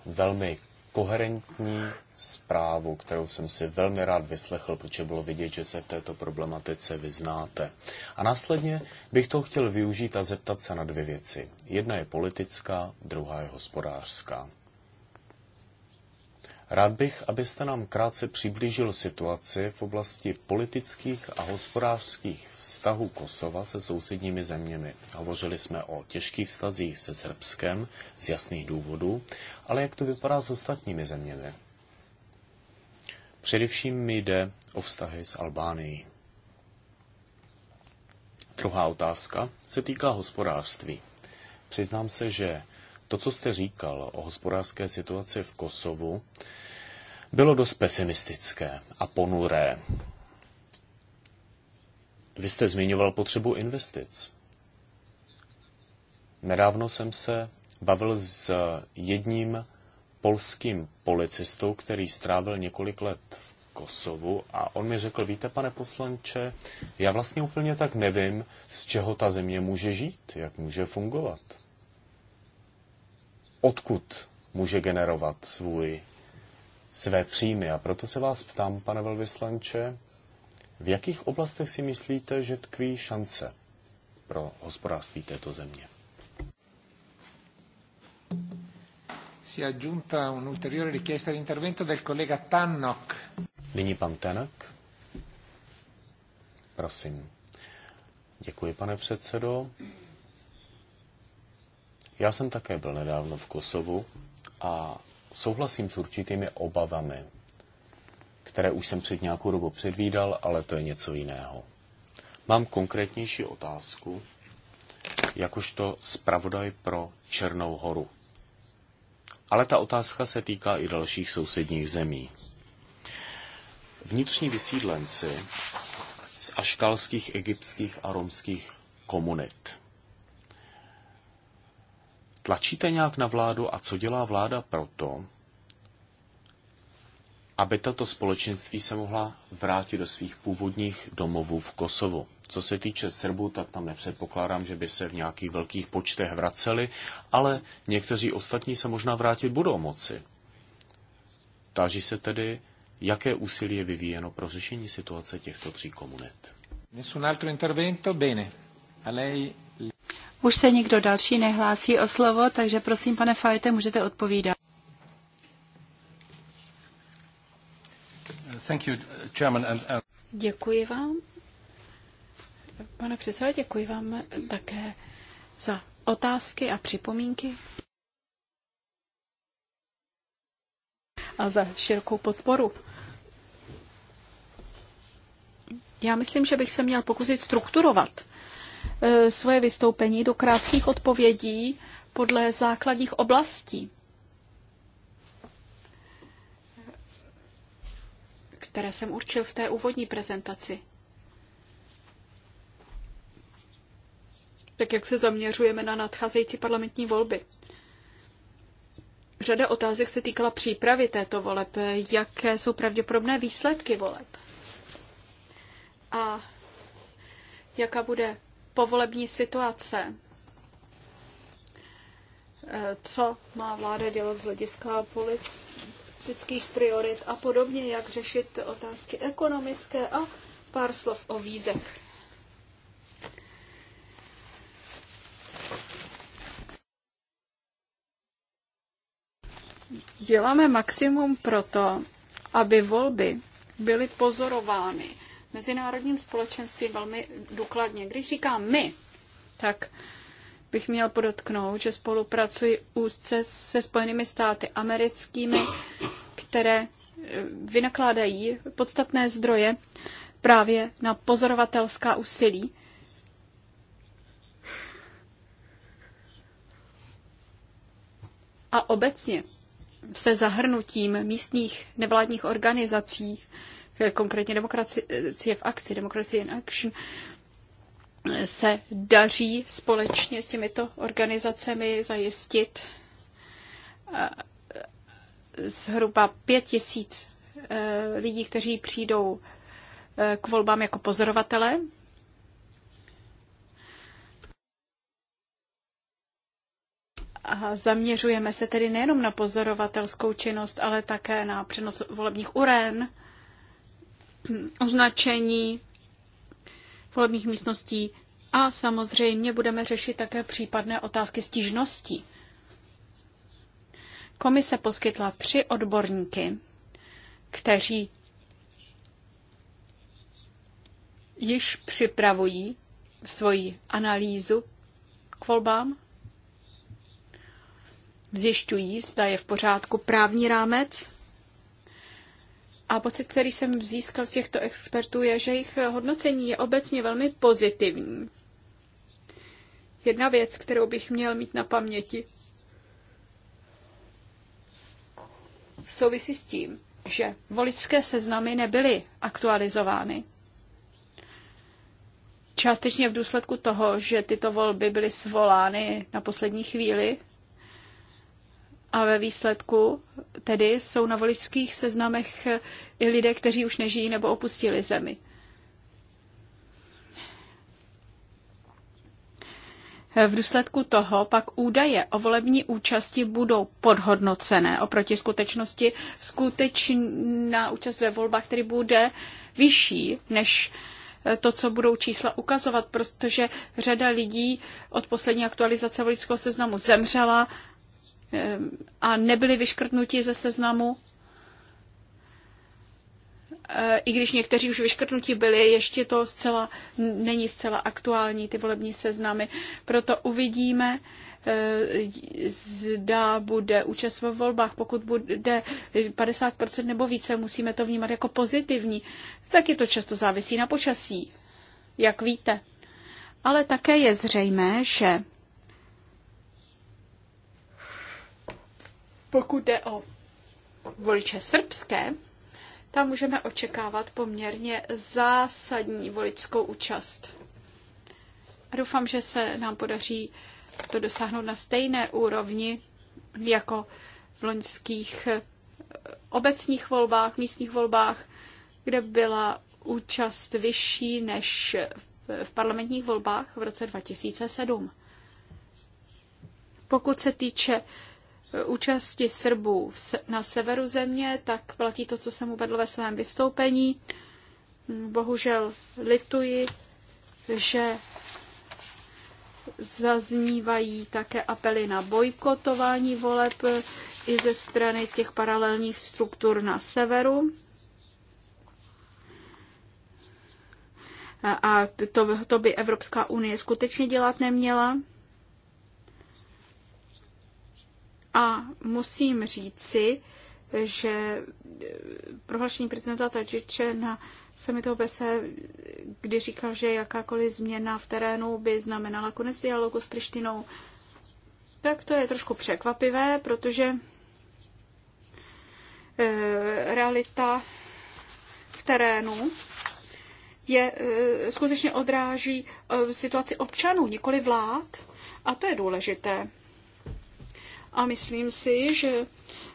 velmi koherentní zprávu, kterou jsem si velmi rád vyslechl, protože bylo vidět, že se v této problematice vyznáte. A následně bych to chtěl využít a zeptat se na dvě věci. Jedna je politická, druhá je hospodářská. Rád bych, abyste nám krátce přiblížil situaci v oblasti politických a hospodářských vztahu Kosova se sousedními zeměmi. Hovořili jsme o těžkých vztazích se Srbskem z jasných důvodů, ale jak to vypadá s ostatními zeměmi? Především mi jde o vztahy s Albánií. Druhá otázka se týká hospodářství. Přiznám se, že to, co jste říkal o hospodářské situaci v Kosovu, bylo dost pesimistické a ponuré. Vy jste zmiňoval potřebu investic. Nedávno jsem se bavil s jedním polským policistou, který strávil několik let v Kosovu a on mi řekl, víte, pane poslanče, já vlastně úplně tak nevím, z čeho ta země může žít, jak může fungovat. Odkud může generovat svůj, své příjmy. A proto se vás ptám, pane velvyslanče, v jakých oblastech si myslíte, že tkví šance pro hospodářství této země? Si aggiunta ulteriore richiesta di intervento del collega Tannock. Nyní pan Tannock. Prosím. Děkuji, pane předsedo. Já jsem také byl nedávno v Kosovu a souhlasím s určitými obavami které už jsem před nějakou dobu předvídal, ale to je něco jiného. Mám konkrétnější otázku, jakožto zpravodaj pro Černou horu. Ale ta otázka se týká i dalších sousedních zemí. Vnitřní vysídlenci z aškalských, egyptských a romských komunit. Tlačíte nějak na vládu a co dělá vláda proto, aby tato společenství se mohla vrátit do svých původních domovů v Kosovu. Co se týče Srbů, tak tam nepředpokládám, že by se v nějakých velkých počtech vraceli, ale někteří ostatní se možná vrátit budou moci. Táží se tedy, jaké úsilí je vyvíjeno pro řešení situace těchto tří komunit. intervento? Bene.
Už se nikdo další nehlásí o slovo, takže prosím, pane Fajte, můžete odpovídat.
Děkuji vám. Pane předsedo, děkuji vám také za otázky a připomínky a za širokou podporu. Já myslím, že bych se měl pokusit strukturovat eh, svoje vystoupení do krátkých odpovědí podle základních oblastí. které jsem určil v té úvodní prezentaci. Tak jak se zaměřujeme na nadcházející parlamentní volby. Řada otázek se týkala přípravy této voleb. Jaké jsou pravděpodobné výsledky voleb? A jaká bude povolební situace? Eh, co má vláda dělat z hlediska polic- politických priorit a podobně, jak řešit otázky ekonomické a pár slov o vízech. Děláme maximum proto, aby volby byly pozorovány mezinárodním společenstvím velmi důkladně. Když říkám my, tak bych měl podotknout, že spolupracuji úzce se Spojenými státy americkými, které eh, vynakládají podstatné zdroje právě na pozorovatelská úsilí. A obecně se zahrnutím místních nevládních organizací, eh, konkrétně demokracie v akci, demokracie in Action, eh, se daří společně s těmito organizacemi zajistit zhruba pět tisíc eh, lidí, kteří přijdou eh, k volbám jako pozorovatelé. A zaměřujeme se tedy nejenom na pozorovatelskou činnost, ale také na přenos volebních uren, označení volebních místností a samozřejmě budeme řešit také případné otázky stížností Komise poskytla tři odborníky, kteří již připravují svoji analýzu k volbám, zjišťují, zda je v pořádku právní rámec a pocit, který jsem získal z těchto expertů, je, že jejich hodnocení je obecně velmi pozitivní. Jedna věc, kterou bych měl mít na paměti, souvisí s tím, že voličské seznamy nebyly aktualizovány. Částečně v důsledku toho, že tyto volby byly svolány na poslední chvíli a ve výsledku tedy jsou na voličských seznamech i lidé, kteří už nežijí nebo opustili zemi. V důsledku toho pak údaje o volební účasti budou podhodnocené oproti skutečnosti. Skutečná účast ve volbách který bude vyšší než eh, to, co budou čísla ukazovat, protože řada lidí od poslední aktualizace voličského seznamu zemřela eh, a nebyli vyškrtnuti ze seznamu i když někteří už vyškrtnutí byli, ještě to zcela není zcela aktuální, ty volební seznamy. Proto uvidíme, eh, zda bude účast ve volbách. Pokud bude 50% nebo více, musíme to vnímat jako pozitivní. je to často závisí na počasí, jak víte. Ale také je zřejmé, že pokud jde o voliče srbské, tam můžeme očekávat poměrně zásadní voličskou účast. A doufám, že se nám podaří to dosáhnout na stejné úrovni jako v loňských eh, obecních volbách, místních volbách, kde byla účast vyšší než v parlamentních volbách v roce 2007. Pokud se týče účasti Srbů na severu země, tak platí to, co jsem uvedl ve svém vystoupení. Bohužel lituji, že zaznívají také apely na bojkotování voleb i ze strany těch paralelních struktur na severu. A to, to by Evropská unie skutečně dělat neměla. A musím říci, že eh, prohlášení prezidenta Tadžiče na summitu OBSE, kdy říkal, že jakákoliv změna v terénu by znamenala konec dialogu s Prištinou, tak to je trošku překvapivé, protože eh, realita v terénu je, eh, skutečně odráží situaci občanů, nikoli vlád. A to je důležité. A myslím si, že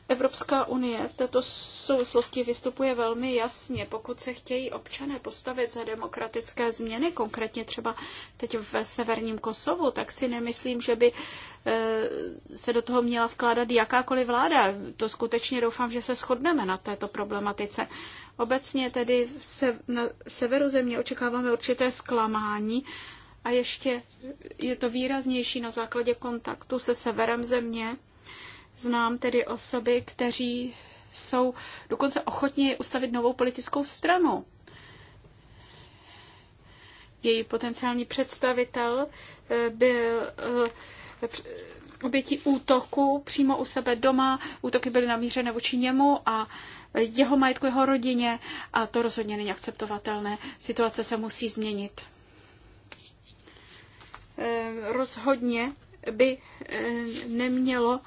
Evropská unie v této souvislosti vystupuje velmi jasně. Pokud se chtějí občané postavit za demokratické změny, konkrétně třeba teď v severním Kosovu, tak si nemyslím, že by eh, se do toho měla vkládat jakákoliv vláda. To skutečně doufám, že se shodneme na této problematice. Obecně tedy se, na severu země očekáváme určité zklamání a ještě je to výraznější na základě kontaktu se severem země Znám tedy osoby, kteří jsou dokonce ochotni ustavit novou politickou stranu. Její potenciální představitel eh, byl eh, obětí útoku přímo u sebe doma. Útoky byly namířené vůči němu a jeho majetku, jeho rodině a to rozhodně není akceptovatelné. Situace se musí změnit. Eh, rozhodně by nemělo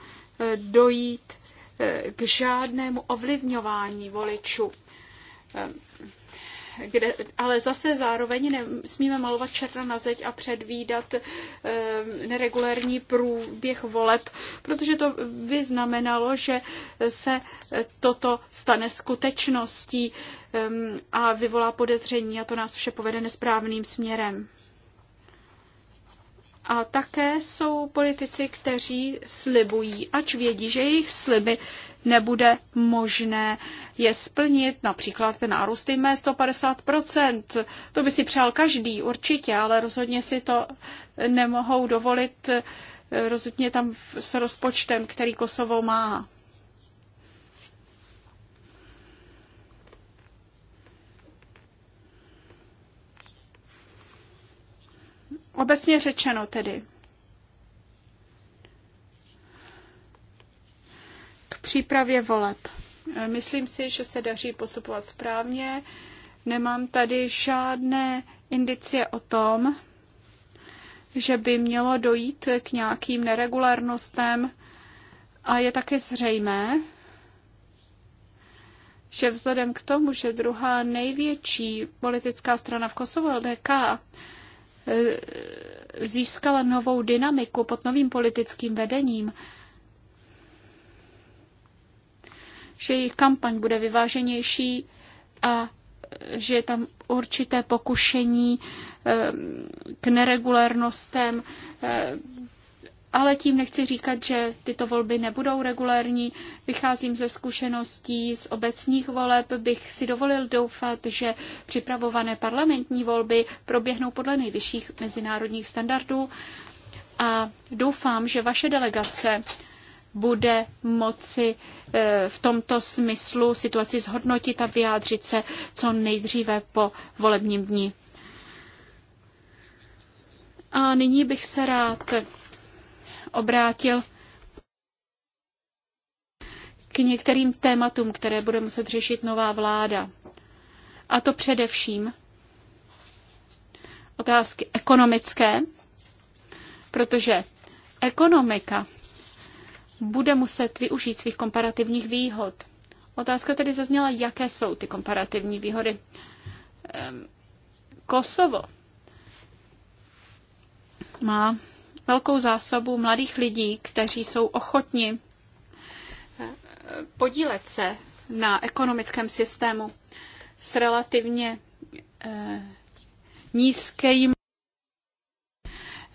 dojít eh, k žádnému ovlivňování voličů. Eh, kde, ale zase zároveň nesmíme malovat čerta na zeď a předvídat e, eh, neregulérní průběh voleb, protože to by znamenalo, že se toto stane skutečností e, a vyvolá podezření a to nás vše povede nesprávným směrem. A také jsou politici, kteří slibují, ač vědí, že jejich sliby nebude možné je splnit, například nárůst jmé 150%. To by si přál každý určitě, ale rozhodně si to nemohou dovolit eh, rozhodně tam s rozpočtem, který Kosovo má. Obecně řečeno tedy. K přípravě voleb. Myslím si, že se daří postupovat správně. Nemám tady žádné indicie o tom, že by mělo dojít k nějakým neregulárnostem a je také zřejmé, že vzhledem k tomu, že druhá největší politická strana v Kosovu, LDK, Eh, získala novou dynamiku pod novým politickým vedením, že jejich kampaň bude vyváženější a že je tam určité pokušení eh, k neregulérnostem eh, ale tím nechci říkat, že tyto volby nebudou regulérní. Vycházím ze zkušeností z obecních voleb, bych si dovolil doufat, že připravované parlamentní volby proběhnou podle nejvyšších mezinárodních standardů. A doufám, že vaše delegace bude moci eh, v tomto smyslu situaci zhodnotit a vyjádřit se co nejdříve po volebním dní. A nyní bych se rád obrátil k některým tématům, které bude muset řešit nová vláda. A to především otázky ekonomické, protože ekonomika bude muset využít svých komparativních výhod. Otázka tedy zazněla, jaké jsou ty komparativní výhody. Ehm, Kosovo má velkou zásobu mladých lidí, kteří jsou ochotni eh, podílet se na ekonomickém systému s relativně eh, nízkým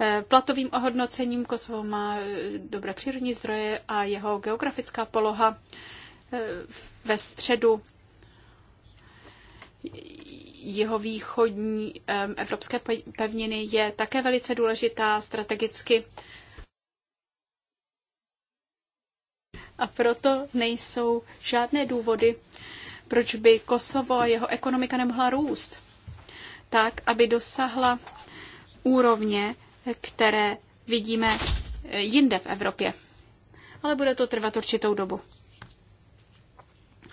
eh, platovým ohodnocením. Kosovo má dobré přírodní zdroje a jeho geografická poloha ve středu jihovýchodní evropské pevniny je také velice důležitá strategicky. A proto nejsou žádné důvody, proč by Kosovo a jeho ekonomika nemohla růst tak, aby dosahla úrovně, které vidíme eh, jinde v Evropě. Ale bude to trvat určitou dobu.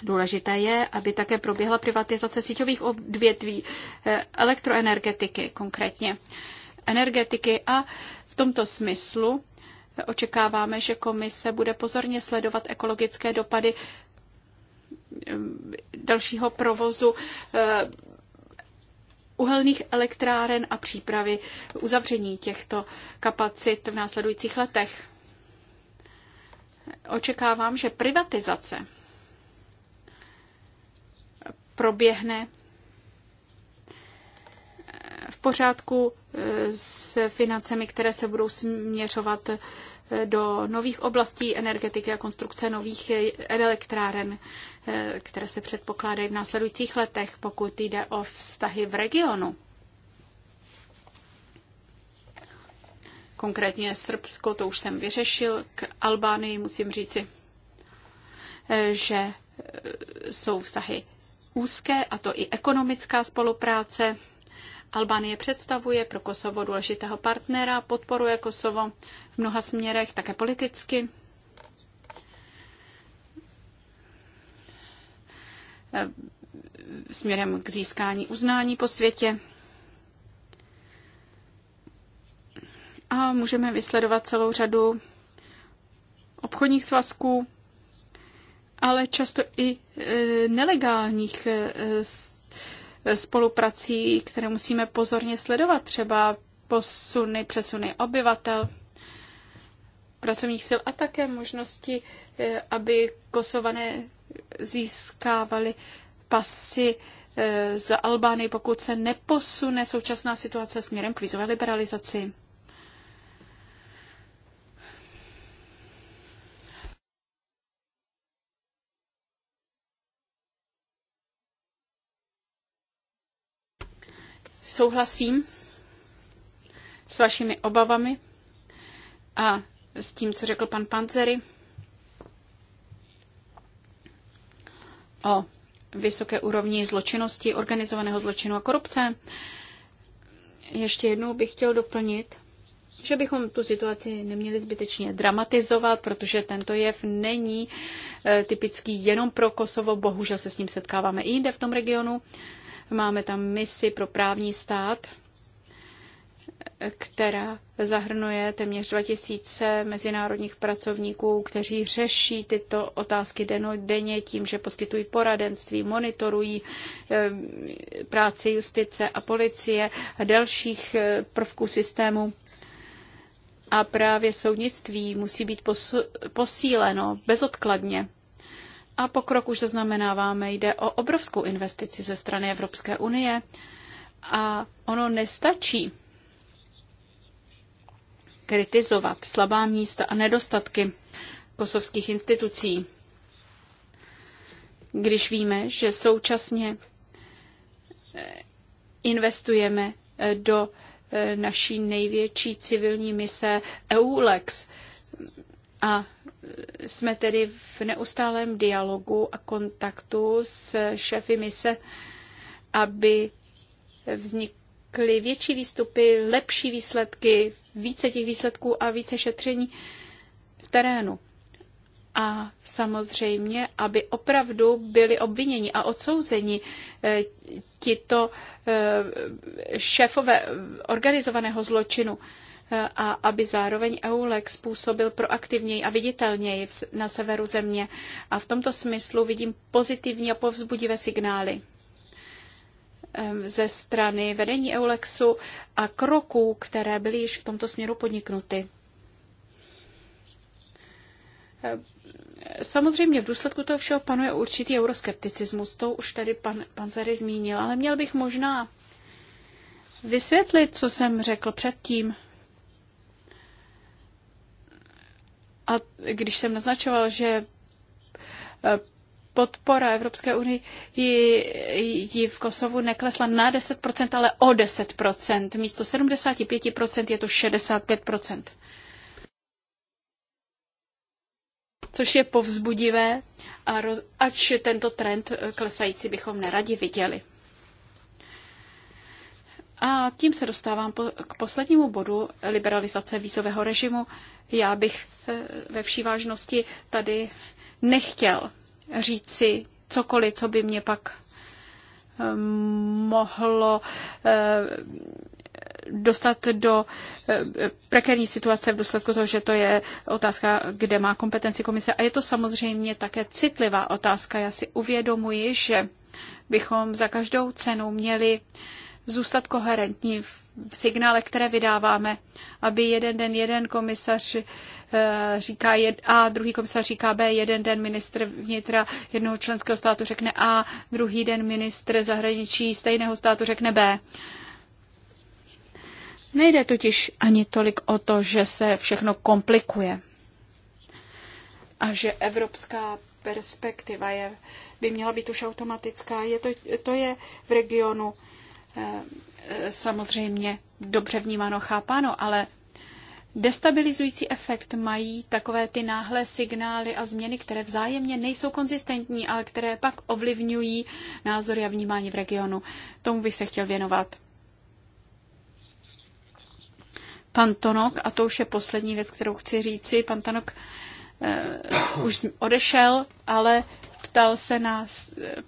Důležité je, aby také proběhla privatizace síťových odvětví eh, elektroenergetiky konkrétně. Energetiky a v tomto smyslu eh, očekáváme, že komise bude pozorně sledovat ekologické dopady eh, dalšího provozu uhelných elektráren a přípravy uzavření těchto kapacit v následujících letech. Očekávám, že privatizace proběhne v pořádku eh, s financemi, které se budou směřovat eh, do nových oblastí energetiky a konstrukce nových eh, elektráren, které se předpokládají v následujících letech, pokud jde o vztahy v regionu. Konkrétně Srbsko, to už jsem vyřešil, k Albánii musím říci, že jsou vztahy úzké, a to i ekonomická spolupráce. Albánie představuje pro Kosovo důležitého partnera, podporuje Kosovo v mnoha směrech, také politicky. Eh, směrem k získání uznání po světě. A můžeme vysledovat celou řadu obchodních svazků, ale často i e, nelegálních e, e, spoluprací, které musíme pozorně sledovat, třeba posuny, přesuny obyvatel, pracovních sil a také možnosti, aby kosované získávali pasy z Albány, pokud se neposune současná situace směrem k vizové liberalizaci. Souhlasím s vašimi obavami a s tím, co řekl pan Panzery o vysoké úrovni zločinnosti, organizovaného zločinu a korupce. Ještě jednou bych chtěl doplnit, že bychom tu situaci neměli zbytečně dramatizovat, protože tento jev není eh, typický jenom pro Kosovo, bohužel se s ním setkáváme i jinde v tom regionu. Máme tam misi pro právní stát, která zahrnuje téměř 2000 mezinárodních pracovníků, kteří řeší tyto otázky denně tím, že poskytují poradenství, monitorují eh, práci justice a policie a dalších eh, prvků systému. A právě soudnictví musí být posíleno bezodkladně a pokrok už zaznamenáváme. Jde o obrovskou investici ze strany Evropské unie a ono nestačí kritizovat slabá místa a nedostatky kosovských institucí, když víme, že současně eh, investujeme eh, do eh, naší největší civilní mise EULEX a jsme tedy v neustálém dialogu a kontaktu s šéfy mise, aby vznikly větší výstupy, lepší výsledky, více těch výsledků a více šetření v terénu. A samozřejmě, aby opravdu byli obviněni a odsouzeni eh, tito eh, šéfové organizovaného zločinu a aby zároveň EULEX působil proaktivněji a viditelněji na severu země. A v tomto smyslu vidím pozitivní a povzbudivé signály ehm, ze strany vedení EULEXu a kroků, které byly již v tomto směru podniknuty. Ehm, samozřejmě v důsledku toho všeho panuje určitý euroskepticismus, to už tady pan Zary zmínil, ale měl bych možná vysvětlit, co jsem řekl předtím. A když jsem naznačoval, že eh, podpora Evropské unii ji v Kosovu neklesla na 10%, ale o 10%. Místo 75% je to 65%. Což je povzbudivé, a roz, ač tento trend klesající bychom neradi viděli. A tím se dostávám k poslednímu bodu liberalizace vízového režimu. Já bych eh, ve vší vážnosti tady nechtěl říci cokoliv, co by mě pak eh, mohlo eh, dostat do prekérní situace v důsledku toho, že to je otázka, kde má kompetenci komise. A je to samozřejmě také citlivá otázka. Já si uvědomuji, že bychom za každou cenu měli uh, zůstat koherentní v signále, které vydáváme, aby jeden den jeden komisař eh, říká A, druhý komisař říká B, jeden den ministr vnitra jednoho členského státu řekne A, druhý den ministr zahraničí stejného státu řekne B. Nejde totiž ani tolik o to, že se všechno komplikuje a že evropská perspektiva je, by měla být už automatická. Je to, to je v regionu Eh, samozřejmě dobře vnímáno, chápáno, ale Destabilizující efekt mají takové ty náhlé signály a změny, které vzájemně nejsou konzistentní, ale které pak ovlivňují názory a vnímání v regionu. Tomu bych se chtěl věnovat. Pan Tonok, a to už je poslední věc, kterou chci říci, pan Tonok eh, už odešel, ale ptal se na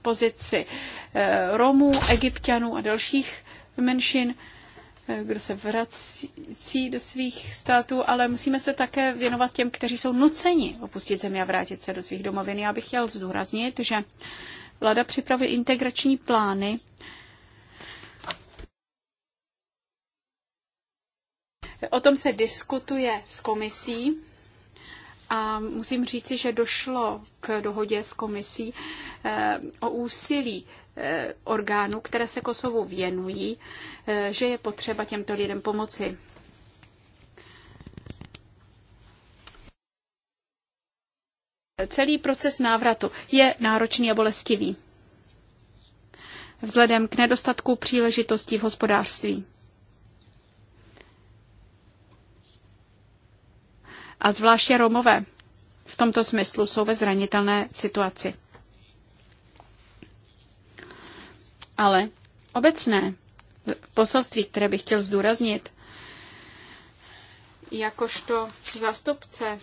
pozici Eh, Romů, Egyptianů a dalších menšin, eh, kdo se vrací do svých států, ale musíme se také věnovat těm, kteří jsou nuceni opustit zemi a vrátit se do svých domovin. Já bych chtěl zdůraznit, že vláda připravuje integrační plány O tom se diskutuje s komisí a musím říci, že došlo k dohodě s komisí eh, o úsilí Eh, orgánů, které se Kosovu věnují, eh, že je potřeba těmto lidem pomoci. Celý proces návratu je náročný a bolestivý vzhledem k nedostatku příležitostí v hospodářství. A zvláště Romové v tomto smyslu jsou ve zranitelné situaci. Ale obecné poselství, které bych chtěl zdůraznit, jakožto zástupce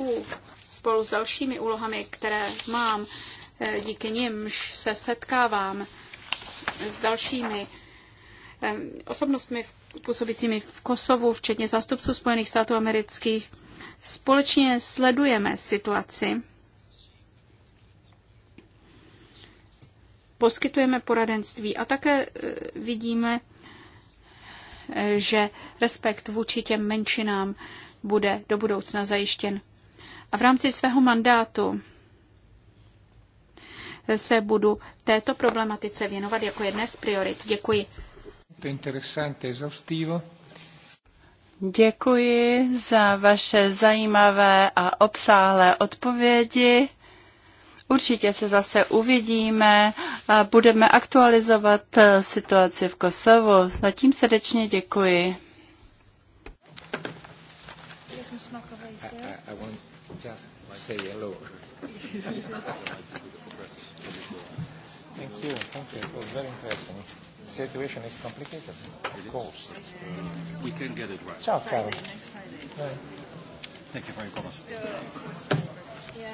EU spolu s dalšími úlohami, které mám, eh, díky nimž se setkávám s dalšími eh, osobnostmi působícími v Kosovu, včetně zástupců Spojených států amerických, společně sledujeme situaci poskytujeme poradenství a také eh, vidíme, eh, že respekt vůči těm menšinám bude do budoucna zajištěn. A v rámci svého mandátu eh, se budu této problematice věnovat jako jedné z priorit. Děkuji.
Děkuji za vaše zajímavé a obsáhlé odpovědi. Určitě se zase uvidíme a budeme aktualizovat eh, situaci v Kosovu. Zatím srdečně děkuji.
Thank you, situation is complicated, of course. We can get it right. Ciao, Carlo. Thank you very much. yeah,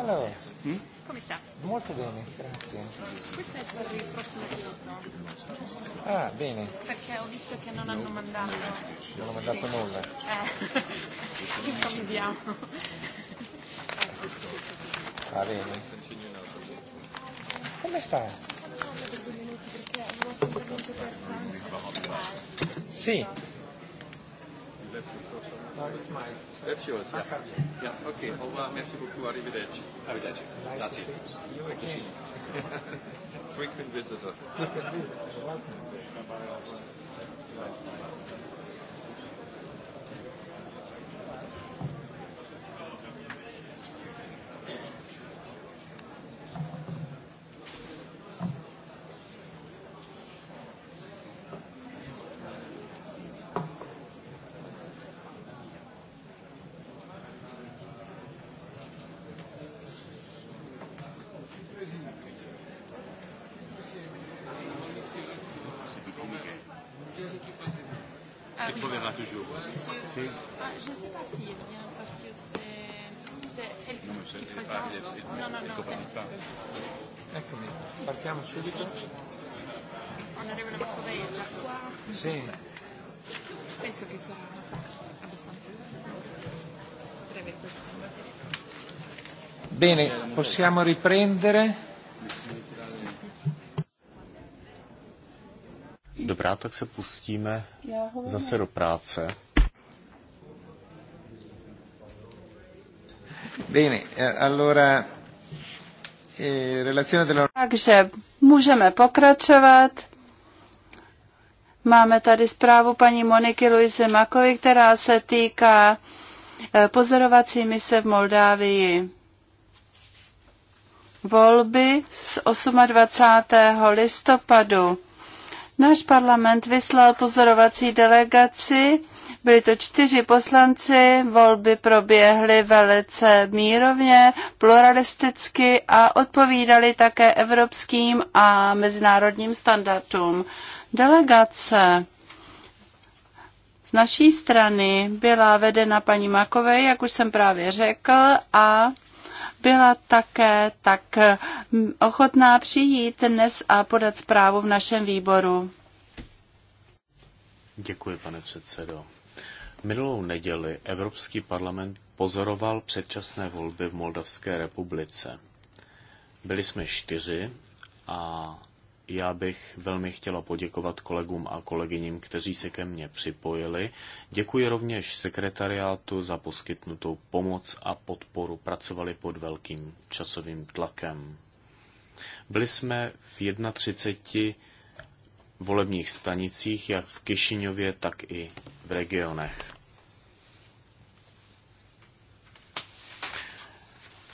Hello. Hm? Come sta? Molto bene, grazie.
Questo è il suo prossimo giorno. Ah, bene. Perché ho visto che non hanno mandato. Non
hanno mandato sì. nulla.
Eh,
<laughs> improvvisiamo.
Va bene. Come sta?
Sì.
No, my, That's yours, yeah. Yeah, okay. Au revoir, merci beaucoup, arrivederci. Arrivederci. it. You again. Frequent visitor. Welcome.
je ne sais pas s'il parce que c'est elle qui présente. Non, non,
partiamo subito.
Bene, possiamo riprendere. Dobrá, tak se pustíme zase do práce. Bene, eh, allora, eh, relazione della...
Takže můžeme pokračovat. Máme tady zprávu paní Moniky Luise Makovi, která se týká eh, pozorovací mise v Moldávii. Volby z 28. listopadu. Náš parlament vyslal pozorovací delegaci byli to čtyři poslanci, volby proběhly velice mírovně, pluralisticky a odpovídali také evropským a mezinárodním standardům. Delegace z naší strany byla vedena paní Makové, jak už jsem právě řekl, a byla také tak ochotná přijít dnes a podat zprávu v našem výboru.
Děkuji, pane předsedo. Minulou neděli Evropský parlament pozoroval předčasné volby v Moldavské republice. Byli jsme čtyři a já bych velmi chtěla poděkovat kolegům a kolegyním, kteří se ke mně připojili. Děkuji rovněž sekretariátu za poskytnutou pomoc a podporu. Pracovali pod velkým časovým tlakem. Byli jsme v 31 volebních stanicích, jak v Kišiňově, tak i v regionech.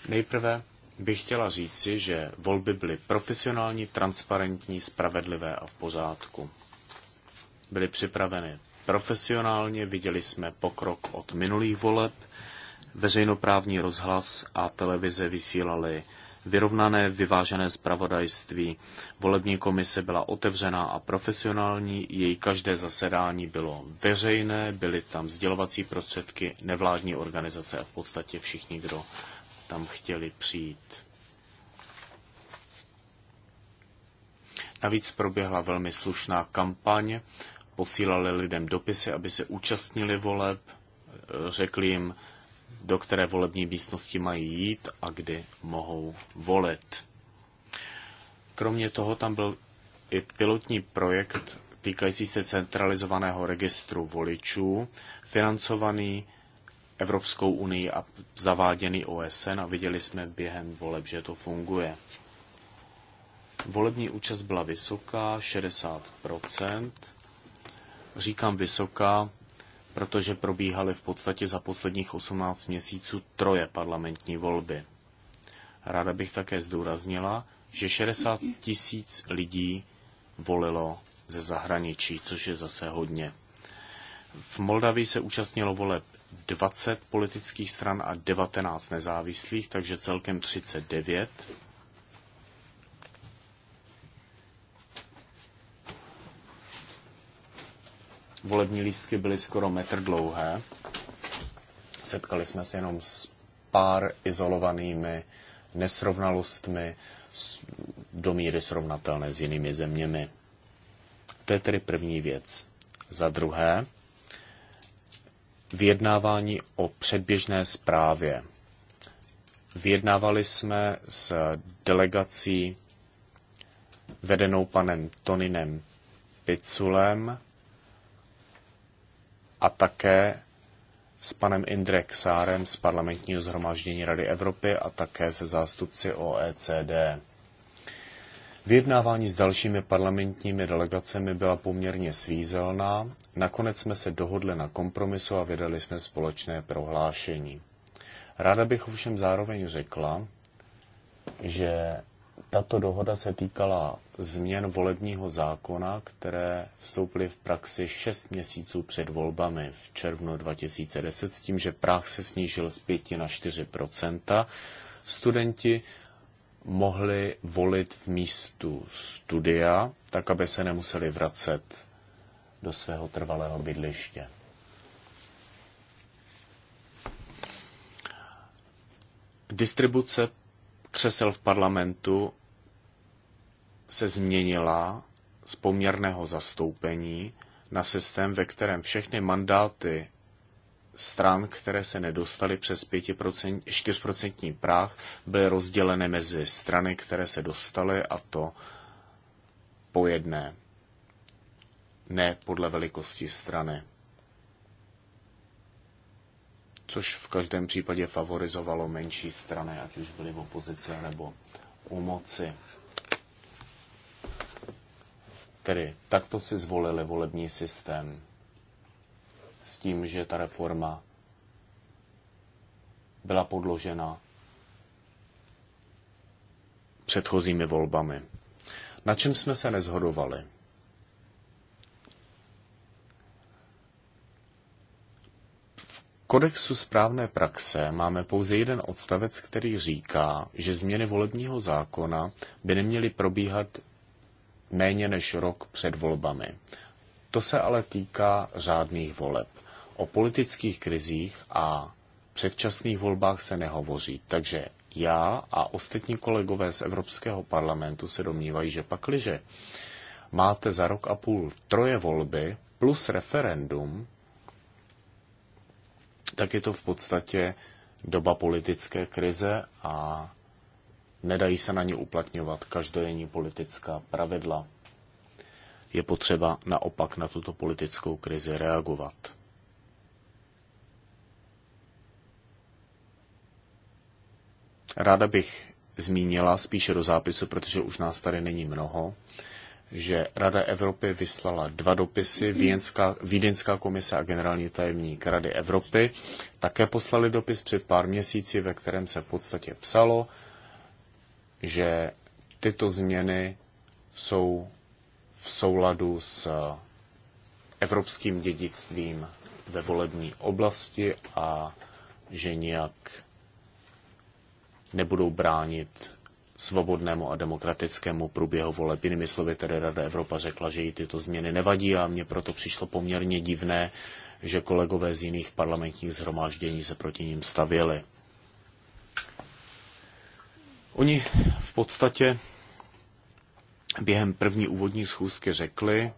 Nejprve bych chtěla říci, že volby byly profesionální, transparentní, spravedlivé a v pořádku. Byly připraveny profesionálně, viděli jsme pokrok od minulých voleb, veřejnoprávní rozhlas a televize vysílali vyrovnané, vyvážené zpravodajství. Volební komise byla otevřená a profesionální, její každé zasedání bylo veřejné, byly tam sdělovací prostředky, nevládní organizace a v podstatě všichni, kdo tam chtěli přijít. Navíc proběhla velmi slušná kampaň, posílali lidem dopisy, aby se účastnili voleb, řekli jim, do které volební místnosti mají jít a kdy mohou volit. Kromě toho tam byl i pilotní projekt týkající se centralizovaného registru voličů, financovaný Evropskou unii a zaváděný OSN a viděli jsme během voleb, že to funguje. Volební účast byla vysoká, 60%. Říkám vysoká, protože probíhaly v podstatě za posledních 18 měsíců troje parlamentní volby. Ráda bych také zdůraznila, že 60 tisíc lidí volilo ze zahraničí, což je zase hodně. V Moldavii se účastnilo voleb 20 politických stran a 19 nezávislých, takže celkem 39. volební lístky byly skoro metr dlouhé. Setkali jsme se jenom s pár izolovanými nesrovnalostmi do míry srovnatelné s jinými zeměmi. To je tedy první věc. Za druhé, vyjednávání o předběžné zprávě. Vyjednávali jsme s delegací vedenou panem Toninem Piculem a také s panem Indrek Sárem z parlamentního zhromaždění Rady Evropy a také se zástupci OECD. Vyjednávání s dalšími parlamentními delegacemi byla poměrně svízelná, nakonec jsme se dohodli na kompromisu a vydali jsme společné prohlášení. Ráda bych ovšem zároveň řekla, že tato dohoda se týkala změn volebního zákona, které vstoupily v praxi 6 měsíců před volbami v červnu 2010 s tím, že práh se snížil z 5 na 4 Studenti mohli volit v místu studia, tak aby se nemuseli vracet do svého trvalého bydliště. Distribuce křesel v parlamentu se změnila z poměrného zastoupení na systém, ve kterém všechny mandáty stran, které se nedostaly přes 5%, 4% práh, byly rozděleny mezi strany, které se dostaly a to po jedné. Ne podle velikosti strany. Což v každém případě favorizovalo menší strany, ať už byly v opozici nebo u moci. Tedy takto si zvolili volební systém s tím, že ta reforma byla podložena předchozími volbami. Na čem jsme se nezhodovali? V kodexu správné praxe máme pouze jeden odstavec, který říká, že změny volebního zákona by neměly probíhat méně než rok před volbami. To se ale týká řádných voleb. O politických krizích a předčasných volbách se nehovoří, takže já a ostatní kolegové z Evropského parlamentu se domnívají, že pakliže máte za rok a půl troje volby plus referendum, tak je to v podstatě doba politické krize a nedají se na ně uplatňovat každodenní politická pravidla. Je potřeba naopak na tuto politickou krizi reagovat. Ráda bych zmínila spíše do zápisu, protože už nás tady není mnoho, že Rada Evropy vyslala dva dopisy, Vídeňská, Vídeňská komise a generální tajemník Rady Evropy také poslali dopis před pár měsíci, ve kterém se v podstatě psalo, že tyto změny jsou v souladu s eh, evropským dědictvím ve volební oblasti a že nijak nebudou bránit svobodnému a demokratickému průběhu voleb. Jinými slovy, tedy Rada Evropa řekla, že jí tyto změny nevadí a mně proto přišlo poměrně divné, že kolegové z jiných parlamentních zhromáždění se proti ním stavěli. Oni v podstatě během první úvodní schůzky řekli,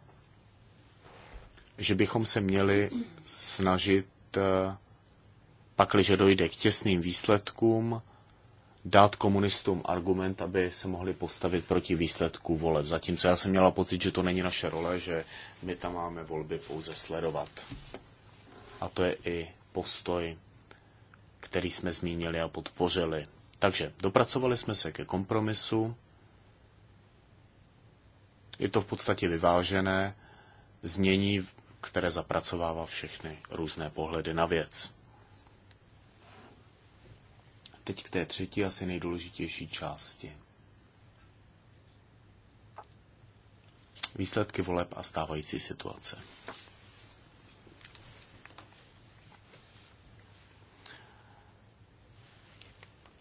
že bychom se měli snažit, eh, pakliže dojde k těsným výsledkům, dát komunistům argument, aby se mohli postavit proti výsledku voleb. Zatímco já jsem měla pocit, že to není naše role, že my tam máme volby pouze sledovat. A to je i postoj, který jsme zmínili a podpořili takže dopracovali jsme se ke kompromisu. Je to v podstatě vyvážené znění, které zapracovává všechny různé pohledy na věc. Teď k té třetí asi nejdůležitější části. Výsledky voleb a stávající situace.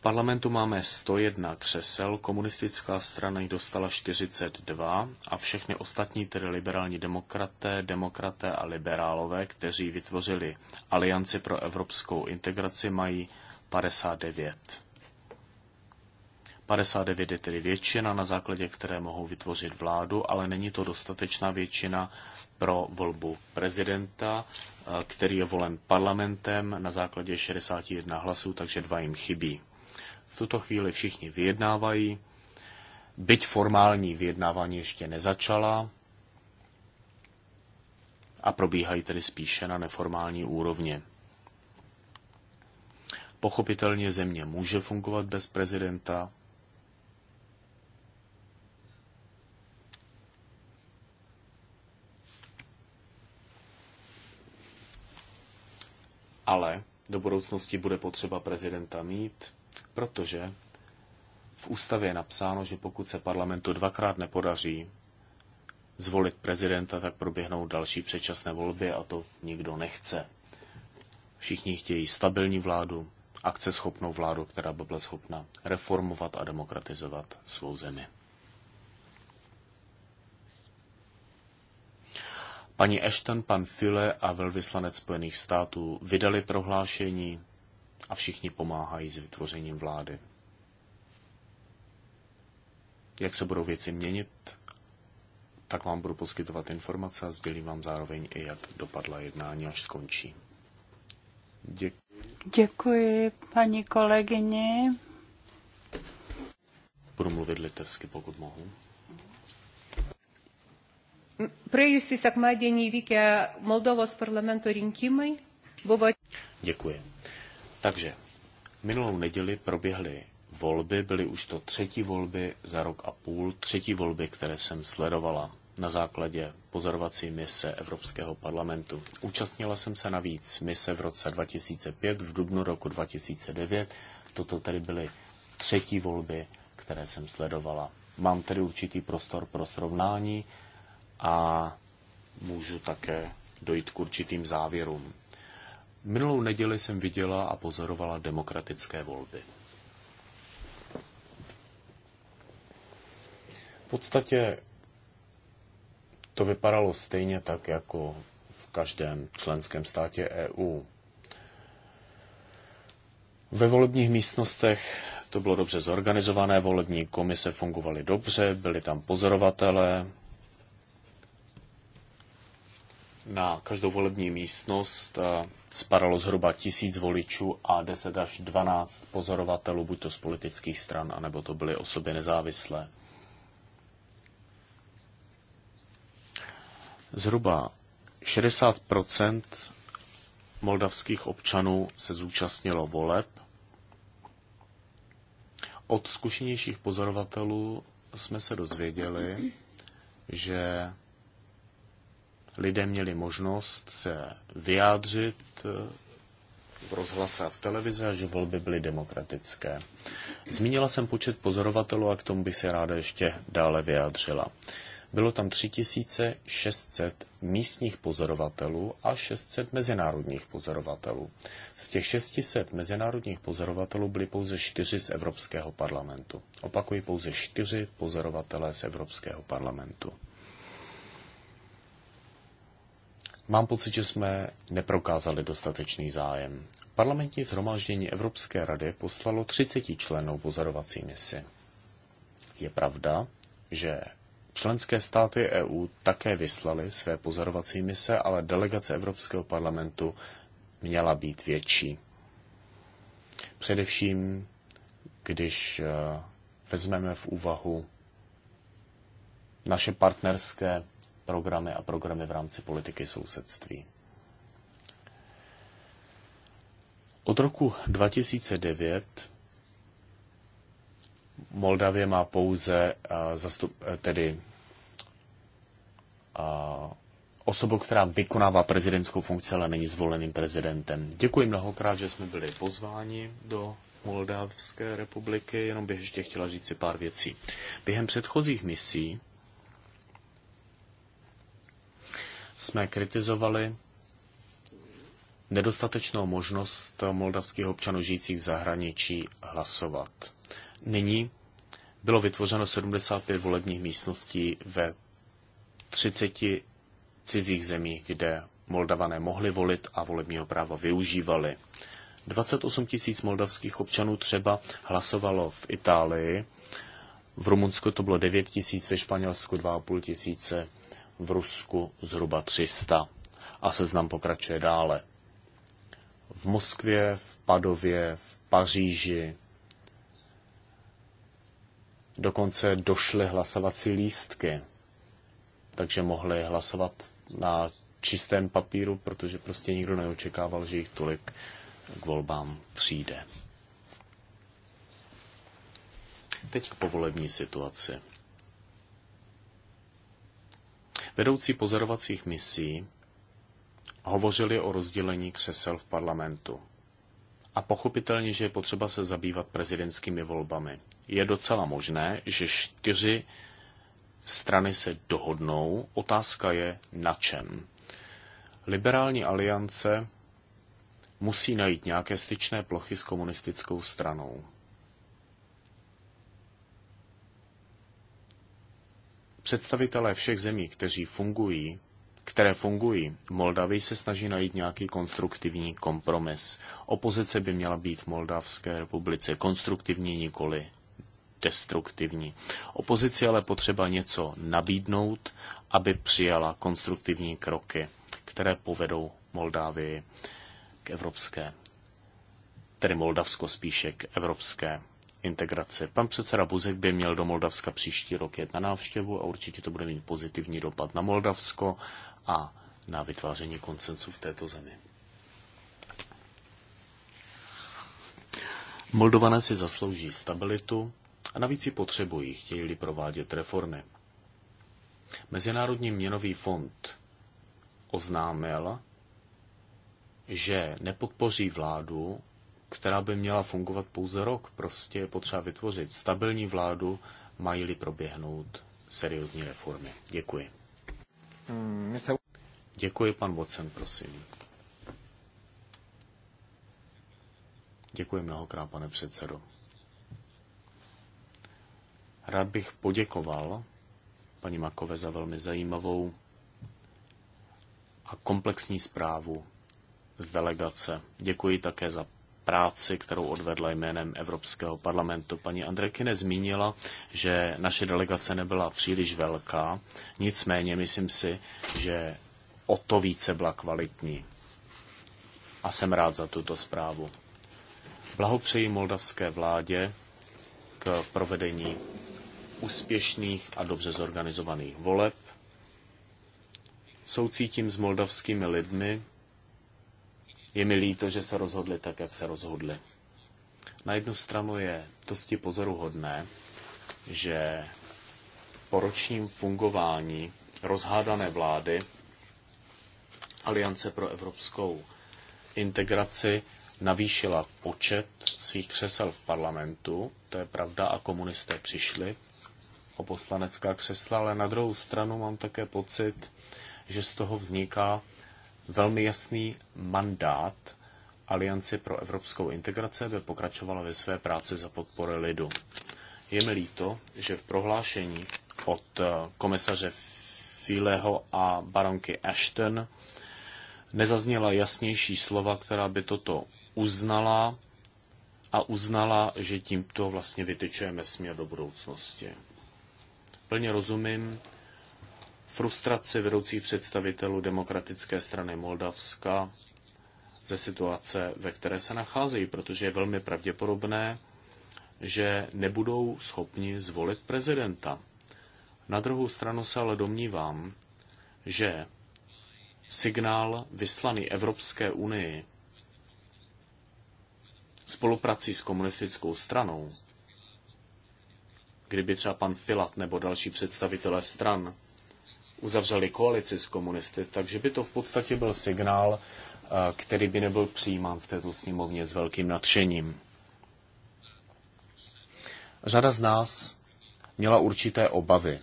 parlamentu máme 101 křesel, komunistická strana jich dostala 42 a všechny ostatní, tedy liberální demokraté, demokraté a liberálové, kteří vytvořili Alianci pro evropskou integraci, mají 59. 59 je tedy většina, na základě které mohou vytvořit vládu, ale není to dostatečná většina pro volbu prezidenta, eh, který je volen parlamentem na základě 61 hlasů, takže dva jim chybí. V tuto chvíli všichni vyjednávají. Byť formální vyjednávání ještě nezačala a probíhají tedy spíše na neformální úrovni. Pochopitelně země může fungovat bez prezidenta. Ale do budoucnosti bude potřeba prezidenta mít protože v ústavě je napsáno, že pokud se parlamentu dvakrát nepodaří zvolit prezidenta, tak proběhnou další předčasné volby a to nikdo nechce. Všichni chtějí stabilní vládu, akceschopnou vládu, která by byla schopna reformovat a demokratizovat svou zemi. Paní Ashton, pan File a velvyslanec Spojených států vydali prohlášení, a všichni pomáhají s vytvořením vlády. Jak se budou věci měnit, tak vám budu poskytovat informace a sdělím vám zároveň i, jak dopadla jednání, až skončí. Děkuji.
Děkuji paní kolegyni.
Budu mluvit litevsky, pokud mohu.
Praėjusį sekmadienį įvykę Moldovos parlamento rinkimai buvo.
Děkuji. Takže minulou neděli proběhly volby, byly už to třetí volby za rok a půl, třetí volby, které jsem sledovala na základě pozorovací mise Evropského parlamentu. Účastnila jsem se navíc mise v roce 2005, v dubnu roku 2009. Toto tedy byly třetí volby, které jsem sledovala. Mám tedy určitý prostor pro srovnání a můžu také dojít k určitým závěrům. Minulou neděli jsem viděla a pozorovala demokratické volby. V podstatě to vypadalo stejně tak, jako v každém členském státě EU. Ve volebních místnostech to bylo dobře zorganizované, volební komise fungovaly dobře, byli tam pozorovatelé, na každou volební místnost eh, spadalo zhruba tisíc voličů a 10 až 12 pozorovatelů, buď to z politických stran, anebo to byly osoby nezávislé. Zhruba 60 moldavských občanů se zúčastnilo voleb. Od zkušenějších pozorovatelů jsme se dozvěděli, že lidé měli možnost se vyjádřit eh, v rozhlase a v televizi a že volby byly demokratické. Zmínila jsem počet pozorovatelů a k tomu by se ráda ještě dále vyjádřila. Bylo tam 3600 místních pozorovatelů a 600 mezinárodních pozorovatelů. Z těch 600 mezinárodních pozorovatelů byly pouze 4 z Evropského parlamentu. Opakují pouze 4 pozorovatelé z Evropského parlamentu. Mám pocit, že jsme neprokázali dostatečný zájem. Parlamentní zhromáždění Evropské rady poslalo 30 členů pozorovací misi. Je pravda, že členské státy EU také vyslaly své pozorovací mise, ale delegace Evropského parlamentu měla být větší. Především, když eh, vezmeme v úvahu naše partnerské programy a programy v rámci politiky sousedství. Od roku 2009 Moldavie má pouze eh, zastup, eh, tedy eh, osobu, která vykonává prezidentskou funkci, ale není zvoleným prezidentem. Děkuji mnohokrát, že jsme byli pozváni do Moldavské republiky, jenom bych ještě chtěla říct si pár věcí. Během předchozích misí jsme kritizovali nedostatečnou možnost moldavských občanů žijících v zahraničí hlasovat. Nyní bylo vytvořeno 75 volebních místností ve 30 cizích zemích, kde Moldavané mohli volit a volebního práva využívali. 28 tisíc moldavských občanů třeba hlasovalo v Itálii, v Rumunsku to bylo 9 tisíc, ve Španělsku 2,5 tisíce, v Rusku zhruba 300 a seznam pokračuje dále. V Moskvě, v Padově, v Paříži dokonce došly hlasovací lístky, takže mohli hlasovat na čistém papíru, protože prostě nikdo neočekával, že jich tolik k volbám přijde. Teď k povolební situaci. Vedoucí pozorovacích misí hovořili o rozdělení křesel v parlamentu. A pochopitelně, že je potřeba se zabývat prezidentskými volbami. Je docela možné, že čtyři strany se dohodnou. Otázka je na čem. Liberální aliance musí najít nějaké styčné plochy s komunistickou stranou. Představitelé všech zemí, kteří fungují, které fungují, Moldavii se snaží najít nějaký konstruktivní kompromis. Opozice by měla být Moldavské republice konstruktivní, nikoli destruktivní. Opozici ale potřeba něco nabídnout, aby přijala konstruktivní kroky, které povedou Moldávii k evropské, tedy Moldavsko spíše k evropské integrace. Pan předseda Buzek by měl do Moldavska příští rok jet na návštěvu a určitě to bude mít pozitivní dopad na Moldavsko a na vytváření koncensu v této zemi. Moldované si zaslouží stabilitu a navíc si potřebují, chtějí-li provádět reformy. Mezinárodní měnový fond oznámil, že nepodpoří vládu, která by měla fungovat pouze rok. Prostě je potřeba vytvořit stabilní vládu, mají-li proběhnout seriózní reformy. Děkuji. Děkuji, pan Watson, prosím. Děkuji mnohokrát, pane předsedo. Rád bych poděkoval paní Makové za velmi zajímavou a komplexní zprávu z delegace. Děkuji také za práci, kterou odvedla jménem Evropského parlamentu. Paní Andrekine zmínila, že naše delegace nebyla příliš velká, nicméně myslím si, že o to více byla kvalitní. A jsem rád za tuto zprávu. Blahopřeji moldavské vládě k provedení úspěšných a dobře zorganizovaných voleb. Soucítím s moldavskými lidmi, je mi líto, že se rozhodli tak, jak se rozhodli. Na jednu stranu je dosti pozoruhodné, že po ročním fungování rozhádané vlády Aliance pro evropskou integraci navýšila počet svých křesel v parlamentu, to je pravda, a komunisté přišli o poslanecká křesla, ale na druhou stranu mám také pocit, že z toho vzniká velmi jasný mandát Alianci pro evropskou integraci, aby pokračovala ve své práci za podpory lidu. Je mi líto, že v prohlášení od eh, komisaře Fileho a baronky Ashton nezazněla jasnější slova, která by toto uznala a uznala, že tímto vlastně vytyčujeme směr do budoucnosti. Plně rozumím frustraci vedoucích představitelů Demokratické strany Moldavska ze situace, ve které se nacházejí, protože je velmi pravděpodobné, že nebudou schopni zvolit prezidenta. Na druhou stranu se ale domnívám, že signál vyslaný Evropské unii spoluprací s komunistickou stranou, kdyby třeba pan Filat nebo další představitelé stran uzavřeli koalici s komunisty, takže by to v podstatě byl signál, eh, který by nebyl přijímán v této sněmovně s velkým nadšením. Řada z nás měla určité obavy.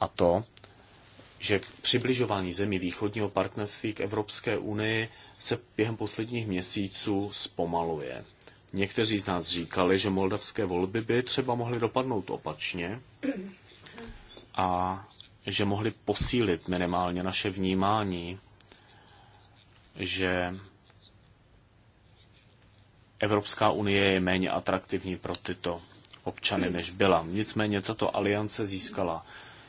A to, že přibližování zemí východního partnerství k Evropské unii se během posledních měsíců zpomaluje. Někteří z nás říkali, že moldavské volby by třeba mohly dopadnout opačně a že mohli posílit minimálně naše vnímání, že Evropská unie je méně atraktivní pro tyto občany, než byla. Nicméně tato aliance získala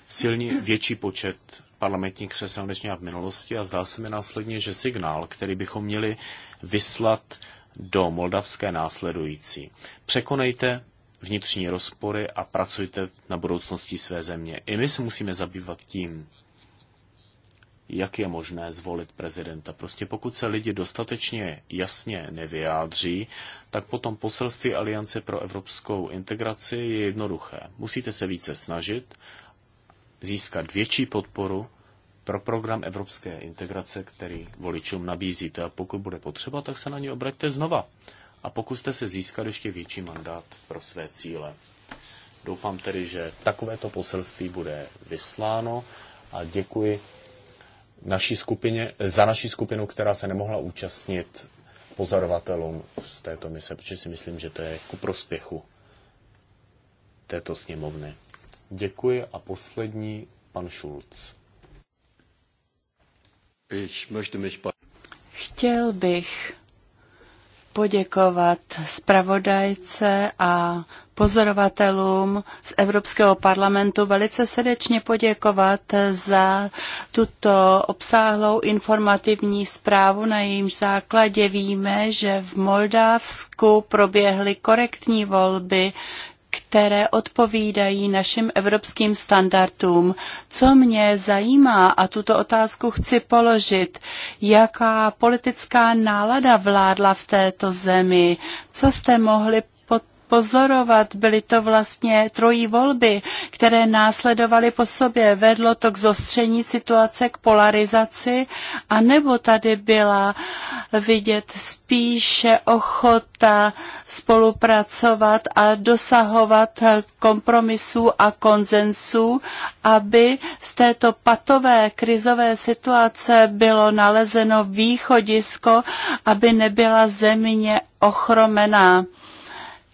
silně větší počet parlamentních křesel než v minulosti a zdá se mi následně, že signál, který bychom měli vyslat do Moldavské následující. Překonejte vnitřní rozpory a pracujte na budoucnosti své země. I my se musíme zabývat tím, jak je možné zvolit prezidenta. Prostě pokud se lidi dostatečně jasně nevyjádří, tak potom poselství Aliance pro evropskou integraci je jednoduché. Musíte se více snažit, získat větší podporu pro program evropské integrace, který voličům nabízíte. A pokud bude potřeba, tak se na ně obraťte znova a pokuste se získat ještě větší mandát pro své cíle. Doufám tedy, že takovéto poselství bude vysláno a děkuji naší skupině, za naší skupinu, která se nemohla účastnit pozorovatelům z této mise, protože si myslím, že to je ku prospěchu této sněmovny. Děkuji a poslední pan Schulz.
Chtěl bych poděkovat zpravodajce a pozorovatelům z Evropského parlamentu velice srdečně poděkovat za tuto obsáhlou informativní zprávu, na jejímž základě víme, že v Moldávsku proběhly korektní volby, které odpovídají našim evropským standardům. Co mě zajímá, a tuto otázku chci položit, jaká politická nálada vládla v této zemi, co jste mohli pozorovat. Byly to vlastně trojí volby, které následovaly po sobě. Vedlo to k zostření situace, k polarizaci, anebo tady byla vidět spíše ochota spolupracovat a dosahovat kompromisů a konzensů, aby z této patové krizové situace bylo nalezeno východisko, aby nebyla země ochromená.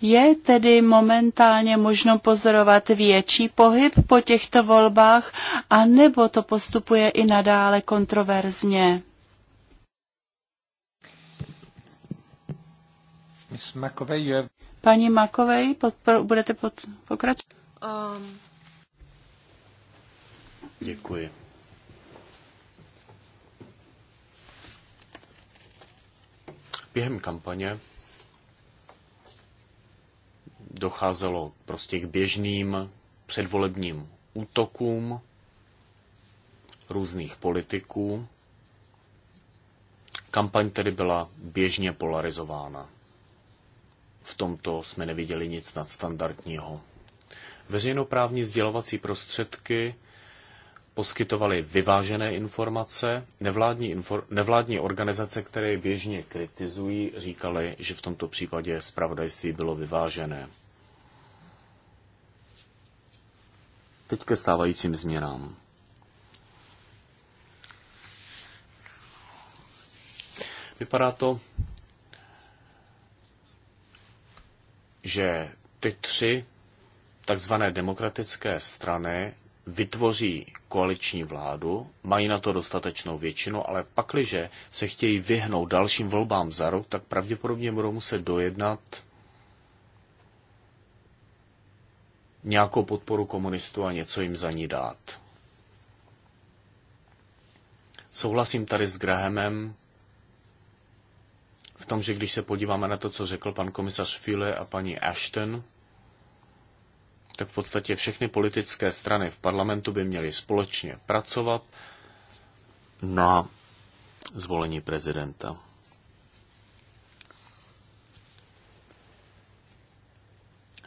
Je tedy momentálně možno pozorovat větší pohyb po těchto volbách, anebo to postupuje i nadále kontroverzně? Paní Makovej, budete pod, pokračovat? Um.
Děkuji. Během kampaně docházelo prostě k běžným předvolebním útokům různých politiků. Kampaň tedy byla běžně polarizována. V tomto jsme neviděli nic nadstandardního. Veřejnoprávní sdělovací prostředky poskytovaly vyvážené informace, nevládní, infor- nevládní organizace, které běžně kritizují, říkaly, že v tomto případě zpravodajství bylo vyvážené. Teď ke stávajícím změnám. Vypadá to, že ty tři takzvané demokratické strany vytvoří koaliční vládu, mají na to dostatečnou většinu, ale pakliže se chtějí vyhnout dalším volbám za rok, tak pravděpodobně budou muset dojednat nějakou podporu komunistů a něco jim za ní dát. Souhlasím tady s Grahamem v tom, že když se podíváme na to, co řekl pan komisař File a paní Ashton, tak v podstatě všechny politické strany v parlamentu by měly společně pracovat na zvolení prezidenta.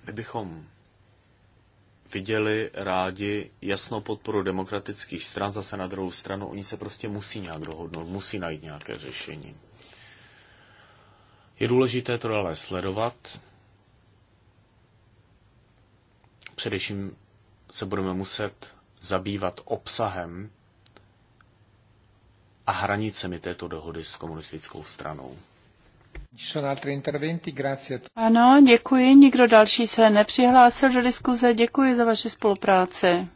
My bychom viděli rádi jasnou podporu demokratických stran, zase na druhou stranu oni se prostě musí nějak dohodnout, musí najít nějaké řešení. Je důležité to dále sledovat. Především se budeme muset zabývat obsahem a hranicemi této dohody s komunistickou stranou.
Ano, děkuji. Nikdo další se nepřihlásil do diskuze. Děkuji za vaši spolupráci.